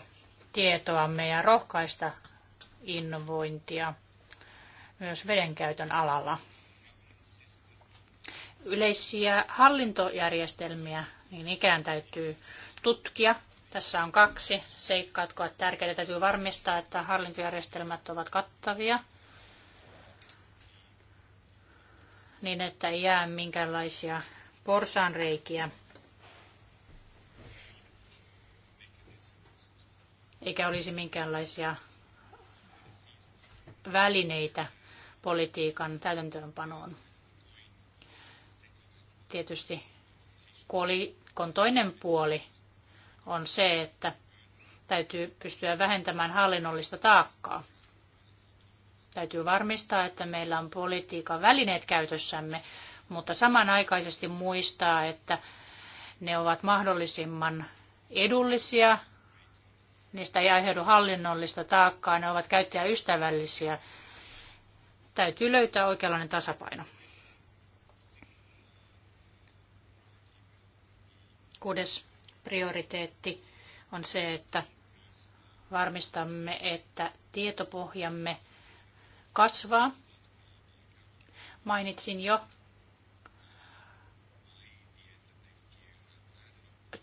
tietoamme ja rohkaista innovointia myös vedenkäytön alalla. Yleisiä hallintojärjestelmiä niin ikään täytyy tutkia. Tässä on kaksi seikkaa, jotka ovat tärkeitä. Täytyy varmistaa, että hallintojärjestelmät ovat kattavia niin, että ei jää minkäänlaisia porsaanreikiä. Eikä olisi minkäänlaisia välineitä politiikan täytäntöönpanoon. Tietysti kolikon toinen puoli on se, että täytyy pystyä vähentämään hallinnollista taakkaa. Täytyy varmistaa, että meillä on politiikan välineet käytössämme, mutta samanaikaisesti muistaa, että ne ovat mahdollisimman edullisia, niistä ei aiheudu hallinnollista taakkaa, ne ovat käyttäjäystävällisiä. Täytyy löytää oikeanlainen tasapaino. Kuudes prioriteetti on se, että varmistamme, että tietopohjamme kasvaa. Mainitsin jo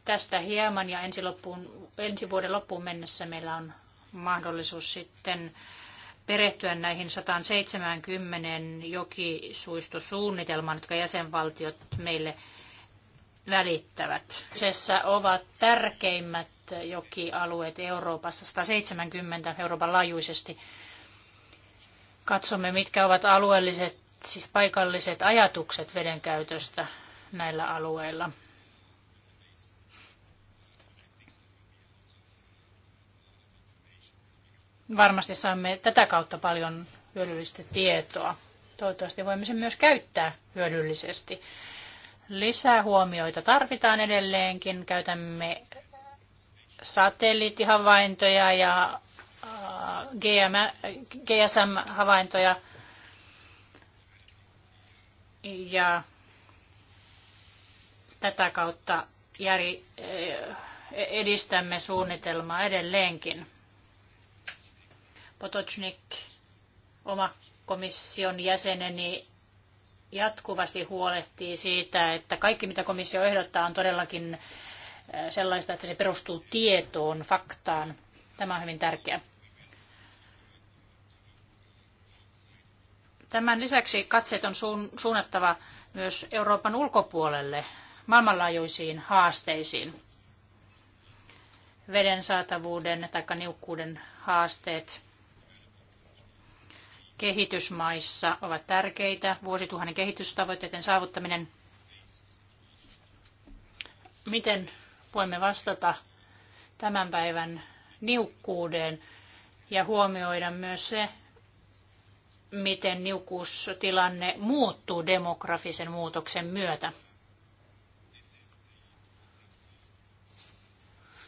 tästä hieman ja ensi, loppuun, ensi vuoden loppuun mennessä meillä on mahdollisuus sitten perehtyä näihin 170 jokisuistosuunnitelmaan, jotka jäsenvaltiot meille välittävät. Kyseessä ovat tärkeimmät jokialueet Euroopassa, 170 Euroopan laajuisesti. Katsomme, mitkä ovat alueelliset, paikalliset ajatukset veden käytöstä näillä alueilla. Varmasti saamme tätä kautta paljon hyödyllistä tietoa. Toivottavasti voimme sen myös käyttää hyödyllisesti. Lisää huomioita tarvitaan edelleenkin. Käytämme satelliittihavaintoja ja äh, GSM-havaintoja ja tätä kautta järi, äh, edistämme suunnitelmaa edelleenkin. Potocnik, oma komission jäseneni, jatkuvasti huolehtii siitä, että kaikki mitä komissio ehdottaa on todellakin äh, sellaista, että se perustuu tietoon, faktaan. Tämä on hyvin tärkeää. Tämän lisäksi katseet on suunnattava myös Euroopan ulkopuolelle maailmanlaajuisiin haasteisiin. Veden saatavuuden tai niukkuuden haasteet kehitysmaissa ovat tärkeitä. Vuosituhannen kehitystavoitteiden saavuttaminen. Miten voimme vastata tämän päivän niukkuuden ja huomioida myös se, miten niukkuustilanne muuttuu demografisen muutoksen myötä.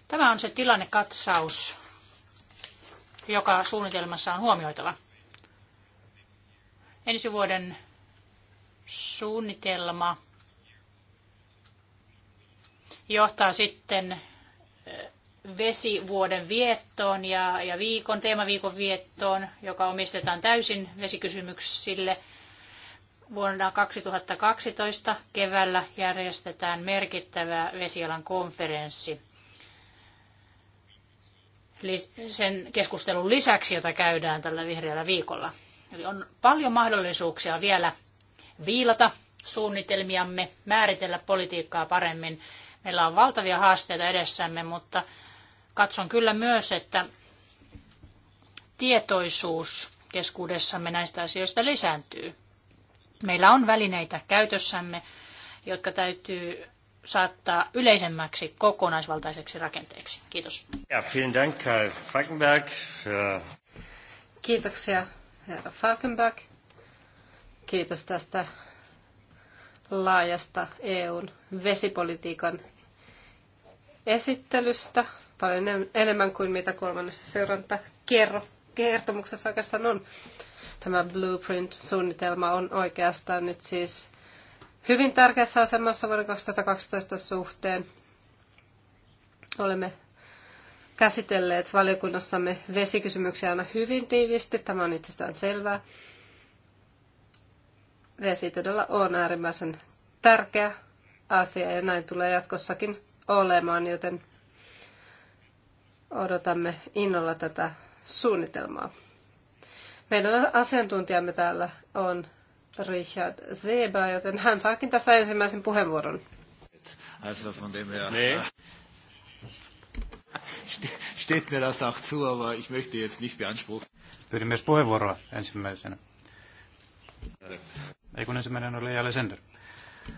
Tämä on se tilannekatsaus, joka suunnitelmassa on huomioitava. Ensi vuoden suunnitelma johtaa sitten vesivuoden viettoon ja, ja viikon, teemaviikon viettoon, joka omistetaan täysin vesikysymyksille. Vuonna 2012 keväällä järjestetään merkittävä vesialan konferenssi. Sen keskustelun lisäksi, jota käydään tällä vihreällä viikolla. Eli on paljon mahdollisuuksia vielä viilata suunnitelmiamme, määritellä politiikkaa paremmin. Meillä on valtavia haasteita edessämme, mutta katson kyllä myös, että tietoisuus keskuudessamme näistä asioista lisääntyy. Meillä on välineitä käytössämme, jotka täytyy saattaa yleisemmäksi kokonaisvaltaiseksi rakenteeksi. Kiitos. Ja, vielen Dank, Herr Falkenberg. Kiitoksia herra Falkenberg. Kiitos tästä laajasta EUn vesipolitiikan esittelystä. Paljon enemmän kuin mitä kolmannessa seuranta kerro kertomuksessa oikeastaan on. Tämä blueprint-suunnitelma on oikeastaan nyt siis hyvin tärkeässä asemassa vuoden 2012 suhteen. Olemme käsitelleet valiokunnassamme vesikysymyksiä aina hyvin tiivisti. Tämä on itsestään selvää. Vesi todella on äärimmäisen tärkeä asia ja näin tulee jatkossakin olemaan, joten odotamme innolla tätä suunnitelmaa. Meidän asiantuntijamme täällä on Richard Zeba, joten hän saakin tässä ensimmäisen puheenvuoron. Also von dem her. Nee. steht mir das auch zu, aber ich möchte jetzt nicht beanspruchen. Pyydin myös puheenvuoroa ensimmäisenä. Ei kun ensimmäinen oli Alexander.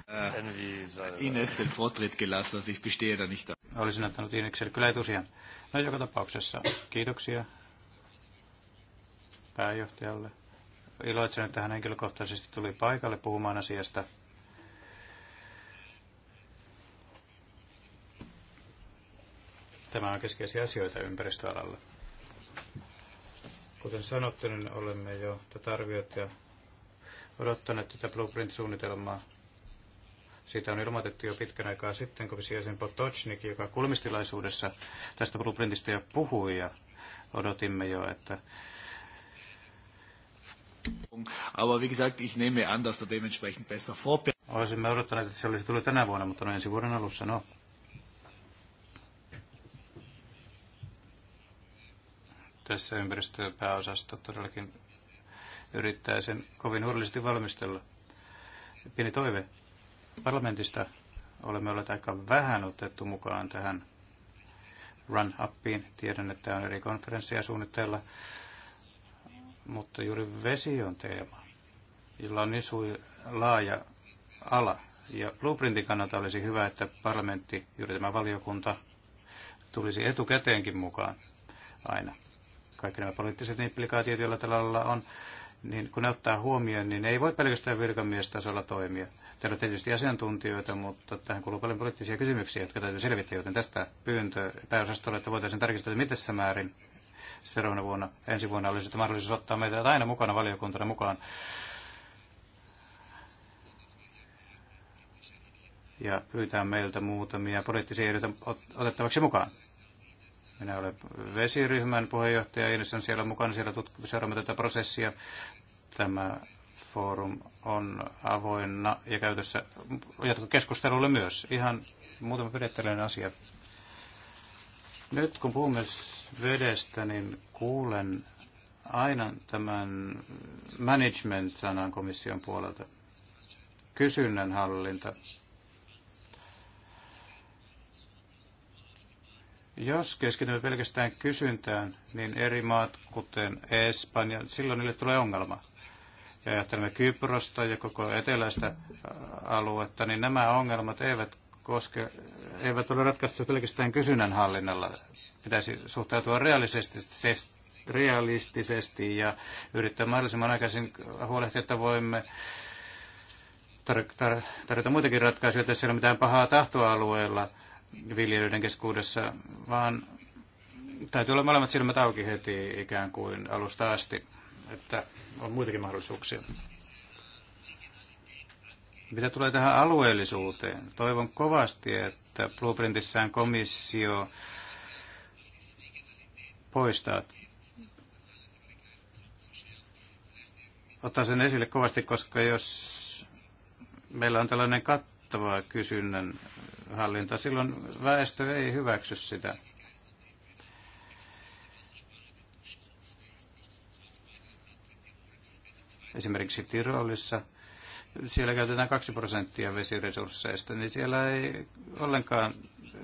Äh, Ines den Vortritt gelassen, also ich bestehe da nicht. Olisin antanut Inekselle kyllä etusijan. No joka tapauksessa kiitoksia pääjohtajalle. Iloitsen, että hän henkilökohtaisesti tuli paikalle puhumaan asiasta. Tämä on keskeisiä asioita ympäristöalalla. Kuten sanottu, niin olemme jo tätä arviot ja odottaneet tätä blueprint-suunnitelmaa. Siitä on ilmoitettu jo pitkän aikaa sitten, kun jäsen Potocnik, joka kulmistilaisuudessa tästä blueprintista jo puhui ja odotimme jo, että Aber wie gesagt, ich nehme an, dass er dementsprechend besser vorbereitet. Olisimme odottaneet, että se olisi tullut tänä vuonna, mutta no ensi vuoden alussa, no. tässä ympäristöpääosasto todellakin yrittää sen kovin huolellisesti valmistella. Pieni toive. Parlamentista olemme olleet aika vähän otettu mukaan tähän run-upiin. Tiedän, että on eri konferensseja suunnitteilla, mutta juuri vesi on teema, jolla on niin suuri laaja ala. Ja blueprintin kannalta olisi hyvä, että parlamentti, juuri tämä valiokunta, tulisi etukäteenkin mukaan aina kaikki nämä poliittiset implikaatiot, joilla tällä alalla on, niin kun ne ottaa huomioon, niin ei voi pelkästään virkamiestasolla toimia. Täällä on tietysti asiantuntijoita, mutta tähän kuuluu paljon poliittisia kysymyksiä, jotka täytyy selvittää, joten tästä pyyntö pääosastolle, että voitaisiin tarkistaa, että se määrin seuraavana vuonna, ensi vuonna olisi että mahdollisuus ottaa meitä aina mukana valiokuntana mukaan. Ja pyytää meiltä muutamia poliittisia ehdotuksia otettavaksi mukaan. Minä olen vesiryhmän puheenjohtaja, Ines on siellä mukana, siellä tutk- seuraamme tätä prosessia. Tämä foorum on avoinna ja käytössä jatkokeskustelulle myös. Ihan muutama periaatteellinen asia. Nyt kun puhumme vedestä, niin kuulen aina tämän management-sanan komission puolelta. Kysynnän hallinta Jos keskitymme pelkästään kysyntään, niin eri maat, kuten Espanja, silloin niille tulee ongelma. Ja ajattelemme Kyprosta ja koko eteläistä aluetta, niin nämä ongelmat eivät, koske, eivät ole ratkaistu pelkästään kysynnän hallinnalla. Pitäisi suhtautua realistisesti, realistisesti ja yrittää mahdollisimman aikaisin huolehtia, että voimme tarjota muitakin ratkaisuja. että ei ole mitään pahaa tahtoa alueella viljelijöiden keskuudessa, vaan täytyy olla molemmat silmät auki heti ikään kuin alusta asti, että on muitakin mahdollisuuksia. Mitä tulee tähän alueellisuuteen, toivon kovasti, että blueprintissään komissio poistaa, ottaa sen esille kovasti, koska jos meillä on tällainen kattava kysynnän hallinta. Silloin väestö ei hyväksy sitä. Esimerkiksi Tirolissa, siellä käytetään 2 prosenttia vesiresursseista, niin siellä ei ollenkaan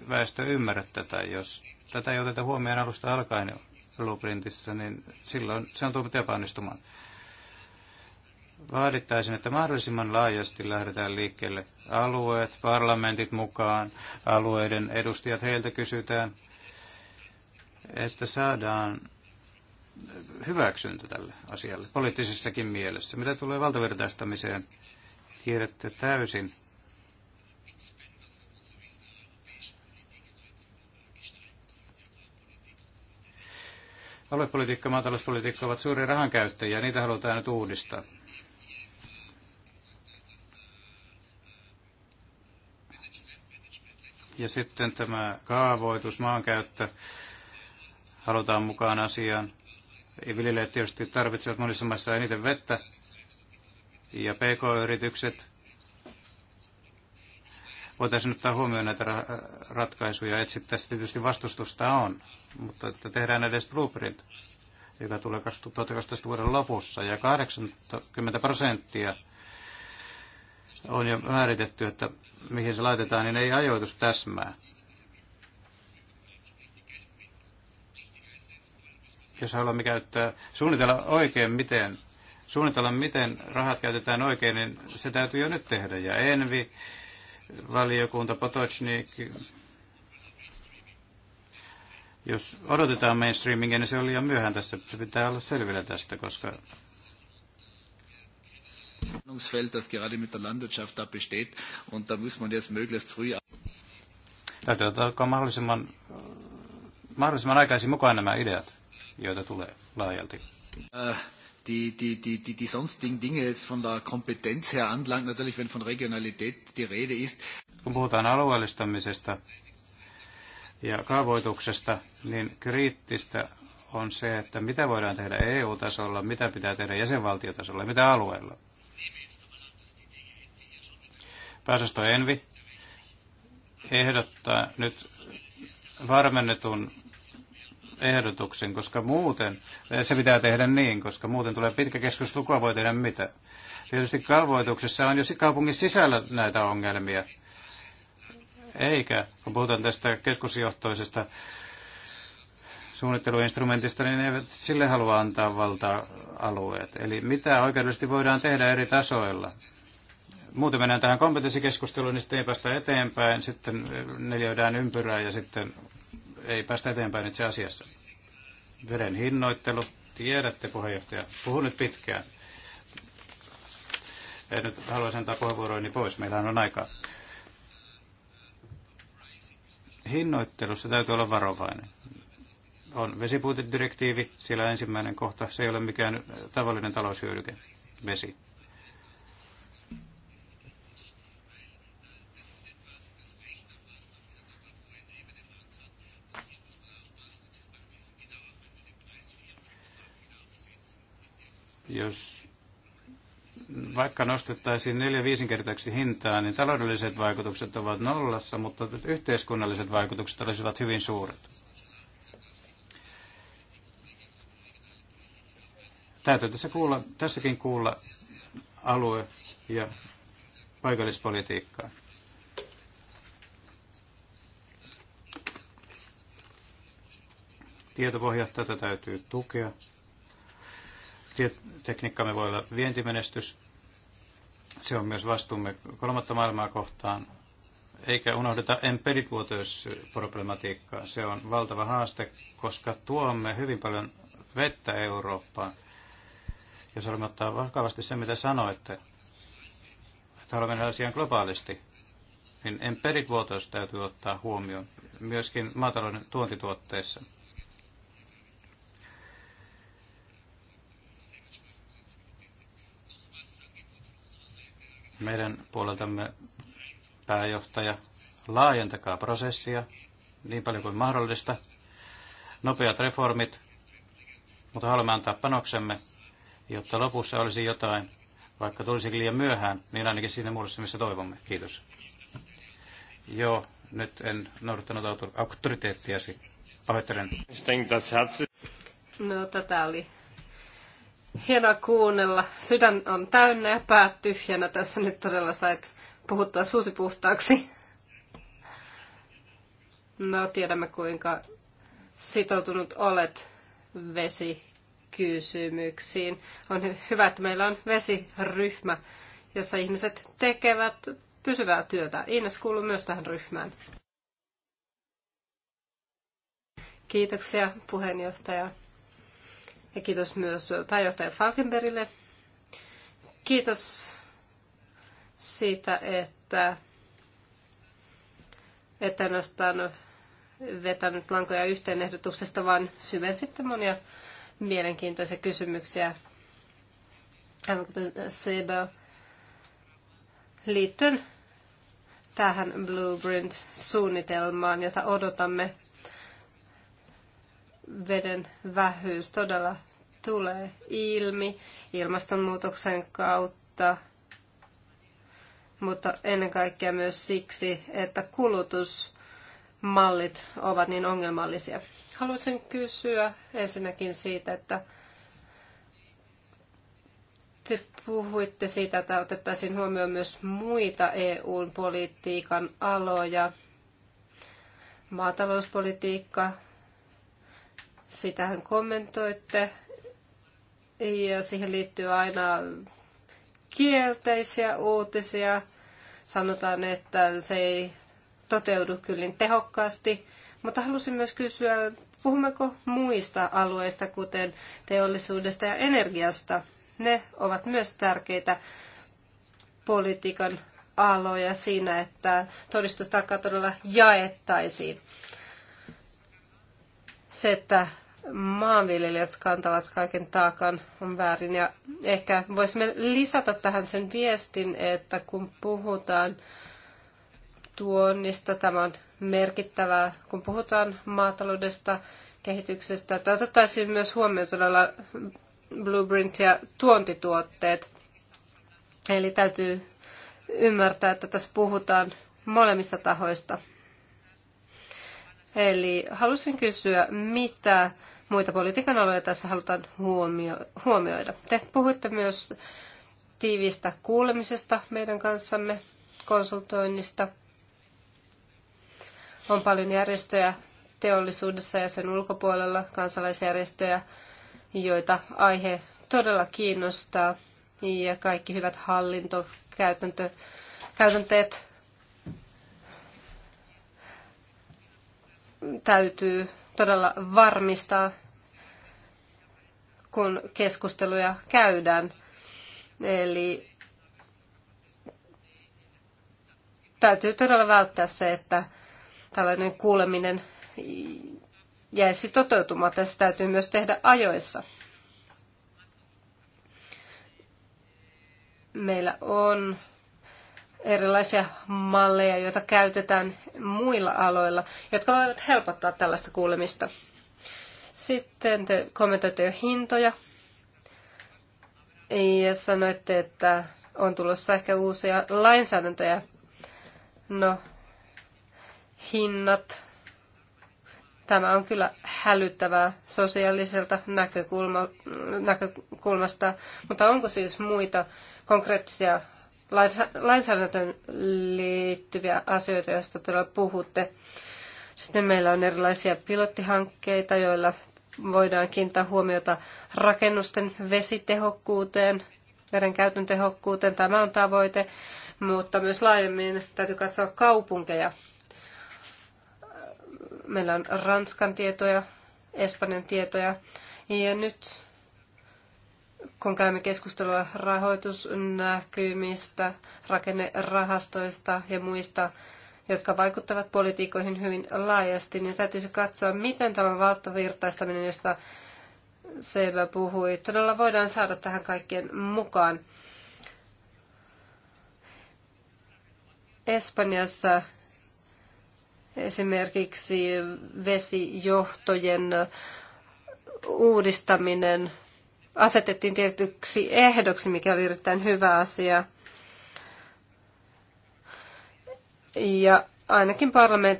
väestö ymmärrä tätä. Jos tätä ei oteta huomioon alusta alkaen blueprintissa, niin silloin se on tullut epäonnistumaan vaadittaisiin, että mahdollisimman laajasti lähdetään liikkeelle alueet, parlamentit mukaan, alueiden edustajat, heiltä kysytään, että saadaan hyväksyntä tälle asialle poliittisessakin mielessä. Mitä tulee valtavirtaistamiseen, tiedätte täysin, aluepolitiikka ja maatalouspolitiikka ovat suuria rahankäyttäjiä, niitä halutaan nyt uudistaa. Ja sitten tämä kaavoitus, maankäyttö, halutaan mukaan asiaan. Viljelijät tietysti tarvitsevat monissa maissa eniten vettä, ja PK-yritykset. Voitaisiin ottaa huomioon näitä ratkaisuja, että tässä tietysti vastustusta on, mutta että tehdään edes blueprint, joka tulee 2018 vuoden lopussa, ja 80 prosenttia on jo määritetty, että mihin se laitetaan, niin ei ajoitus täsmää. Jos haluamme käyttää, suunnitella oikein, miten suunnitella, miten rahat käytetään oikein, niin se täytyy jo nyt tehdä. Ja Envi, valiokunta Potocnik, jos odotetaan mainstreamingia, niin se on liian myöhään tässä. Se pitää olla selvillä tästä, koska Spannungsfeld, das gerade mit der Landwirtschaft da da besteht. Und muss man jetzt möglichst früh. Täytyy ottaa mahdollisimman, mahdollisimman aikaisin mukaan nämä ideat, joita tulee laajalti. Uh, die, die, die, die, die sonstigen Dinge jetzt von der Kompetenz her anlangt, natürlich wenn von Regionalität die Rede ist. Kun puhutaan alueellistamisesta ja kaavoituksesta, niin kriittistä on se, että mitä voidaan tehdä EU-tasolla, mitä pitää tehdä jäsenvaltiotasolla ja mitä alueella. Pääosasto Envi ehdottaa nyt varmennetun ehdotuksen, koska muuten, eh, se pitää tehdä niin, koska muuten tulee pitkä keskustelu, kuka voi tehdä mitä. Tietysti kaavoituksessa on jo kaupungin sisällä näitä ongelmia. Eikä, kun puhutaan tästä keskusjohtoisesta suunnitteluinstrumentista, niin ne eivät sille halua antaa valta alueet. Eli mitä oikeudellisesti voidaan tehdä eri tasoilla? Muuten mennään tähän kompetenssikeskusteluun, niin sitten ei päästä eteenpäin, sitten eh, neljöidään ympyrää ja sitten ei päästä eteenpäin itse asiassa. Veden hinnoittelu, tiedätte puheenjohtaja, puhun nyt pitkään. En nyt haluaisin antaa puheenvuoroini pois, meillä on aikaa. Hinnoittelussa täytyy olla varovainen. On vesipuutedirektiivi, siellä ensimmäinen kohta, se ei ole mikään tavallinen taloushyödyke, vesi Jos vaikka nostettaisiin neljä viisinkertaiseksi hintaa, niin taloudelliset vaikutukset ovat nollassa, mutta yhteiskunnalliset vaikutukset olisivat hyvin suuret. Täytyy tässä kuulla, tässäkin kuulla alue- ja paikallispolitiikkaa. Tietopohjaa tätä täytyy tukea tekniikkamme voi olla vientimenestys. Se on myös vastuumme kolmatta maailmaa kohtaan. Eikä unohdeta embedded Se on valtava haaste, koska tuomme hyvin paljon vettä Eurooppaan. Jos haluamme ottaa vakavasti sen, mitä sanoitte, että haluamme nähdä asian globaalisti, niin embedded täytyy ottaa huomioon myöskin maatalouden tuontituotteissa – meidän puoleltamme pääjohtaja, laajentakaa prosessia niin paljon kuin mahdollista, nopeat reformit, mutta haluamme antaa panoksemme, jotta lopussa olisi jotain, vaikka tulisikin liian myöhään, niin ainakin siinä muodossa, missä toivomme. Kiitos. Joo, nyt en noudattanut auktoriteettiasi. Pahoittelen. No, tätä oli Hienoa kuunnella. Sydän on täynnä ja päät tyhjänä. Tässä nyt todella sait puhuttaa suusi puhtaaksi. No, tiedämme kuinka sitoutunut olet vesikysymyksiin. On hyvä, että meillä on vesiryhmä, jossa ihmiset tekevät pysyvää työtä. Ines kuuluu myös tähän ryhmään. Kiitoksia puheenjohtaja. Ja kiitos myös pääjohtaja Falkenbergille. Kiitos siitä, että että ainoastaan vetänyt lankoja yhteen ehdotuksesta, vaan syvensitte monia mielenkiintoisia kysymyksiä, aivan kuten Sebo, liittyen tähän Blueprint-suunnitelmaan, jota odotamme veden vähyys todella tulee ilmi ilmastonmuutoksen kautta, mutta ennen kaikkea myös siksi, että kulutusmallit ovat niin ongelmallisia. Haluaisin kysyä ensinnäkin siitä, että te puhuitte siitä, että otettaisiin huomioon myös muita EUn politiikan aloja, maatalouspolitiikka, Sitähän kommentoitte ja siihen liittyy aina kielteisiä uutisia. Sanotaan, että se ei toteudu kyllin niin tehokkaasti, mutta halusin myös kysyä, puhummeko muista alueista, kuten teollisuudesta ja energiasta. Ne ovat myös tärkeitä politiikan aloja siinä, että todistustaakkaa todella jaettaisiin. Se, että maanviljelijät kantavat kaiken taakan, on väärin. Ja ehkä voisimme lisätä tähän sen viestin, että kun puhutaan tuonnista, tämä on merkittävää, kun puhutaan maataloudesta, kehityksestä, että otettaisiin myös huomioon todella blueprint ja tuontituotteet. Eli täytyy ymmärtää, että tässä puhutaan molemmista tahoista. Eli halusin kysyä, mitä muita politiikan aloja tässä halutaan huomioida. Te puhuitte myös tiiviistä kuulemisesta meidän kanssamme, konsultoinnista. On paljon järjestöjä teollisuudessa ja sen ulkopuolella, kansalaisjärjestöjä, joita aihe todella kiinnostaa. Ja kaikki hyvät hallinto, käytäntö, käytänteet täytyy todella varmistaa, kun keskusteluja käydään. Eli täytyy todella välttää se, että tällainen kuuleminen jäisi toteutumaan. Tässä täytyy myös tehdä ajoissa. Meillä on erilaisia malleja, joita käytetään muilla aloilla, jotka voivat helpottaa tällaista kuulemista. Sitten te kommentoitte jo hintoja ja sanoitte, että on tulossa ehkä uusia lainsäädäntöjä. No, hinnat. Tämä on kyllä hälyttävää sosiaaliselta näkökulma, näkökulmasta, mutta onko siis muita konkreettisia lainsäädäntöön liittyviä asioita, joista todella puhutte. Sitten meillä on erilaisia pilottihankkeita, joilla voidaan kiinnittää huomiota rakennusten vesitehokkuuteen, veden käytön tehokkuuteen. Tämä on tavoite, mutta myös laajemmin täytyy katsoa kaupunkeja. Meillä on Ranskan tietoja, Espanjan tietoja ja nyt kun käymme keskustelua rahoitusnäkymistä, rakennerahastoista ja muista, jotka vaikuttavat politiikoihin hyvin laajasti, niin täytyisi katsoa, miten tämä valtavirtaistaminen, josta Seba puhui, todella voidaan saada tähän kaikkien mukaan. Espanjassa esimerkiksi vesijohtojen uudistaminen asetettiin tietyksi ehdoksi, mikä oli erittäin hyvä asia. Ja ainakin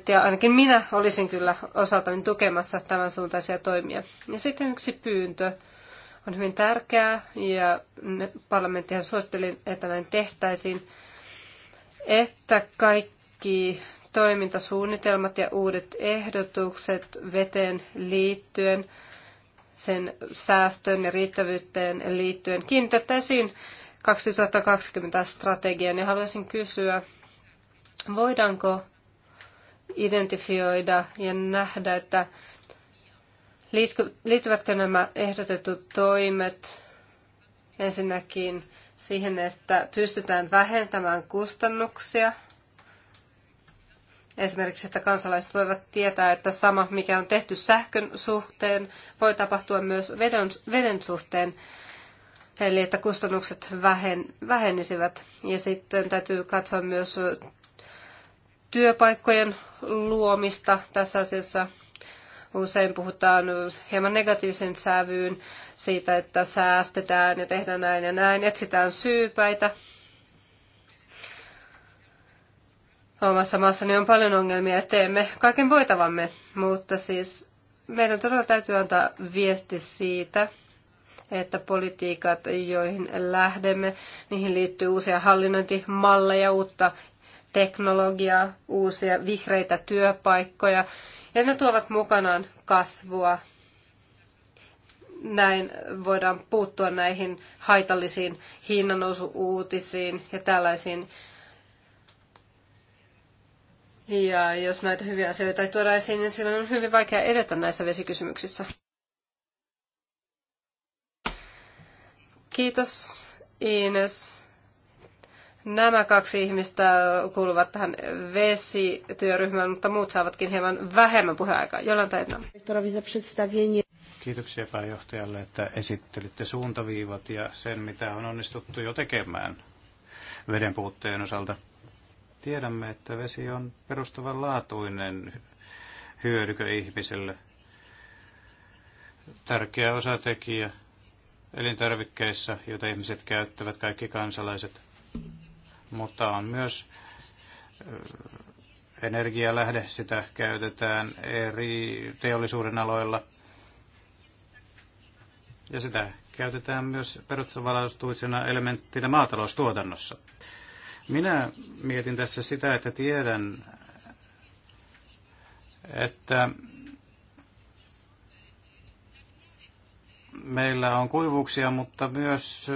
ja ainakin minä olisin kyllä osaltani tukemassa tämän suuntaisia toimia. Ja sitten yksi pyyntö on hyvin tärkeää, ja parlamenttihan suositteli, että näin tehtäisiin, että kaikki toimintasuunnitelmat ja uudet ehdotukset veteen liittyen – sen säästöön ja riittävyyteen liittyen kiinnitettäisiin 2020 strategian ja haluaisin kysyä, voidaanko identifioida ja nähdä, että liittyvätkö nämä ehdotetut toimet ensinnäkin siihen, että pystytään vähentämään kustannuksia – Esimerkiksi, että kansalaiset voivat tietää, että sama, mikä on tehty sähkön suhteen, voi tapahtua myös veden, veden suhteen. Eli että kustannukset vähen, vähenisivät. Ja sitten täytyy katsoa myös työpaikkojen luomista tässä asiassa. Usein puhutaan hieman negatiivisen sävyyn siitä, että säästetään ja tehdään näin ja näin, etsitään syypäitä omassa maassani on paljon ongelmia ja teemme kaiken voitavamme, mutta siis meidän todella täytyy antaa viesti siitä, että politiikat, joihin lähdemme, niihin liittyy uusia hallinnointimalleja, uutta teknologiaa, uusia vihreitä työpaikkoja, ja ne tuovat mukanaan kasvua. Näin voidaan puuttua näihin haitallisiin hinnannousu-uutisiin ja tällaisiin ja jos näitä hyviä asioita ei tuoda esiin, niin silloin on hyvin vaikea edetä näissä vesikysymyksissä. Kiitos Ines. Nämä kaksi ihmistä kuuluvat tähän vesityöryhmään, mutta muut saavatkin hieman vähemmän puheaikaa. Jollain taidon. Kiitoksia pääjohtajalle, että esittelitte suuntaviivat ja sen, mitä on onnistuttu jo tekemään veden puutteen osalta Tiedämme, että vesi on perustavanlaatuinen hyödykö ihmiselle. Tärkeä osatekijä elintarvikkeissa, joita ihmiset käyttävät, kaikki kansalaiset. Mutta on myös energialähde, sitä käytetään eri teollisuuden aloilla. Ja sitä käytetään myös perustavanlaatuisena elementtinä maataloustuotannossa. Minä mietin tässä sitä, että tiedän, että meillä on kuivuuksia, mutta myös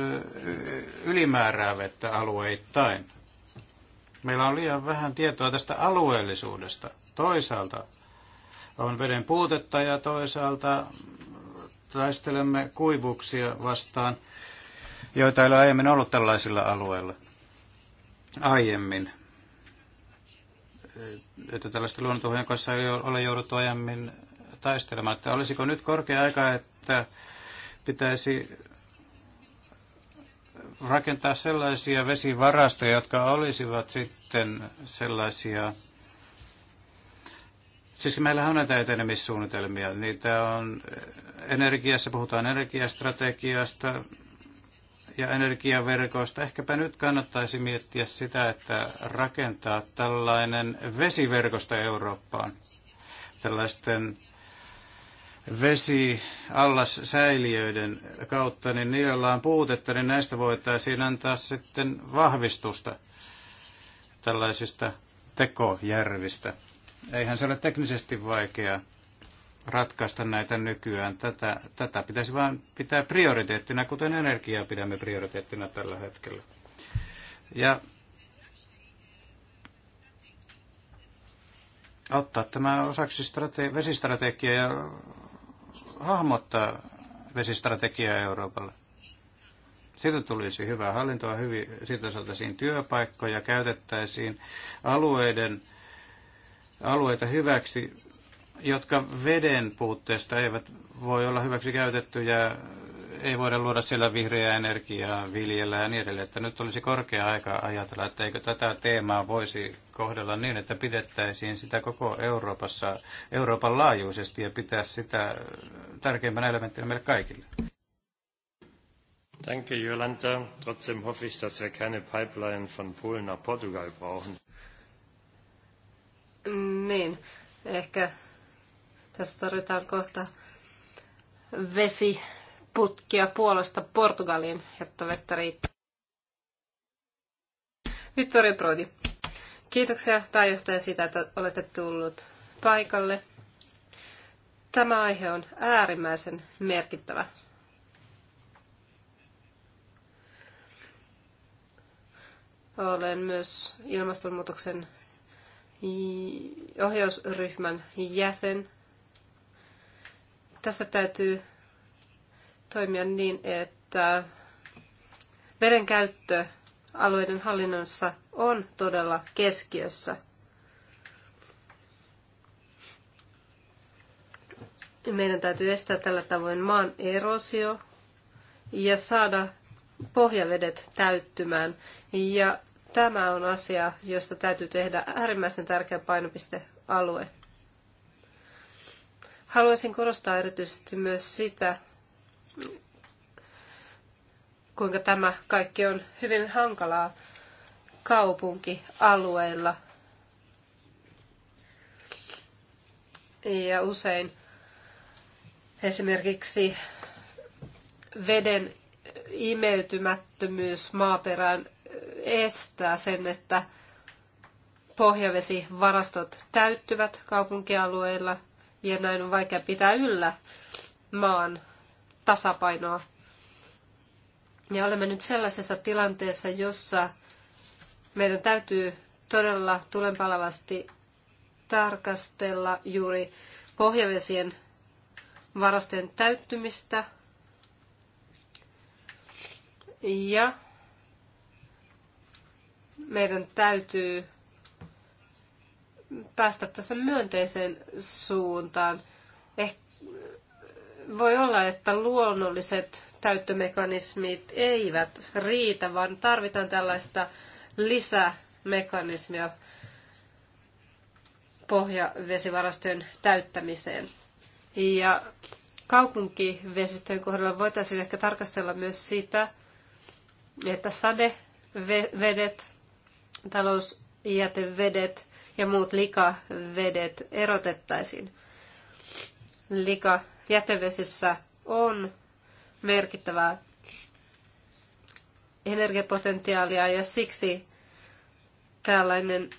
ylimäärää vettä alueittain. Meillä on liian vähän tietoa tästä alueellisuudesta. Toisaalta on veden puutetta ja toisaalta taistelemme kuivuuksia vastaan, joita ei ole aiemmin ollut tällaisilla alueilla aiemmin, että tällaista luonnontuhojen kanssa ei ole jouduttu aiemmin taistelemaan. Että olisiko nyt korkea aika, että pitäisi rakentaa sellaisia vesivarastoja, jotka olisivat sitten sellaisia Siis meillä on näitä etenemissuunnitelmia. Niitä on energiassa, puhutaan energiastrategiasta, ja energiaverkoista. Ehkäpä nyt kannattaisi miettiä sitä, että rakentaa tällainen vesiverkosto Eurooppaan. Tällaisten vesiallassäiliöiden kautta, niin niillä on puutetta, niin näistä voitaisiin antaa sitten vahvistusta tällaisista tekojärvistä. Eihän se ole teknisesti vaikeaa ratkaista näitä nykyään. Tätä, tätä pitäisi vain pitää prioriteettina, kuten energiaa pidämme prioriteettina tällä hetkellä. Ja ottaa tämä osaksi strate- vesistrategiaa ja hahmottaa vesistrategiaa Euroopalle. Siitä tulisi hyvää hallintoa, hyvin, siitä saataisiin työpaikkoja, käytettäisiin alueiden, alueita hyväksi jotka veden puutteesta eivät voi olla hyväksi käytettyjä, ei voida luoda siellä vihreää energiaa, viljellä ja niin edelleen. Että nyt olisi korkea aika ajatella, että eikö tätä teemaa voisi kohdella niin, että pidettäisiin sitä koko Euroopassa, Euroopan laajuisesti ja pitää sitä tärkeimmän elementtinä meille kaikille. Danke, Jolanta. Trotzdem hoffe ich, dass wir keine Pipeline von Polen nach Portugal brauchen. Niin, ehkä tässä tarvitaan kohta vesiputkia Puolasta Portugaliin, jotta vettä riittää. Vittorio Prodi, kiitoksia pääjohtaja siitä, että olette tullut paikalle. Tämä aihe on äärimmäisen merkittävä. Olen myös ilmastonmuutoksen ohjausryhmän jäsen tässä täytyy toimia niin, että verenkäyttö alueiden hallinnossa on todella keskiössä. Meidän täytyy estää tällä tavoin maan erosio ja saada pohjavedet täyttymään. Ja tämä on asia, josta täytyy tehdä äärimmäisen tärkeä painopistealue. Haluaisin korostaa erityisesti myös sitä, kuinka tämä kaikki on hyvin hankalaa kaupunkialueilla. Ja usein esimerkiksi veden imeytymättömyys maaperään estää sen, että pohjavesivarastot täyttyvät kaupunkialueilla – ja näin on vaikea pitää yllä maan tasapainoa. Ja olemme nyt sellaisessa tilanteessa, jossa meidän täytyy todella tulenpalavasti tarkastella juuri pohjavesien varasten täyttymistä ja meidän täytyy päästä tässä myönteiseen suuntaan. Eh, voi olla, että luonnolliset täyttömekanismit eivät riitä, vaan tarvitaan tällaista lisämekanismia pohjavesivarastojen täyttämiseen. Ja kaupunkivesistöjen kohdalla voitaisiin ehkä tarkastella myös sitä, että sadevedet, talousjätevedet ja muut likavedet erotettaisiin. Lika jätevesissä on merkittävää energiapotentiaalia ja siksi tällainen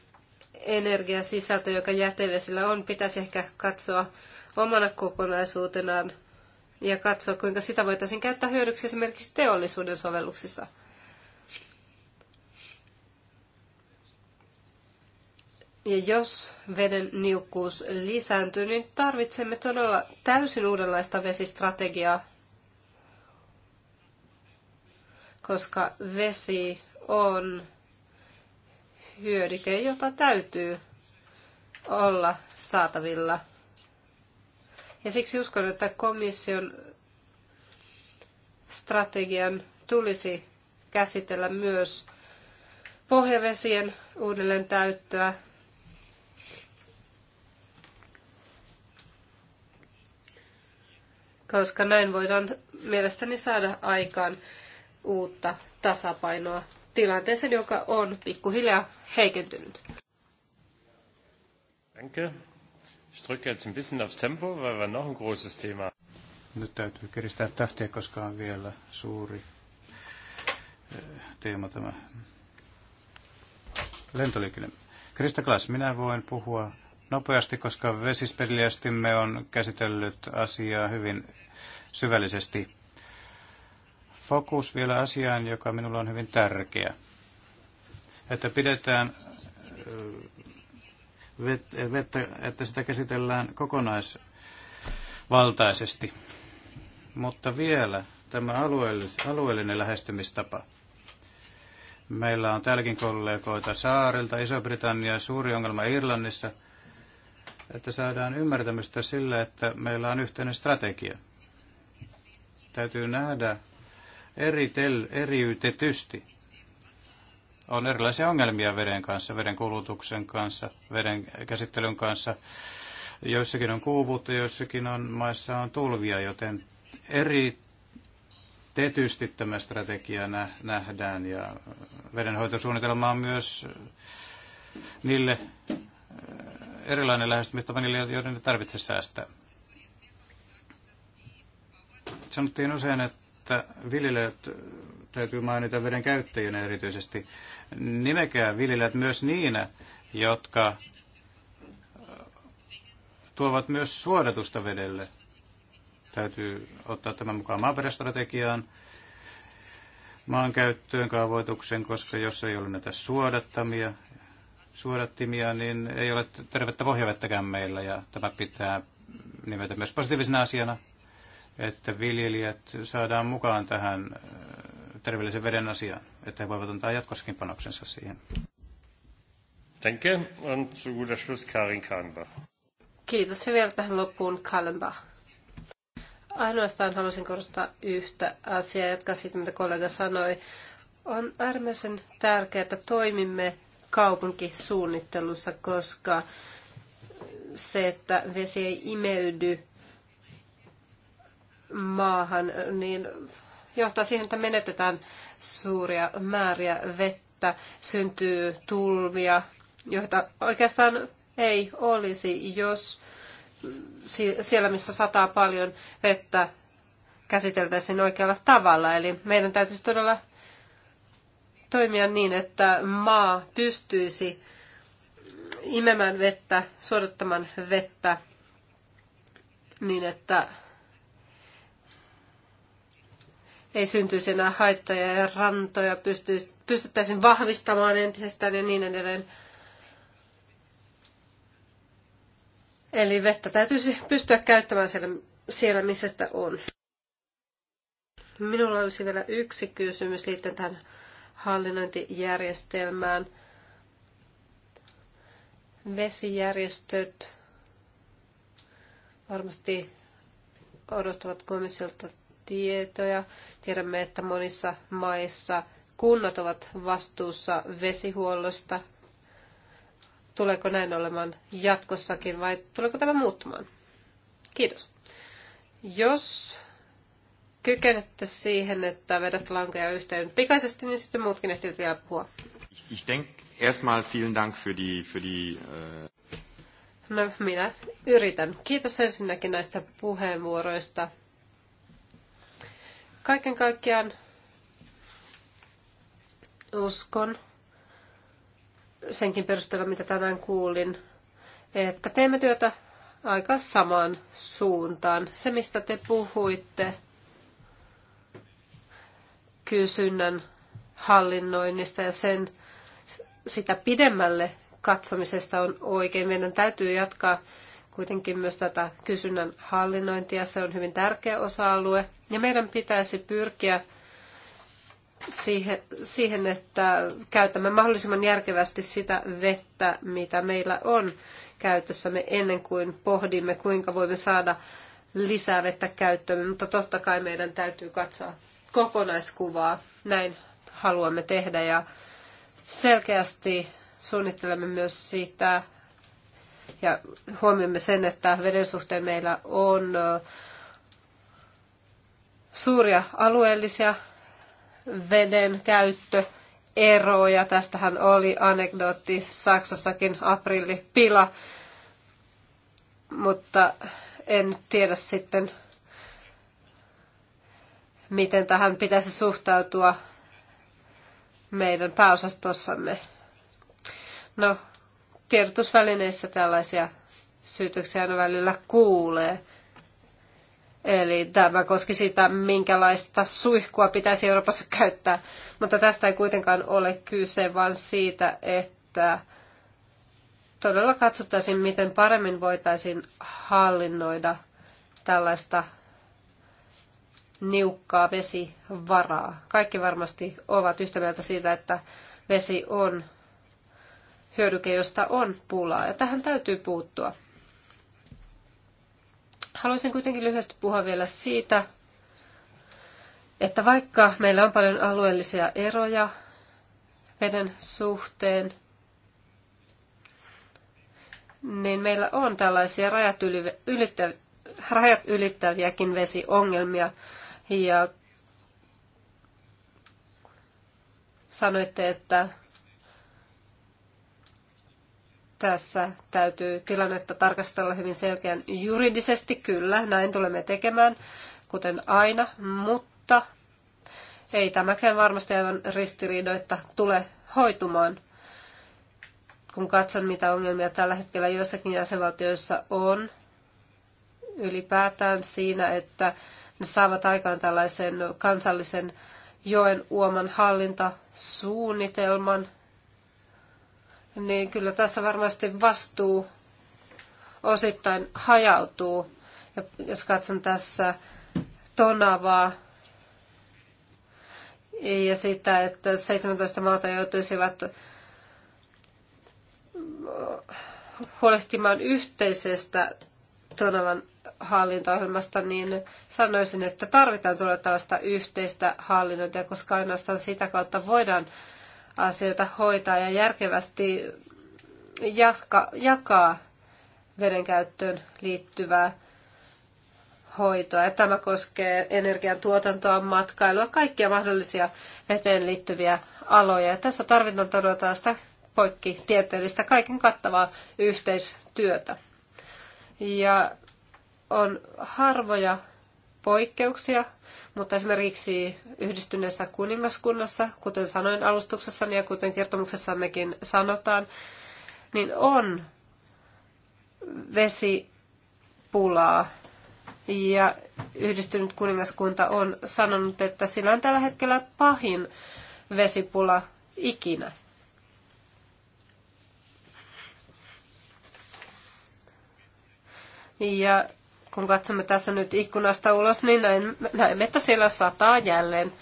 energiasisältö, joka jätevesillä on, pitäisi ehkä katsoa omana kokonaisuutenaan ja katsoa, kuinka sitä voitaisiin käyttää hyödyksi esimerkiksi teollisuuden sovelluksissa. Ja jos veden niukkuus lisääntyy, niin tarvitsemme todella täysin uudenlaista vesistrategiaa, koska vesi on hyödyke, jota täytyy olla saatavilla. Ja siksi uskon, että komission strategian tulisi käsitellä myös pohjavesien uudelleen täyttöä, koska näin voidaan mielestäni saada aikaan uutta tasapainoa tilanteeseen, joka on pikkuhiljaa heikentynyt. Danke. Ich drücke jetzt ein bisschen aufs Tempo, weil wir noch ein großes Thema. Nyt täytyy kiristää tähtiä, koska on vielä suuri eh, teema tämä lentoliikenne. Krista Klaas, minä voin puhua nopeasti, koska vesispeliästimme on käsitellyt asiaa hyvin syvällisesti. Fokus vielä asiaan, joka minulla on hyvin tärkeä. Että pidetään vettä, että sitä käsitellään kokonaisvaltaisesti. Mutta vielä tämä alueellinen lähestymistapa. Meillä on täälläkin kollegoita saarilta, Iso-Britannia, suuri ongelma Irlannissa, että saadaan ymmärtämystä sille, että meillä on yhteinen strategia – täytyy nähdä eritel, eriytetysti. On erilaisia ongelmia veden kanssa, veden kulutuksen kanssa, veden käsittelyn kanssa. Joissakin on kuuvuutta, joissakin on maissa on tulvia, joten eri tetysti tämä strategia nähdään ja vedenhoitosuunnitelma on myös niille äh, erilainen lähestymistapa niille, joiden ne tarvitse säästää. Sanottiin usein, että viljelijät täytyy mainita veden käyttäjinä erityisesti. Nimekää viljelijät myös niinä, jotka tuovat myös suodatusta vedelle. Täytyy ottaa tämän mukaan maaperästrategiaan, maankäyttöön, kaavoitukseen, koska jos ei ole näitä suodattamia, suodattimia, niin ei ole tervettä pohjavettäkään meillä ja tämä pitää nimetä myös positiivisena asiana että viljelijät saadaan mukaan tähän äh, terveellisen veden asiaan, että he voivat antaa jatkossakin panoksensa siihen. Danke und zu guter Schluss Karin Kahnbach. Kiitos ja vielä tähän loppuun Kallenbach. Ainoastaan halusin korostaa yhtä asiaa, jotka sitten mitä kollega sanoi. On äärimmäisen tärkeää, että toimimme kaupunkisuunnittelussa, koska se, että vesi ei imeydy maahan, niin johtaa siihen, että menetetään suuria määriä vettä, syntyy tulvia, joita oikeastaan ei olisi, jos siellä, missä sataa paljon vettä, käsiteltäisiin oikealla tavalla. Eli meidän täytyisi todella toimia niin, että maa pystyisi imemään vettä, suodattamaan vettä niin, että ei syntyisi enää haittoja ja rantoja pystyisi, pystyttäisiin vahvistamaan entisestään ja niin edelleen. Eli vettä täytyisi pystyä käyttämään siellä, siellä missä sitä on. Minulla olisi vielä yksi kysymys liittyen tähän hallinnointijärjestelmään. Vesijärjestöt varmasti odottavat komissiolta tietoja. Tiedämme, että monissa maissa kunnat ovat vastuussa vesihuollosta. Tuleeko näin olemaan jatkossakin vai tuleeko tämä muuttumaan? Kiitos. Jos kykenette siihen, että vedät lankeja yhteen pikaisesti, niin sitten muutkin ehtivät vielä puhua. Ich denk erstmal vielen Dank für die, für die, uh... No, minä yritän. Kiitos ensinnäkin näistä puheenvuoroista. Kaiken kaikkiaan uskon senkin perusteella, mitä tänään kuulin, että teemme työtä aika samaan suuntaan. Se, mistä te puhuitte, kysynnän hallinnoinnista ja sen sitä pidemmälle katsomisesta on oikein. Meidän täytyy jatkaa kuitenkin myös tätä kysynnän hallinnointia. Se on hyvin tärkeä osa-alue. Ja meidän pitäisi pyrkiä siihen, että käytämme mahdollisimman järkevästi sitä vettä, mitä meillä on käytössämme ennen kuin pohdimme, kuinka voimme saada lisää vettä käyttöön. Mutta totta kai meidän täytyy katsoa kokonaiskuvaa. Näin haluamme tehdä ja selkeästi suunnittelemme myös sitä, ja huomioimme sen, että veden suhteen meillä on suuria alueellisia veden käyttö eroja. Tästähän oli anekdootti Saksassakin aprillipila, mutta en tiedä sitten, miten tähän pitäisi suhtautua meidän pääosastossamme. No, tiedotusvälineissä tällaisia syytöksiä aina välillä kuulee. Eli tämä koski sitä, minkälaista suihkua pitäisi Euroopassa käyttää. Mutta tästä ei kuitenkaan ole kyse, vaan siitä, että todella katsottaisiin, miten paremmin voitaisiin hallinnoida tällaista niukkaa vesivaraa. Kaikki varmasti ovat yhtä mieltä siitä, että vesi on hyödyke, josta on pulaa, ja tähän täytyy puuttua. Haluaisin kuitenkin lyhyesti puhua vielä siitä, että vaikka meillä on paljon alueellisia eroja veden suhteen, niin meillä on tällaisia rajat, ylittä, rajat ylittäviäkin vesiongelmia. Ja sanoitte, että tässä täytyy tilannetta tarkastella hyvin selkeän juridisesti. Kyllä, näin tulemme tekemään, kuten aina, mutta ei tämäkään varmasti aivan ristiriidoitta tule hoitumaan. Kun katson, mitä ongelmia tällä hetkellä joissakin jäsenvaltioissa on, ylipäätään siinä, että ne saavat aikaan tällaisen kansallisen joen uoman hallintasuunnitelman – niin kyllä tässä varmasti vastuu osittain hajautuu. ja Jos katson tässä Tonavaa ja sitä, että 17 maata joutuisivat huolehtimaan yhteisestä Tonavan hallintaohjelmasta, niin sanoisin, että tarvitaan tällaista yhteistä hallinnointia, koska ainoastaan sitä kautta voidaan asioita hoitaa ja järkevästi jatka, jakaa vedenkäyttöön liittyvää hoitoa. Ja tämä koskee energiantuotantoa, matkailua, kaikkia mahdollisia veteen liittyviä aloja. Ja tässä tarvitaan todella sitä poikkitieteellistä, kaiken kattavaa yhteistyötä. Ja on harvoja poikkeuksia, mutta esimerkiksi yhdistyneessä kuningaskunnassa, kuten sanoin alustuksessani ja kuten kertomuksessammekin sanotaan, niin on vesipulaa. Ja yhdistynyt kuningaskunta on sanonut, että sillä on tällä hetkellä pahin vesipula ikinä. Ja kun katsomme tässä nyt ikkunasta ulos, niin näemme, että siellä sataa jälleen.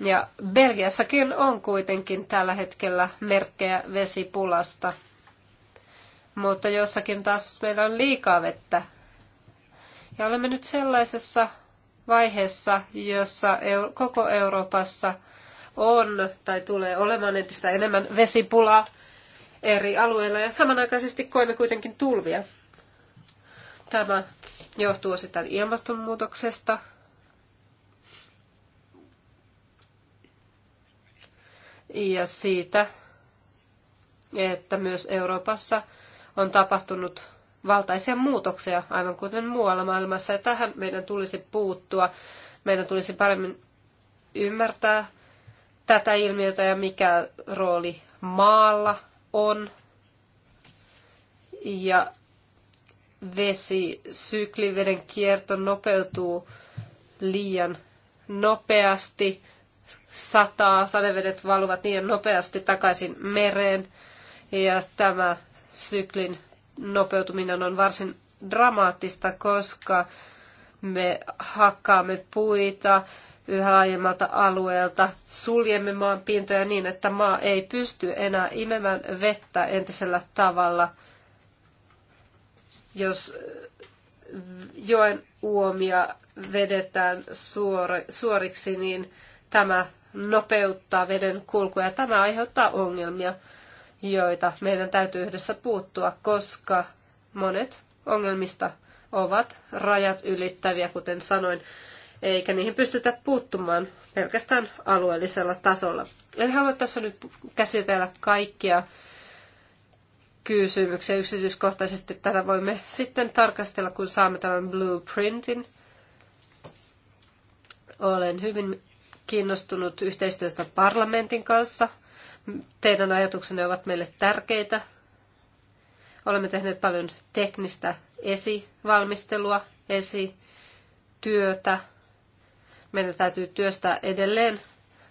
Ja Belgiassakin on kuitenkin tällä hetkellä merkkejä vesipulasta. Mutta jossakin taas meillä on liikaa vettä. Ja olemme nyt sellaisessa vaiheessa, jossa koko Euroopassa on tai tulee olemaan entistä enemmän vesipulaa eri alueilla ja samanaikaisesti koemme kuitenkin tulvia. Tämä johtuu osittain ilmastonmuutoksesta. Ja siitä, että myös Euroopassa on tapahtunut valtaisia muutoksia, aivan kuten muualla maailmassa. Ja tähän meidän tulisi puuttua. Meidän tulisi paremmin ymmärtää tätä ilmiötä ja mikä rooli maalla on. Ja vesi sykliveden kierto nopeutuu liian nopeasti, sataa, sadevedet valuvat liian nopeasti takaisin mereen ja tämä syklin nopeutuminen on varsin dramaattista, koska me hakkaamme puita yhä laajemmalta alueelta, suljemme maan pintoja niin, että maa ei pysty enää imemään vettä entisellä tavalla – jos joen uomia vedetään suoriksi, niin tämä nopeuttaa veden kulkua ja tämä aiheuttaa ongelmia, joita meidän täytyy yhdessä puuttua, koska monet ongelmista ovat rajat ylittäviä, kuten sanoin, eikä niihin pystytä puuttumaan pelkästään alueellisella tasolla. En halua tässä nyt käsitellä kaikkia kysymyksiä yksityiskohtaisesti. Tätä voimme sitten tarkastella, kun saamme tämän blueprintin. Olen hyvin kiinnostunut yhteistyöstä parlamentin kanssa. Teidän ajatuksenne ovat meille tärkeitä. Olemme tehneet paljon teknistä esivalmistelua, esityötä. Meidän täytyy työstää edelleen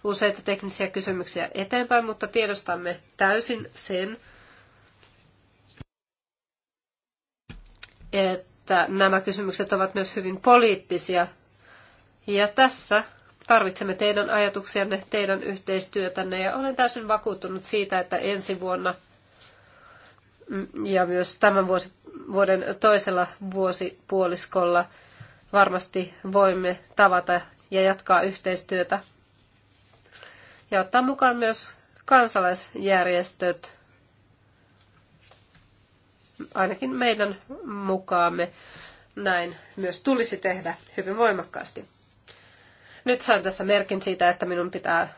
useita teknisiä kysymyksiä eteenpäin, mutta tiedostamme täysin sen, että nämä kysymykset ovat myös hyvin poliittisia. Ja tässä tarvitsemme teidän ajatuksianne, teidän yhteistyötänne ja olen täysin vakuuttunut siitä, että ensi vuonna mm, ja myös tämän vuosi, vuoden toisella vuosipuoliskolla varmasti voimme tavata ja jatkaa yhteistyötä ja ottaa mukaan myös kansalaisjärjestöt ainakin meidän mukaamme näin myös tulisi tehdä hyvin voimakkaasti. Nyt sain tässä merkin siitä, että minun pitää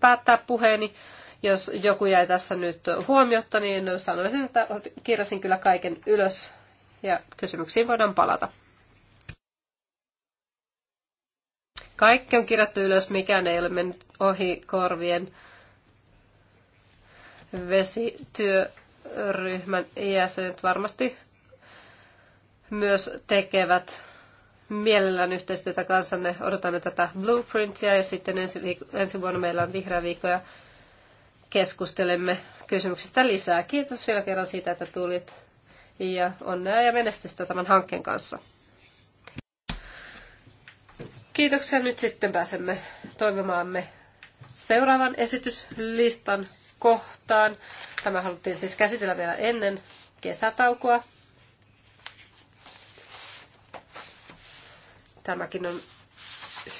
päättää puheeni. Jos joku jäi tässä nyt huomiotta, niin sanoisin, että kirjasin kyllä kaiken ylös ja kysymyksiin voidaan palata. Kaikki on kirjattu ylös, mikään ei ole mennyt ohi korvien. Vesityö ryhmän jäsenet varmasti myös tekevät mielellään yhteistyötä kanssanne. Odotamme tätä blueprintia ja sitten ensi, viik- ensi vuonna meillä on vihreä viikko ja keskustelemme kysymyksistä lisää. Kiitos vielä kerran siitä, että tulit ja onnea ja menestystä tämän hankkeen kanssa. Kiitoksia. Nyt sitten pääsemme toimimaamme seuraavan esityslistan kohtaan. Tämä haluttiin siis käsitellä vielä ennen kesätaukoa. Tämäkin on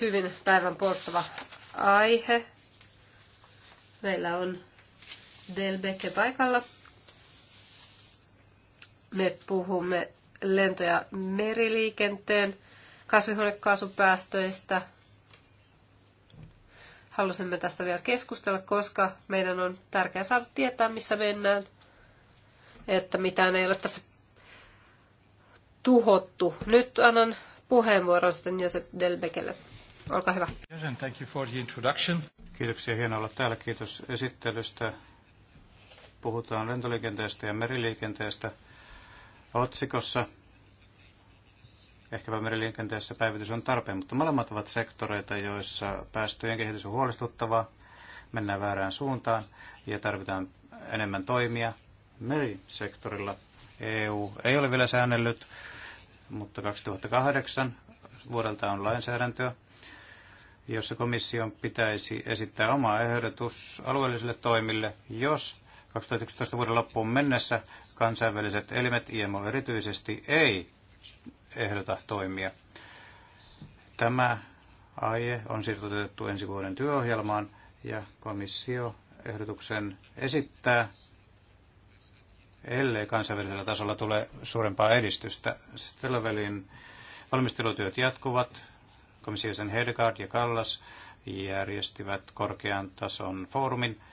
hyvin päivän polttava aihe. Meillä on Delbecke paikalla. Me puhumme lento- ja meriliikenteen kasvihuonekaasupäästöistä – halusimme tästä vielä keskustella, koska meidän on tärkeää saada tietää, missä mennään, että mitään ei ole tässä tuhottu. Nyt annan puheenvuoron sitten Josep Delbekelle. Olkaa hyvä. Thank you for the introduction. Kiitoksia, hienoa olla täällä. Kiitos esittelystä. Puhutaan lentoliikenteestä ja meriliikenteestä otsikossa. Ehkäpä meriliikenteessä päivitys on tarpeen, mutta molemmat ovat sektoreita, joissa päästöjen kehitys on huolestuttavaa, mennään väärään suuntaan ja tarvitaan enemmän toimia. Merisektorilla EU ei ole vielä säännellyt, mutta 2008 vuodelta on lainsäädäntöä, jossa komission pitäisi esittää oma ehdotus alueellisille toimille, jos 2011 vuoden loppuun mennessä kansainväliset elimet, IMO erityisesti, ei ehdota toimia. Tämä aie on siirtotettu ensi vuoden työohjelmaan ja komissio ehdotuksen esittää, ellei kansainvälisellä tasolla tule suurempaa edistystä. Stelvelin valmistelutyöt jatkuvat. sen Hedegaard ja Kallas järjestivät korkean tason foorumin –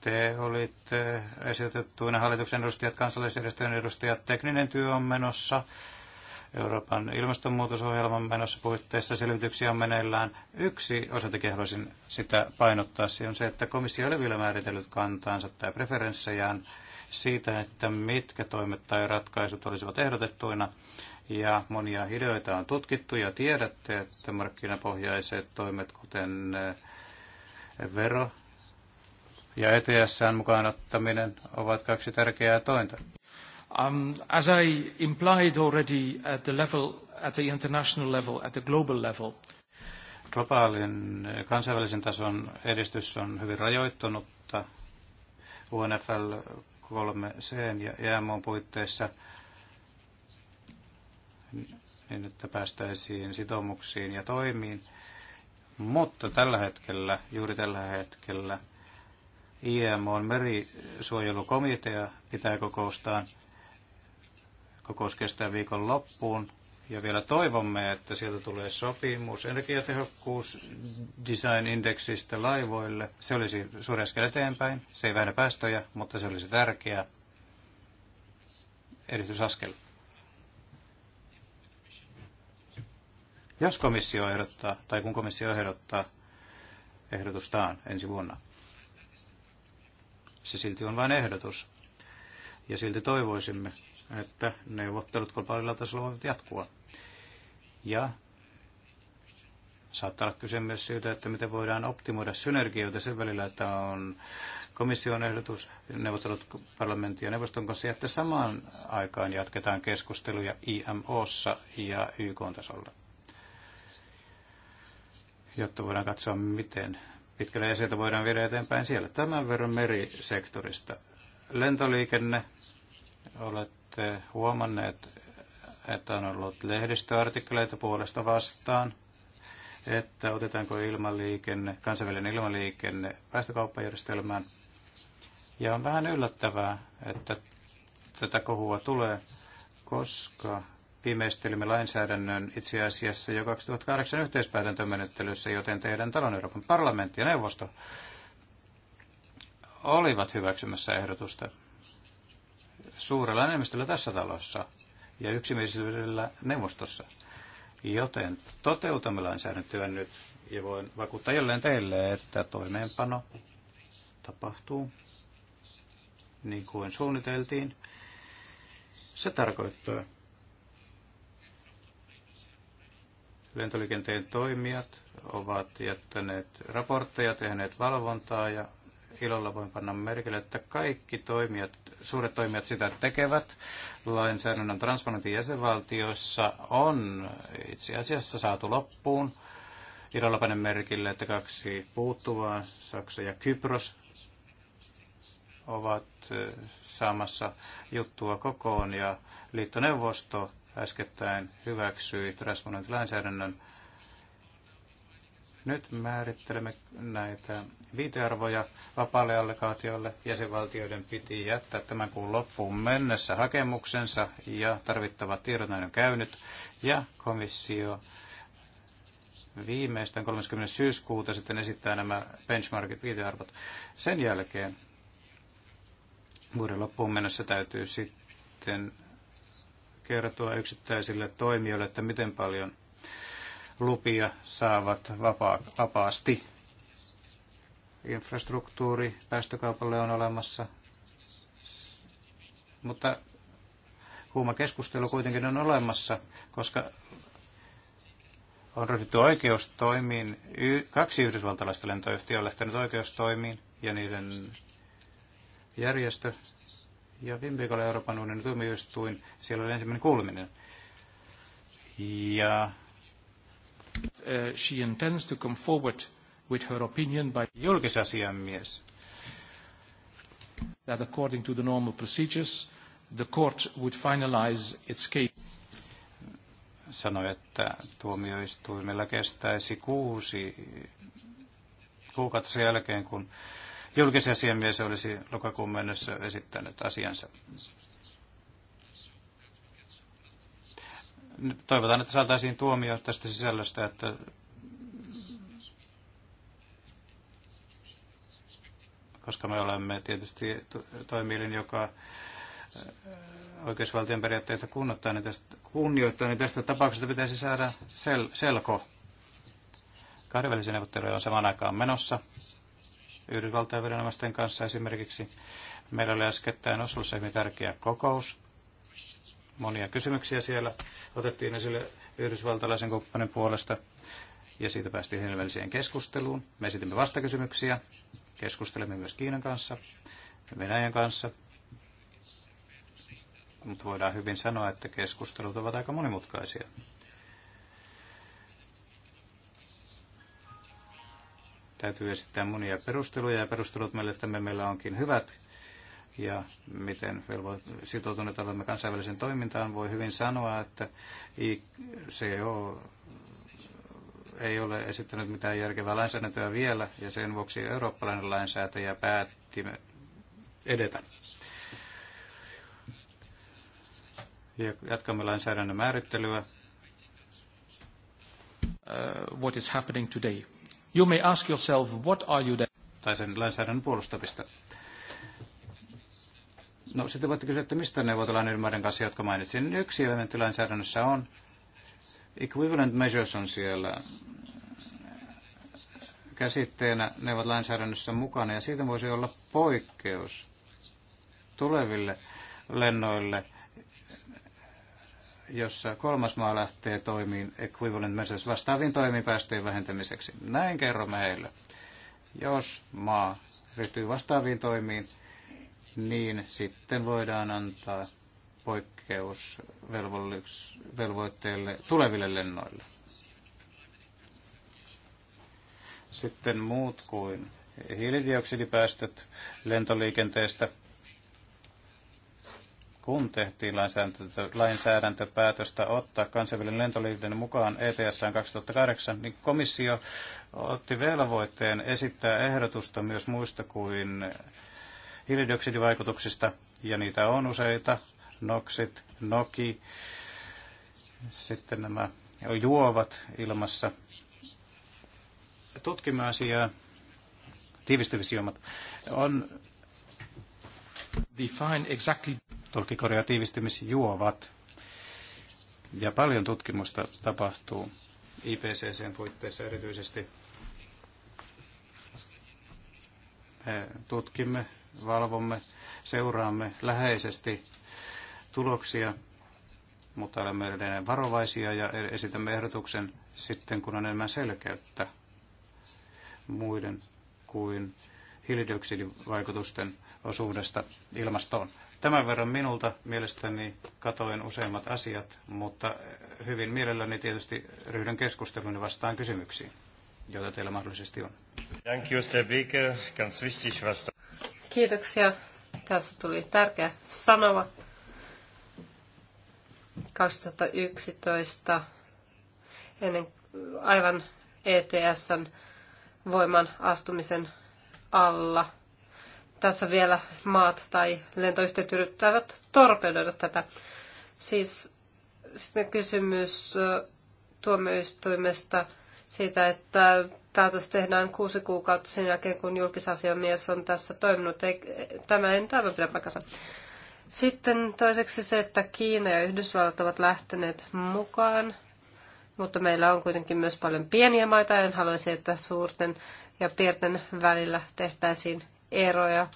te olitte esitettuina hallituksen edustajat, kansallisjärjestöjen edustajat. Tekninen työ on menossa. Euroopan ilmastonmuutosohjelman menossa puitteissa selvityksiä on meneillään. Yksi osatekijä haluaisin sitä painottaa, se on se, että komissio oli vielä määritellyt kantaansa tai preferenssejään siitä, että mitkä toimet tai ratkaisut olisivat ehdotettuina. Ja monia ideoita on tutkittu ja tiedätte, että markkinapohjaiset toimet, kuten eh, vero, ja ETSn mukaan ottaminen ovat kaksi tärkeää tointa. Um, as I implied already at the level, at the international level, at the global level, globaalin eh, kansainvälisen tason edistys on hyvin rajoittunutta UNFL 3C ja EMO puitteissa niin, että päästäisiin sitoumuksiin ja toimiin. Mutta tällä hetkellä, juuri tällä hetkellä, IMOn merisuojelukomitea pitää kokoustaan. Kokous kestää viikon loppuun. Ja vielä toivomme, että sieltä tulee sopimus energiatehokkuus design indeksistä laivoille. Se olisi suuri askel eteenpäin. Se ei vähennä päästöjä, mutta se olisi tärkeä edistysaskel. Jos komissio ehdottaa, tai kun komissio ehdottaa ehdotustaan ensi vuonna. Se silti on vain ehdotus. Ja silti toivoisimme, että neuvottelut globaalilla tasolla voivat jatkua. Ja saattaa olla kyse myös siitä, että miten voidaan optimoida synergioita sen välillä, että on komission ehdotus, neuvottelut parlamentin ja neuvoston kanssa, ja että samaan aikaan jatketaan keskusteluja IMOssa ja YK-tasolla, jotta voidaan katsoa, miten pitkälle ja sieltä voidaan viedä eteenpäin siellä. Tämän verran merisektorista. Lentoliikenne, olette huomanneet, että on ollut lehdistöartikkeleita puolesta vastaan, että otetaanko ilmaliikenne, kansainvälinen ilmaliikenne päästökauppajärjestelmään. Ja on vähän yllättävää, että tätä kohua tulee, koska viimeistelimme lainsäädännön itse asiassa jo 2008 yhteispäätäntömenettelyssä, joten teidän talon Euroopan parlamentti ja neuvosto olivat hyväksymässä ehdotusta suurella enemmistöllä tässä talossa ja yksimielisellä neuvostossa. Joten toteutamme lainsäädäntöä nyt ja voin vakuuttaa jälleen teille, että toimeenpano tapahtuu niin kuin suunniteltiin. Se tarkoittaa, Lentoliikenteen toimijat ovat jättäneet raportteja, tehneet valvontaa ja ilolla voin panna merkille, että kaikki toimijat, suuret toimijat sitä tekevät. Lainsäädännön transparentin jäsenvaltioissa on itse asiassa saatu loppuun. Ilolla panen merkille, että kaksi puuttuvaa, Saksa ja Kypros, ovat eh, saamassa juttua kokoon ja liittoneuvosto äskettäin hyväksyi transponointilainsäädännön. Nyt määrittelemme näitä viitearvoja vapaalle allegaatiolle. Jäsenvaltioiden piti jättää tämän kuun loppuun mennessä hakemuksensa ja tarvittavat tiedot on käynyt. Ja komissio viimeistään 30. syyskuuta sitten esittää nämä benchmarkit viitearvot. Sen jälkeen vuoden loppuun mennessä täytyy sitten kertoa yksittäisille toimijoille, että miten paljon lupia saavat vapaa, vapaasti. Infrastruktuuri päästökaupalle on olemassa, mutta kuuma keskustelu kuitenkin on olemassa, koska on ryhdytty oikeustoimiin, kaksi yhdysvaltalaista lentoyhtiöä on lähtenyt oikeustoimiin ja niiden järjestö ja viime viikolla Euroopan unionin tuomioistuin, siellä oli ensimmäinen kuuluminen. Ja uh, she intends to come forward with her opinion by julkisasiamies. That according to the normal procedures, the court would finalize its case. Sanoi, että tuomioistuimella kestäisi kuusi kuukautta sen jälkeen, kun julkisasiamies olisi lokakuun mennessä esittänyt asiansa. Nyt toivotaan, että saataisiin tuomio tästä sisällöstä, että koska me olemme tietysti toimielin, joka äh, oikeusvaltion periaatteita kunnioittaa, niin tästä, kunnioittaa, niin tästä tapauksesta pitäisi saada sel, selko. Kahdenvälisiä neuvotteluja on samaan aikaan menossa. Yhdysvaltain viranomaisten kanssa esimerkiksi. Meillä oli äskettäin Oslossa hyvin tärkeä kokous. Monia kysymyksiä siellä otettiin esille yhdysvaltalaisen kumppanin puolesta ja siitä päästiin hedelmälliseen keskusteluun. Me esitimme vastakysymyksiä, keskustelemme myös Kiinan kanssa, Venäjän kanssa, mutta voidaan hyvin sanoa, että keskustelut ovat aika monimutkaisia. täytyy esittää monia perusteluja ja perustelut meille, että me meillä onkin hyvät ja miten velvo- sitoutuneet olemme kansainväliseen toimintaan. Voi hyvin sanoa, että ICO ei ole esittänyt mitään järkevää lainsäädäntöä vielä ja sen vuoksi eurooppalainen lainsäätäjä päätti edetä. Ja jatkamme lainsäädännön määrittelyä. Uh, what is happening today? You may ask yourself, what are you then? Tai sen lainsäädännön puolustamista. No sitten voitte kysyä, että mistä neuvotellaan niiden kanssa, jotka mainitsin. Yksi elementti lainsäädännössä on, equivalent measures on siellä käsitteenä, ne ovat lainsäädännössä mukana ja siitä voisi olla poikkeus tuleville lennoille – jossa kolmas maa lähtee toimiin equivalent measures vastaaviin toimiin päästöjen vähentämiseksi. Näin kerromme heille. Jos maa ryhtyy vastaaviin toimiin, niin sitten voidaan antaa poikkeus velvoitteille tuleville lennoille. Sitten muut kuin hiilidioksidipäästöt lentoliikenteestä – kun tehtiin lainsäädäntö, lainsäädäntöpäätöstä ottaa kansainvälinen lentoliikenne mukaan ETS 2008, niin komissio otti velvoitteen esittää ehdotusta myös muista kuin hiilidioksidivaikutuksista, ja niitä on useita, noksit, noki, sitten nämä juovat ilmassa. Tutkimme asiaa, juomat. on define exactly tulkikorja tiivistymisjuovat. Ja paljon tutkimusta tapahtuu IPCCn puitteissa erityisesti. Me tutkimme, valvomme, seuraamme läheisesti tuloksia, mutta olemme edelleen varovaisia ja esitämme ehdotuksen sitten, kun on enemmän selkeyttä muiden kuin hiilidioksidivaikutusten osuudesta ilmastoon. Tämän verran minulta mielestäni katoin useimmat asiat, mutta hyvin mielelläni tietysti ryhdyn keskustelun ja vastaan kysymyksiin, joita teillä mahdollisesti on. Kiitoksia. Tässä tuli tärkeä sanova. 2011 ennen aivan ETSn voiman astumisen alla – tässä vielä maat tai lentoyhtiöt yrittävät torpedoida tätä. Siis sitten kysymys tuomioistuimesta siitä, että päätös tehdään kuusi kuukautta sen jälkeen, kun julkisasiamies on tässä toiminut. Ei, tämä ei tämä pidä paikassa. Sitten toiseksi se, että Kiina ja Yhdysvallat ovat lähteneet mukaan, mutta meillä on kuitenkin myös paljon pieniä maita. En haluaisi, että suurten ja pienten välillä tehtäisiin eroja.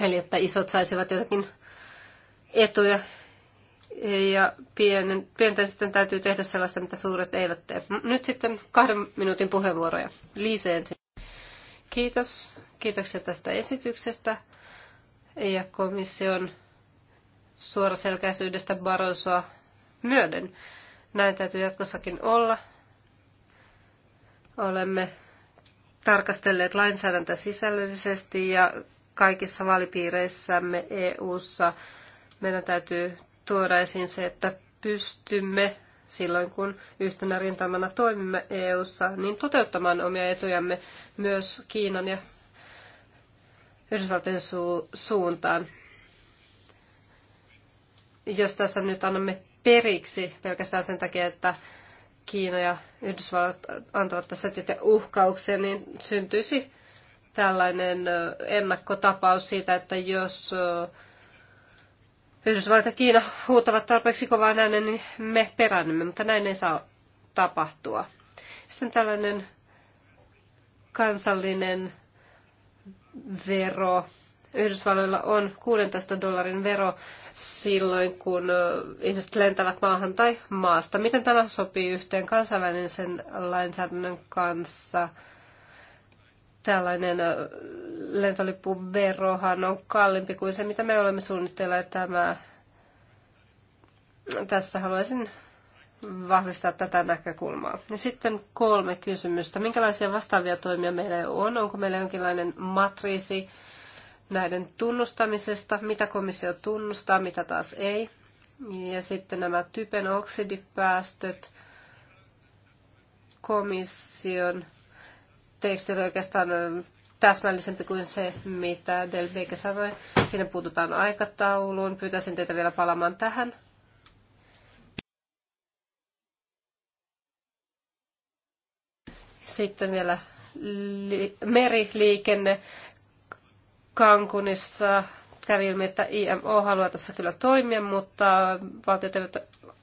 Eli että isot saisivat jotakin etuja ja pienen, pienten sitten täytyy tehdä sellaista, mitä suuret eivät tee. Nyt sitten kahden minuutin puheenvuoroja. Liise ensin. Kiitos. Kiitoksia tästä esityksestä ja komission suoraselkäisyydestä Barosoa myöden. Näin täytyy jatkossakin olla. Olemme tarkastelleet lainsäädäntöä sisällöllisesti ja kaikissa vaalipiireissämme EU-ssa meidän täytyy tuoda esiin se, että pystymme silloin, kun yhtenä rintamana toimimme EU-ssa, niin toteuttamaan omia etujamme myös Kiinan ja Yhdysvaltojen su- suuntaan. Jos tässä nyt annamme periksi pelkästään sen takia, että Kiina ja Yhdysvallat antavat tässä tietä uhkauksia, niin syntyisi tällainen ennakkotapaus siitä, että jos Yhdysvallat ja Kiina huutavat tarpeeksi kovaa näin, niin me perännymme, mutta näin ei saa tapahtua. Sitten tällainen kansallinen vero Yhdysvalloilla on 16 dollarin vero silloin, kun ihmiset lentävät maahan tai maasta. Miten tämä sopii yhteen kansainvälisen lainsäädännön kanssa? Tällainen lentolippuverohan on kalliimpi kuin se, mitä me olemme suunnitelleet Tämä, tässä haluaisin vahvistaa tätä näkökulmaa. Ja sitten kolme kysymystä. Minkälaisia vastaavia toimia meillä on? Onko meillä jonkinlainen matriisi, näiden tunnustamisesta, mitä komissio tunnustaa, mitä taas ei. Ja sitten nämä typen oksidipäästöt komission tekstillä oikeastaan täsmällisempi kuin se, mitä Delbeke sanoi. Siinä puututaan aikatauluun. Pyytäisin teitä vielä palaamaan tähän. Sitten vielä li- meriliikenne. Kankunissa kävi ilmi, että IMO haluaa tässä kyllä toimia, mutta valtiot eivät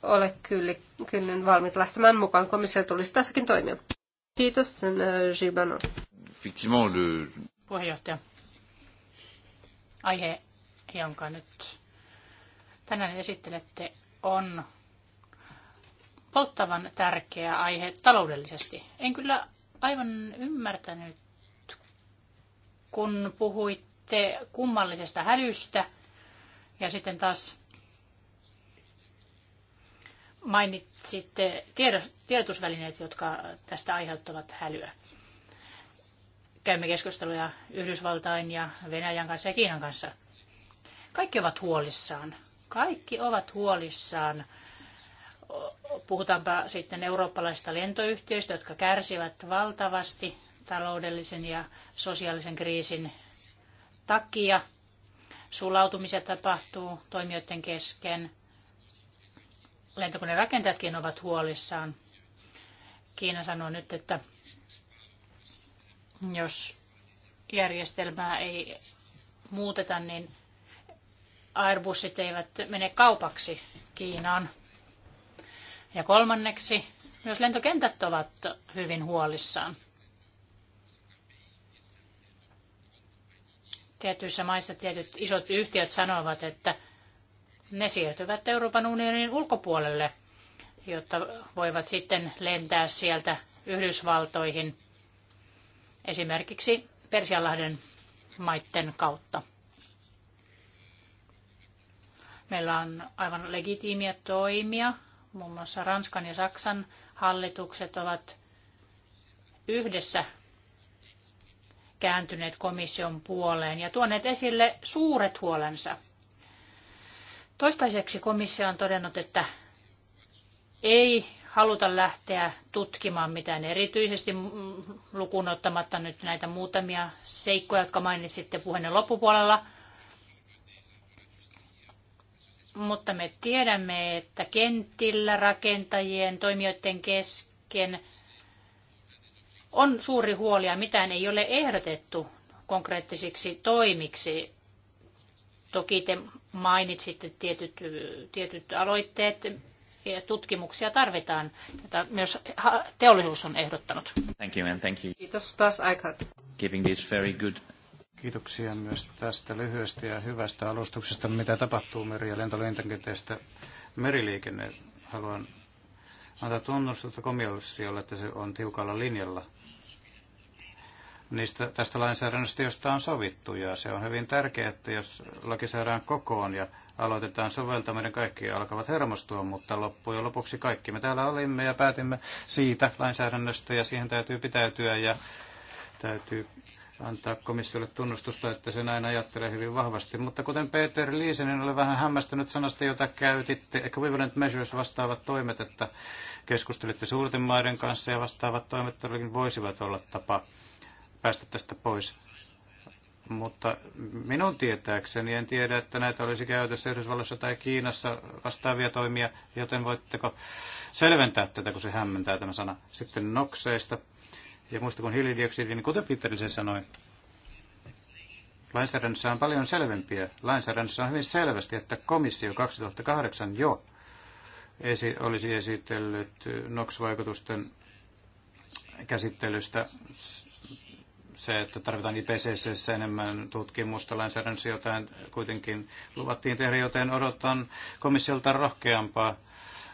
ole kyllä, kyllä valmiita lähtemään mukaan. Komissio tulisi tässäkin toimia. Kiitos, äh, Gilbano. Puheenjohtaja. Aihe, jonka nyt tänään esittelette, on polttavan tärkeä aihe taloudellisesti. En kyllä aivan ymmärtänyt, kun puhuit lähtee kummallisesta hälystä ja sitten taas mainitsitte tiedotusvälineet, jotka tästä aiheuttavat hälyä. Käymme keskusteluja Yhdysvaltain ja Venäjän kanssa ja Kiinan kanssa. Kaikki ovat huolissaan. Kaikki ovat huolissaan. Puhutaanpa sitten eurooppalaisista lentoyhtiöistä, jotka kärsivät valtavasti taloudellisen ja sosiaalisen kriisin takia sulautumisia tapahtuu toimijoiden kesken. Lentokoneen rakentajatkin ovat huolissaan. Kiina sanoo nyt, että jos järjestelmää ei muuteta, niin Airbusit eivät mene kaupaksi Kiinaan. Ja kolmanneksi, myös lentokentät ovat hyvin huolissaan. Tietyissä maissa tietyt isot yhtiöt sanovat, että ne siirtyvät Euroopan unionin ulkopuolelle, jotta voivat sitten lentää sieltä Yhdysvaltoihin esimerkiksi Persianlahden maiden kautta. Meillä on aivan legitiimiä toimia. Muun muassa Ranskan ja Saksan hallitukset ovat yhdessä kääntyneet komission puoleen ja tuoneet esille suuret huolensa. Toistaiseksi komissio on todennut, että ei haluta lähteä tutkimaan mitään erityisesti mm, lukuun ottamatta nyt näitä muutamia seikkoja, jotka mainitsitte puheenne loppupuolella. Mutta me tiedämme, että kentillä rakentajien, toimijoiden kesken – on suuri huoli ja mitään ei ole ehdotettu konkreettisiksi toimiksi. Toki te mainitsitte tietyt, tietyt aloitteet ja tutkimuksia tarvitaan, jota myös teollisuus on ehdottanut. Thank you and thank you. Kiitos taas Giving this very good Kiitoksia myös tästä lyhyestä ja hyvästä alustuksesta, mitä tapahtuu meri- ja lentoliikenteestä meriliikenne. Haluan antaa tunnustusta komissiolle, että se on tiukalla linjalla niistä, tästä lainsäädännöstä, josta on sovittu. Ja se on hyvin tärkeää, että jos laki saadaan kokoon ja aloitetaan soveltaminen, kaikki alkavat hermostua, mutta loppujen lopuksi kaikki me täällä olimme ja päätimme siitä lainsäädännöstä ja siihen täytyy pitäytyä ja täytyy antaa komissiolle tunnustusta, että se näin ajattelee hyvin vahvasti. Mutta kuten Peter Liisen, niin olen vähän hämmästynyt sanasta, jota käytitte, equivalent measures vastaavat toimet, että keskustelitte suurten maiden kanssa ja vastaavat toimet voisivat olla tapa päästä tästä pois. Mutta minun tietääkseni en tiedä, että näitä olisi käytössä Yhdysvalloissa tai Kiinassa vastaavia toimia, joten voitteko selventää tätä, kun se hämmentää tämä sana. Sitten nokseista ja muista kuin hiilidioksidi, niin kuten Peter sen sanoi, lainsäädännössä on paljon selvempiä. Lainsäädännössä on hyvin selvästi, että komissio 2008 jo esi- olisi esitellyt NOx-vaikutusten käsittelystä se, että tarvitaan IPCC enemmän tutkimusta lainsäädännössä, jotain kuitenkin luvattiin tehdä, joten odotan komissiolta rohkeampaa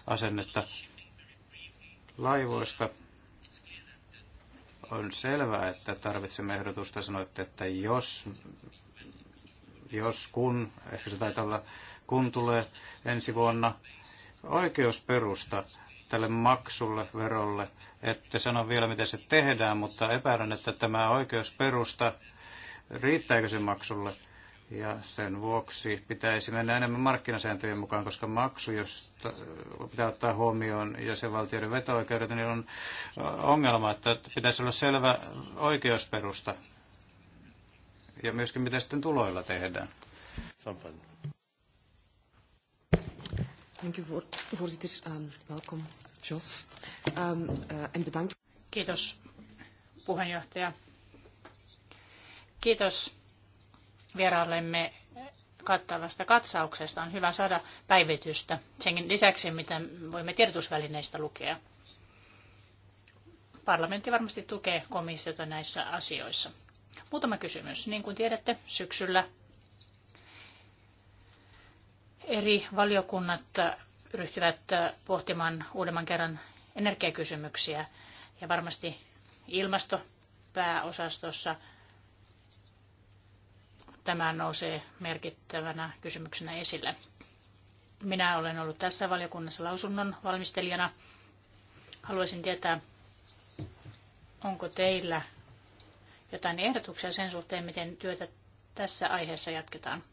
asennetta laivoista. On selvää, että tarvitsemme ehdotusta. Sanoitte, että jos, jos kun, ehkä se taitaa olla, kun tulee ensi vuonna oikeusperusta tälle maksulle, verolle, ette sano vielä, miten se tehdään, mutta epäilen, että tämä oikeusperusta, riittääkö se maksulle? Ja sen vuoksi pitäisi mennä enemmän markkinasääntöjen mukaan, koska maksu, jos pitää ottaa huomioon jäsenvaltioiden veto-oikeudet, niin on ongelma, että pitäisi olla selvä oikeusperusta. Ja myöskin mitä sitten tuloilla tehdään. Dank u, voorzitter. Um, welkom, jos. Um, uh, Kiitos puheenjohtaja. Kiitos vieraallemme kattavasta katsauksesta. On hyvä saada päivitystä senkin lisäksi, mitä voimme tiedotusvälineistä lukea. Parlamentti varmasti tukee komissiota näissä asioissa. Muutama kysymys. Niin kuin tiedätte, syksyllä eri valiokunnat ryhtyvät pohtimaan uudemman kerran energiakysymyksiä. Ja varmasti ilmastopääosastossa tämä nousee merkittävänä kysymyksenä esille. Minä olen ollut tässä valiokunnassa lausunnon valmistelijana. Haluaisin tietää, onko teillä jotain ehdotuksia sen suhteen, miten työtä tässä aiheessa jatketaan.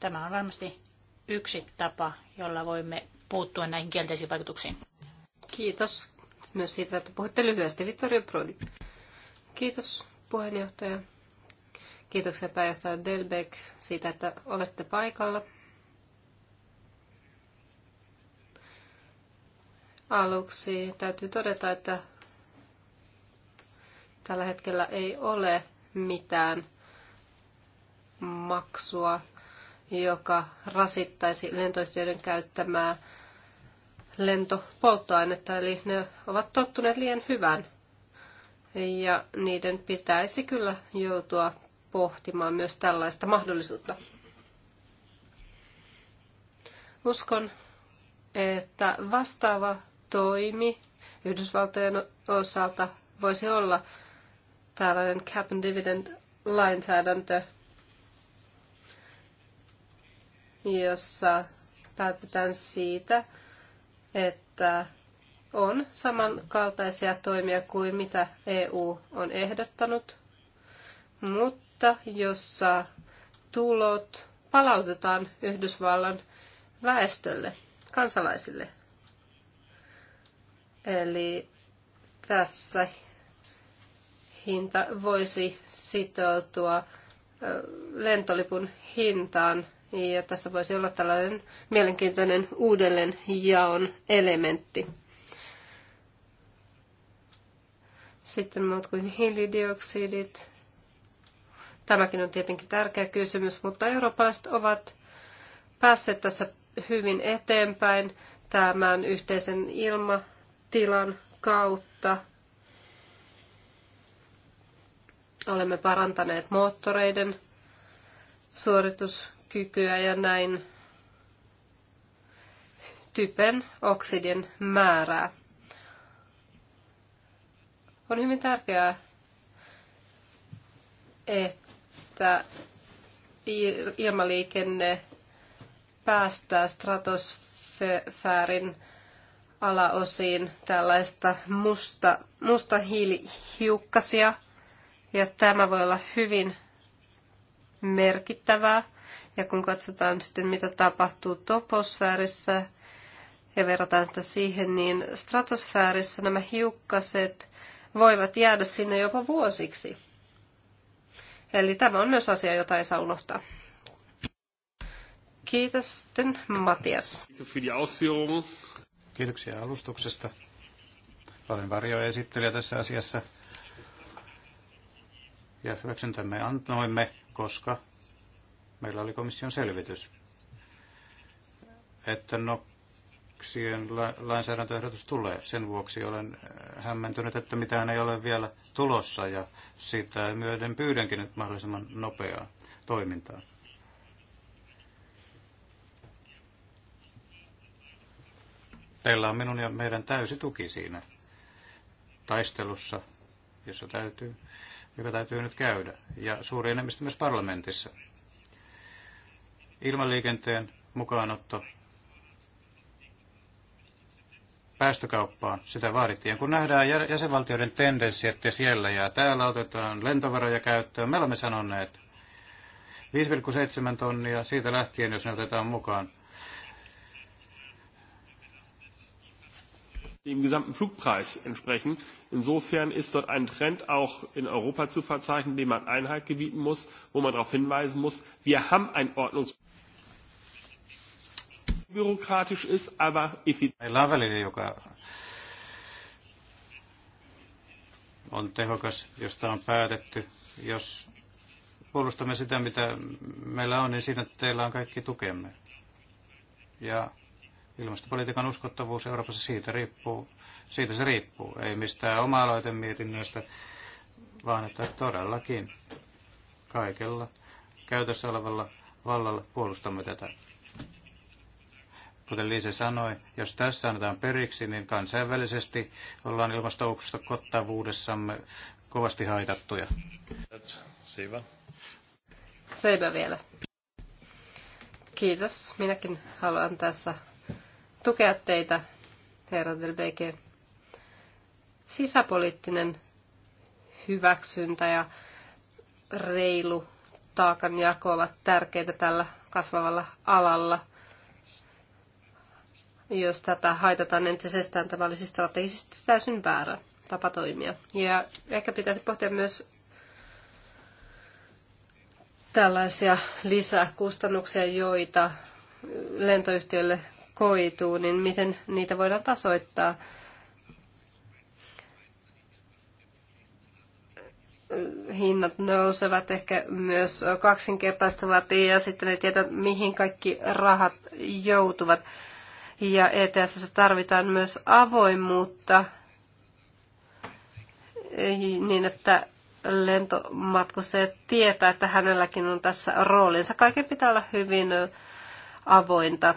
Tämä on varmasti yksi tapa, jolla voimme puuttua näihin kielteisiin vaikutuksiin. Kiitos myös siitä, että puhutte lyhyesti. Vittorio Prodi. Kiitos puheenjohtaja. Kiitoksia pääjohtaja Delbeck siitä, että olette paikalla. Aluksi täytyy todeta, että tällä hetkellä ei ole mitään maksua joka rasittaisi lentoyhtiöiden käyttämää lentopolttoainetta, eli ne ovat tottuneet liian hyvän. Ja niiden pitäisi kyllä joutua pohtimaan myös tällaista mahdollisuutta. Uskon, että vastaava toimi Yhdysvaltojen osalta voisi olla tällainen cap and dividend lainsäädäntö, jossa päätetään siitä, että on samankaltaisia toimia kuin mitä EU on ehdottanut, mutta jossa tulot palautetaan Yhdysvallan väestölle, kansalaisille. Eli tässä hinta voisi sitoutua lentolipun hintaan ja tässä voisi olla tällainen mielenkiintoinen jaon elementti. Sitten muut kuin hiilidioksidit. Tämäkin on tietenkin tärkeä kysymys, mutta eurooppalaiset ovat päässeet tässä hyvin eteenpäin tämän yhteisen ilmatilan kautta. Olemme parantaneet moottoreiden suoritus kykyä ja näin typen oksidin määrää. On hyvin tärkeää, että ilmaliikenne päästää stratosfäärin alaosiin tällaista musta, musta hiilihiukkasia. Ja tämä voi olla hyvin merkittävää ja kun katsotaan sitten, mitä tapahtuu toposfäärissä ja verrataan sitä siihen, niin stratosfäärissä nämä hiukkaset voivat jäädä sinne jopa vuosiksi. Eli tämä on myös asia, jota ei saa unohtaa. Kiitos sitten Matias. Kiitoksia alustuksesta. Olen esittelijä tässä asiassa. Ja hyväksyntämme antoimme, koska Meillä oli komission selvitys, että noksien lainsäädäntöehdotus tulee. Sen vuoksi olen äh, hämmentynyt, että mitään ei ole vielä tulossa ja sitä myöden pyydänkin nyt mahdollisimman nopeaa toimintaa. Teillä on minun ja meidän täysi tuki siinä taistelussa, jossa täytyy, joka täytyy nyt käydä, ja suuri enemmistö myös parlamentissa ilmaliikenteen mukaanotto päästökauppaan. Sitä vaadittiin. Kun nähdään jäsenvaltioiden tendenssi, että siellä ja täällä otetaan lentoveroja käyttöön, me olemme sanoneet 5,7 tonnia siitä lähtien, jos ne otetaan mukaan. dem gesamten Flugpreis entsprechen. Insofern ist dort ein Trend auch in Europa zu verzeichnen, dem man Einhalt gebieten muss, wo man darauf hinweisen muss, wir haben ein Ordnungs bürokratisch ist, aber effizient. on joka on tehokas, josta on päätetty. Jos puolustamme sitä, mitä meillä on, niin siinä teillä on kaikki tukemme. Ja ilmastopolitiikan uskottavuus Euroopassa siitä, riippuu, siitä se riippuu. Ei mistään oma mietinnöstä, vaan että todellakin kaikella käytössä olevalla vallalla puolustamme tätä kuten Liise sanoi, jos tässä annetaan periksi, niin kansainvälisesti ollaan kottavuudessamme kovasti haitattuja. Siivä. Seipä vielä. Kiitos. Minäkin haluan tässä tukea teitä, herra Delbeke. Sisäpoliittinen hyväksyntä ja reilu taakanjako ovat tärkeitä tällä kasvavalla alalla jos tätä haitataan entisestään, tämä olisi siis strategisesti täysin väärä tapa toimia. Ja ehkä pitäisi pohtia myös tällaisia lisäkustannuksia, joita lentoyhtiölle koituu, niin miten niitä voidaan tasoittaa. Hinnat nousevat, ehkä myös kaksinkertaistuvat ja sitten ei tiedä, mihin kaikki rahat joutuvat. Ja ETS tarvitaan myös avoimuutta niin, että lentomatkustaja tietää, että hänelläkin on tässä roolinsa. Kaiken pitää olla hyvin avointa.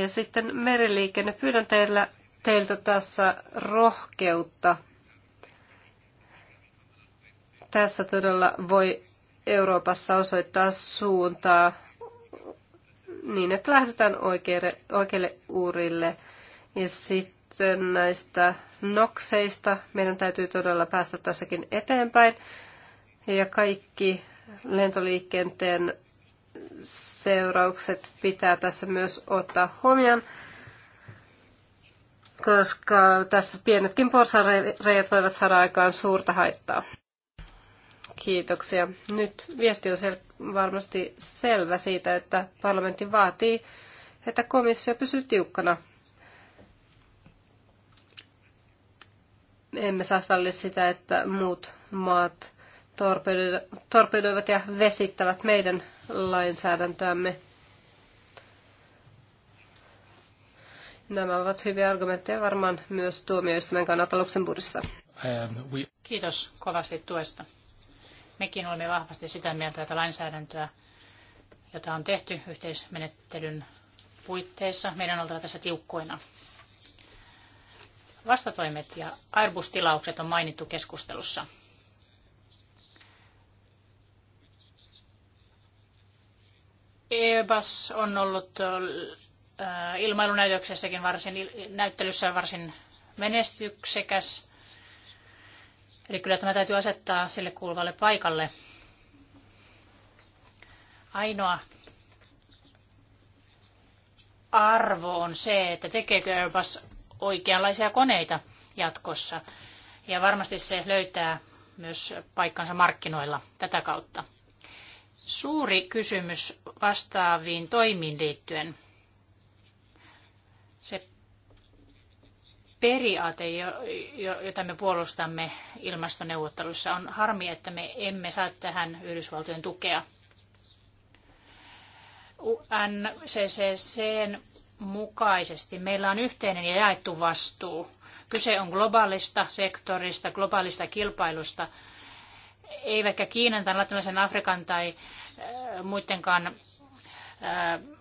Ja sitten meriliikenne. Pyydän teillä, teiltä tässä rohkeutta. Tässä todella voi Euroopassa osoittaa suuntaa niin, että lähdetään oikeille, oikeille uurille. Ja sitten näistä nokseista meidän täytyy todella päästä tässäkin eteenpäin. Ja kaikki lentoliikenteen seuraukset pitää tässä myös ottaa huomioon, koska tässä pienetkin porsareijat voivat saada aikaan suurta haittaa. Kiitoksia. Nyt viesti on sel- varmasti selvä siitä, että parlamentti vaatii, että komissio pysyy tiukkana. Emme saa sallia sitä, että muut maat torpedoivat ja vesittävät meidän lainsäädäntöämme. Nämä ovat hyviä argumentteja varmaan myös tuomioistuimen kannalta Luxemburgissa. Um, Kiitos kovasti tuesta. Mekin olemme vahvasti sitä mieltä, että lainsäädäntöä, jota on tehty yhteismenettelyn puitteissa, meidän on oltava tässä tiukkoina. Vastatoimet ja Airbus-tilaukset on mainittu keskustelussa. Airbus on ollut äh, ilmailunäytöksessäkin varsin, näyttelyssä varsin menestyksekäs. Eli kyllä tämä täytyy asettaa sille kuuluvalle paikalle. Ainoa arvo on se, että tekeekö Airbus oikeanlaisia koneita jatkossa. Ja varmasti se löytää myös paikkansa markkinoilla tätä kautta. Suuri kysymys vastaaviin toimiin liittyen. periaate, jota me puolustamme ilmastoneuvottelussa. On harmi, että me emme saa tähän Yhdysvaltojen tukea. UNCCCn mukaisesti meillä on yhteinen ja jaettu vastuu. Kyse on globaalista sektorista, globaalista kilpailusta, eivätkä Kiinan tai Latinalaisen Afrikan tai muidenkaan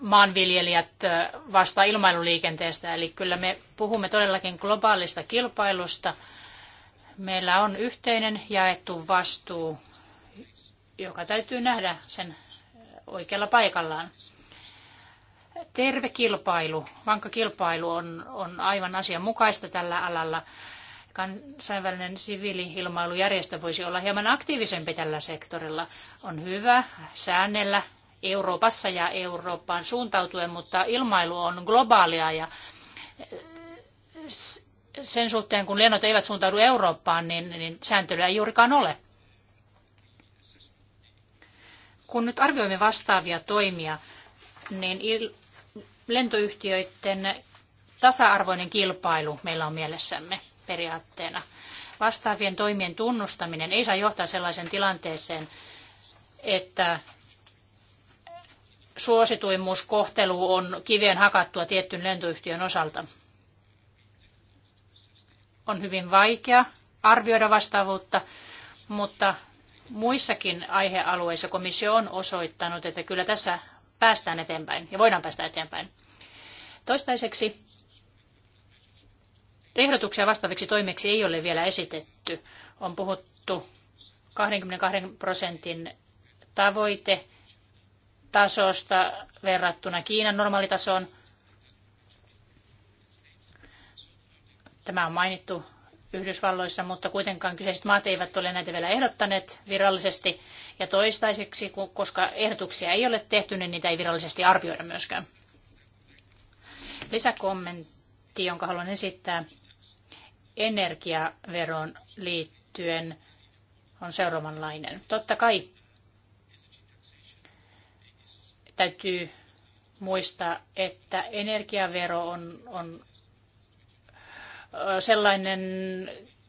maanviljelijät vastaa ilmailuliikenteestä. Eli kyllä me puhumme todellakin globaalista kilpailusta. Meillä on yhteinen jaettu vastuu, joka täytyy nähdä sen oikealla paikallaan. Terve kilpailu, vankka kilpailu on, on aivan asianmukaista tällä alalla. Kansainvälinen siviili-ilmailujärjestö voisi olla hieman aktiivisempi tällä sektorilla. On hyvä säännellä Euroopassa ja Eurooppaan suuntautuen, mutta ilmailu on globaalia ja eh, sen suhteen, kun lennot eivät suuntaudu Eurooppaan, niin, niin sääntelyä ei juurikaan ole. Kun nyt arvioimme vastaavia toimia, niin il- lentoyhtiöiden tasa-arvoinen kilpailu meillä on mielessämme periaatteena. Vastaavien toimien tunnustaminen ei saa johtaa sellaisen tilanteeseen, että suosituimmuuskohtelu on kiveen hakattua tiettyn lentoyhtiön osalta. On hyvin vaikea arvioida vastaavuutta, mutta muissakin aihealueissa komissio on osoittanut, että kyllä tässä päästään eteenpäin ja voidaan päästä eteenpäin. Toistaiseksi ehdotuksia vastaaviksi toimeksi ei ole vielä esitetty. On puhuttu 22 prosentin tavoite tasosta verrattuna Kiinan normaalitasoon. Tämä on mainittu Yhdysvalloissa, mutta kuitenkaan kyseiset maat eivät ole näitä vielä ehdottaneet virallisesti. Ja toistaiseksi, koska ehdotuksia ei ole tehty, niin niitä ei virallisesti arvioida myöskään. Lisäkommentti, jonka haluan esittää energiaveron liittyen, on seuraavanlainen. Totta kai Täytyy muistaa, että energiavero on, on sellainen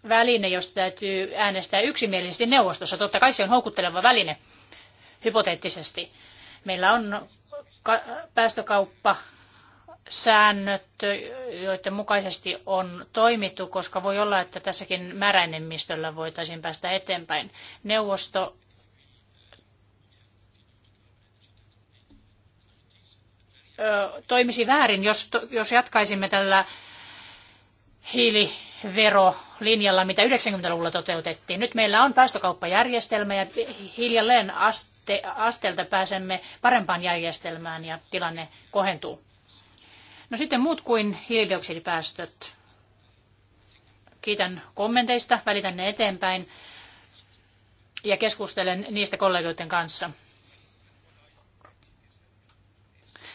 väline, josta täytyy äänestää yksimielisesti neuvostossa. Totta kai se on houkutteleva väline, hypoteettisesti. Meillä on päästökauppa säännöt, joiden mukaisesti on toimittu, koska voi olla, että tässäkin määräenemmistöllä voitaisiin päästä eteenpäin. Neuvosto toimisi väärin, jos, jos jatkaisimme tällä hiiliverolinjalla, mitä 90-luvulla toteutettiin. Nyt meillä on päästökauppajärjestelmä ja hiljalleen aste, asteelta pääsemme parempaan järjestelmään ja tilanne kohentuu. No sitten muut kuin hiilidioksidipäästöt. Kiitän kommenteista, välitän ne eteenpäin ja keskustelen niistä kollegoiden kanssa.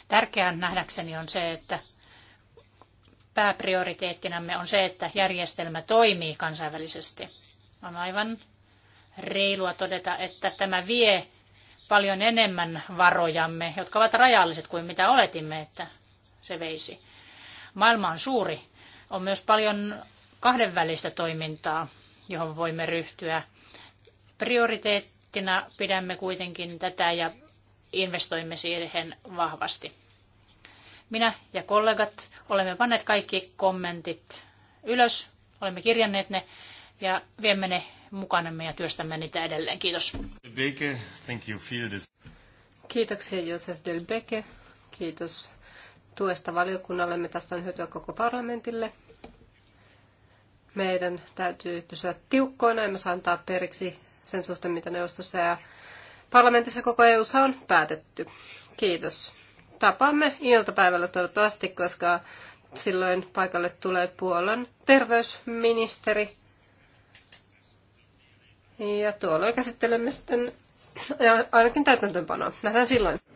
Tärkeää nähdäkseni on se, että pääprioriteettinamme on se, että järjestelmä toimii kansainvälisesti. On aivan reilua todeta, että tämä vie paljon enemmän varojamme, jotka ovat rajalliset kuin mitä oletimme, että se veisi. Maailma on suuri. On myös paljon kahdenvälistä toimintaa, johon voimme ryhtyä. Prioriteettina pidämme kuitenkin tätä ja investoimme siihen vahvasti. Minä ja kollegat olemme panneet kaikki kommentit ylös, olemme kirjanneet ne ja viemme ne mukanamme ja työstämme niitä edelleen. Kiitos. Kiitoksia Josef Delbeke. Kiitos tuesta valiokunnallemme. Tästä on hyötyä koko parlamentille. Meidän täytyy pysyä tiukkoina, emme saa antaa periksi sen suhteen, mitä neuvostossa ja parlamentissa koko EU:ssa on päätetty. Kiitos. Tapaamme iltapäivällä toivottavasti, koska silloin paikalle tulee Puolan terveysministeri. Ja tuolloin käsittelemme sitten ainakin täytäntöönpanoa. Nähdään silloin.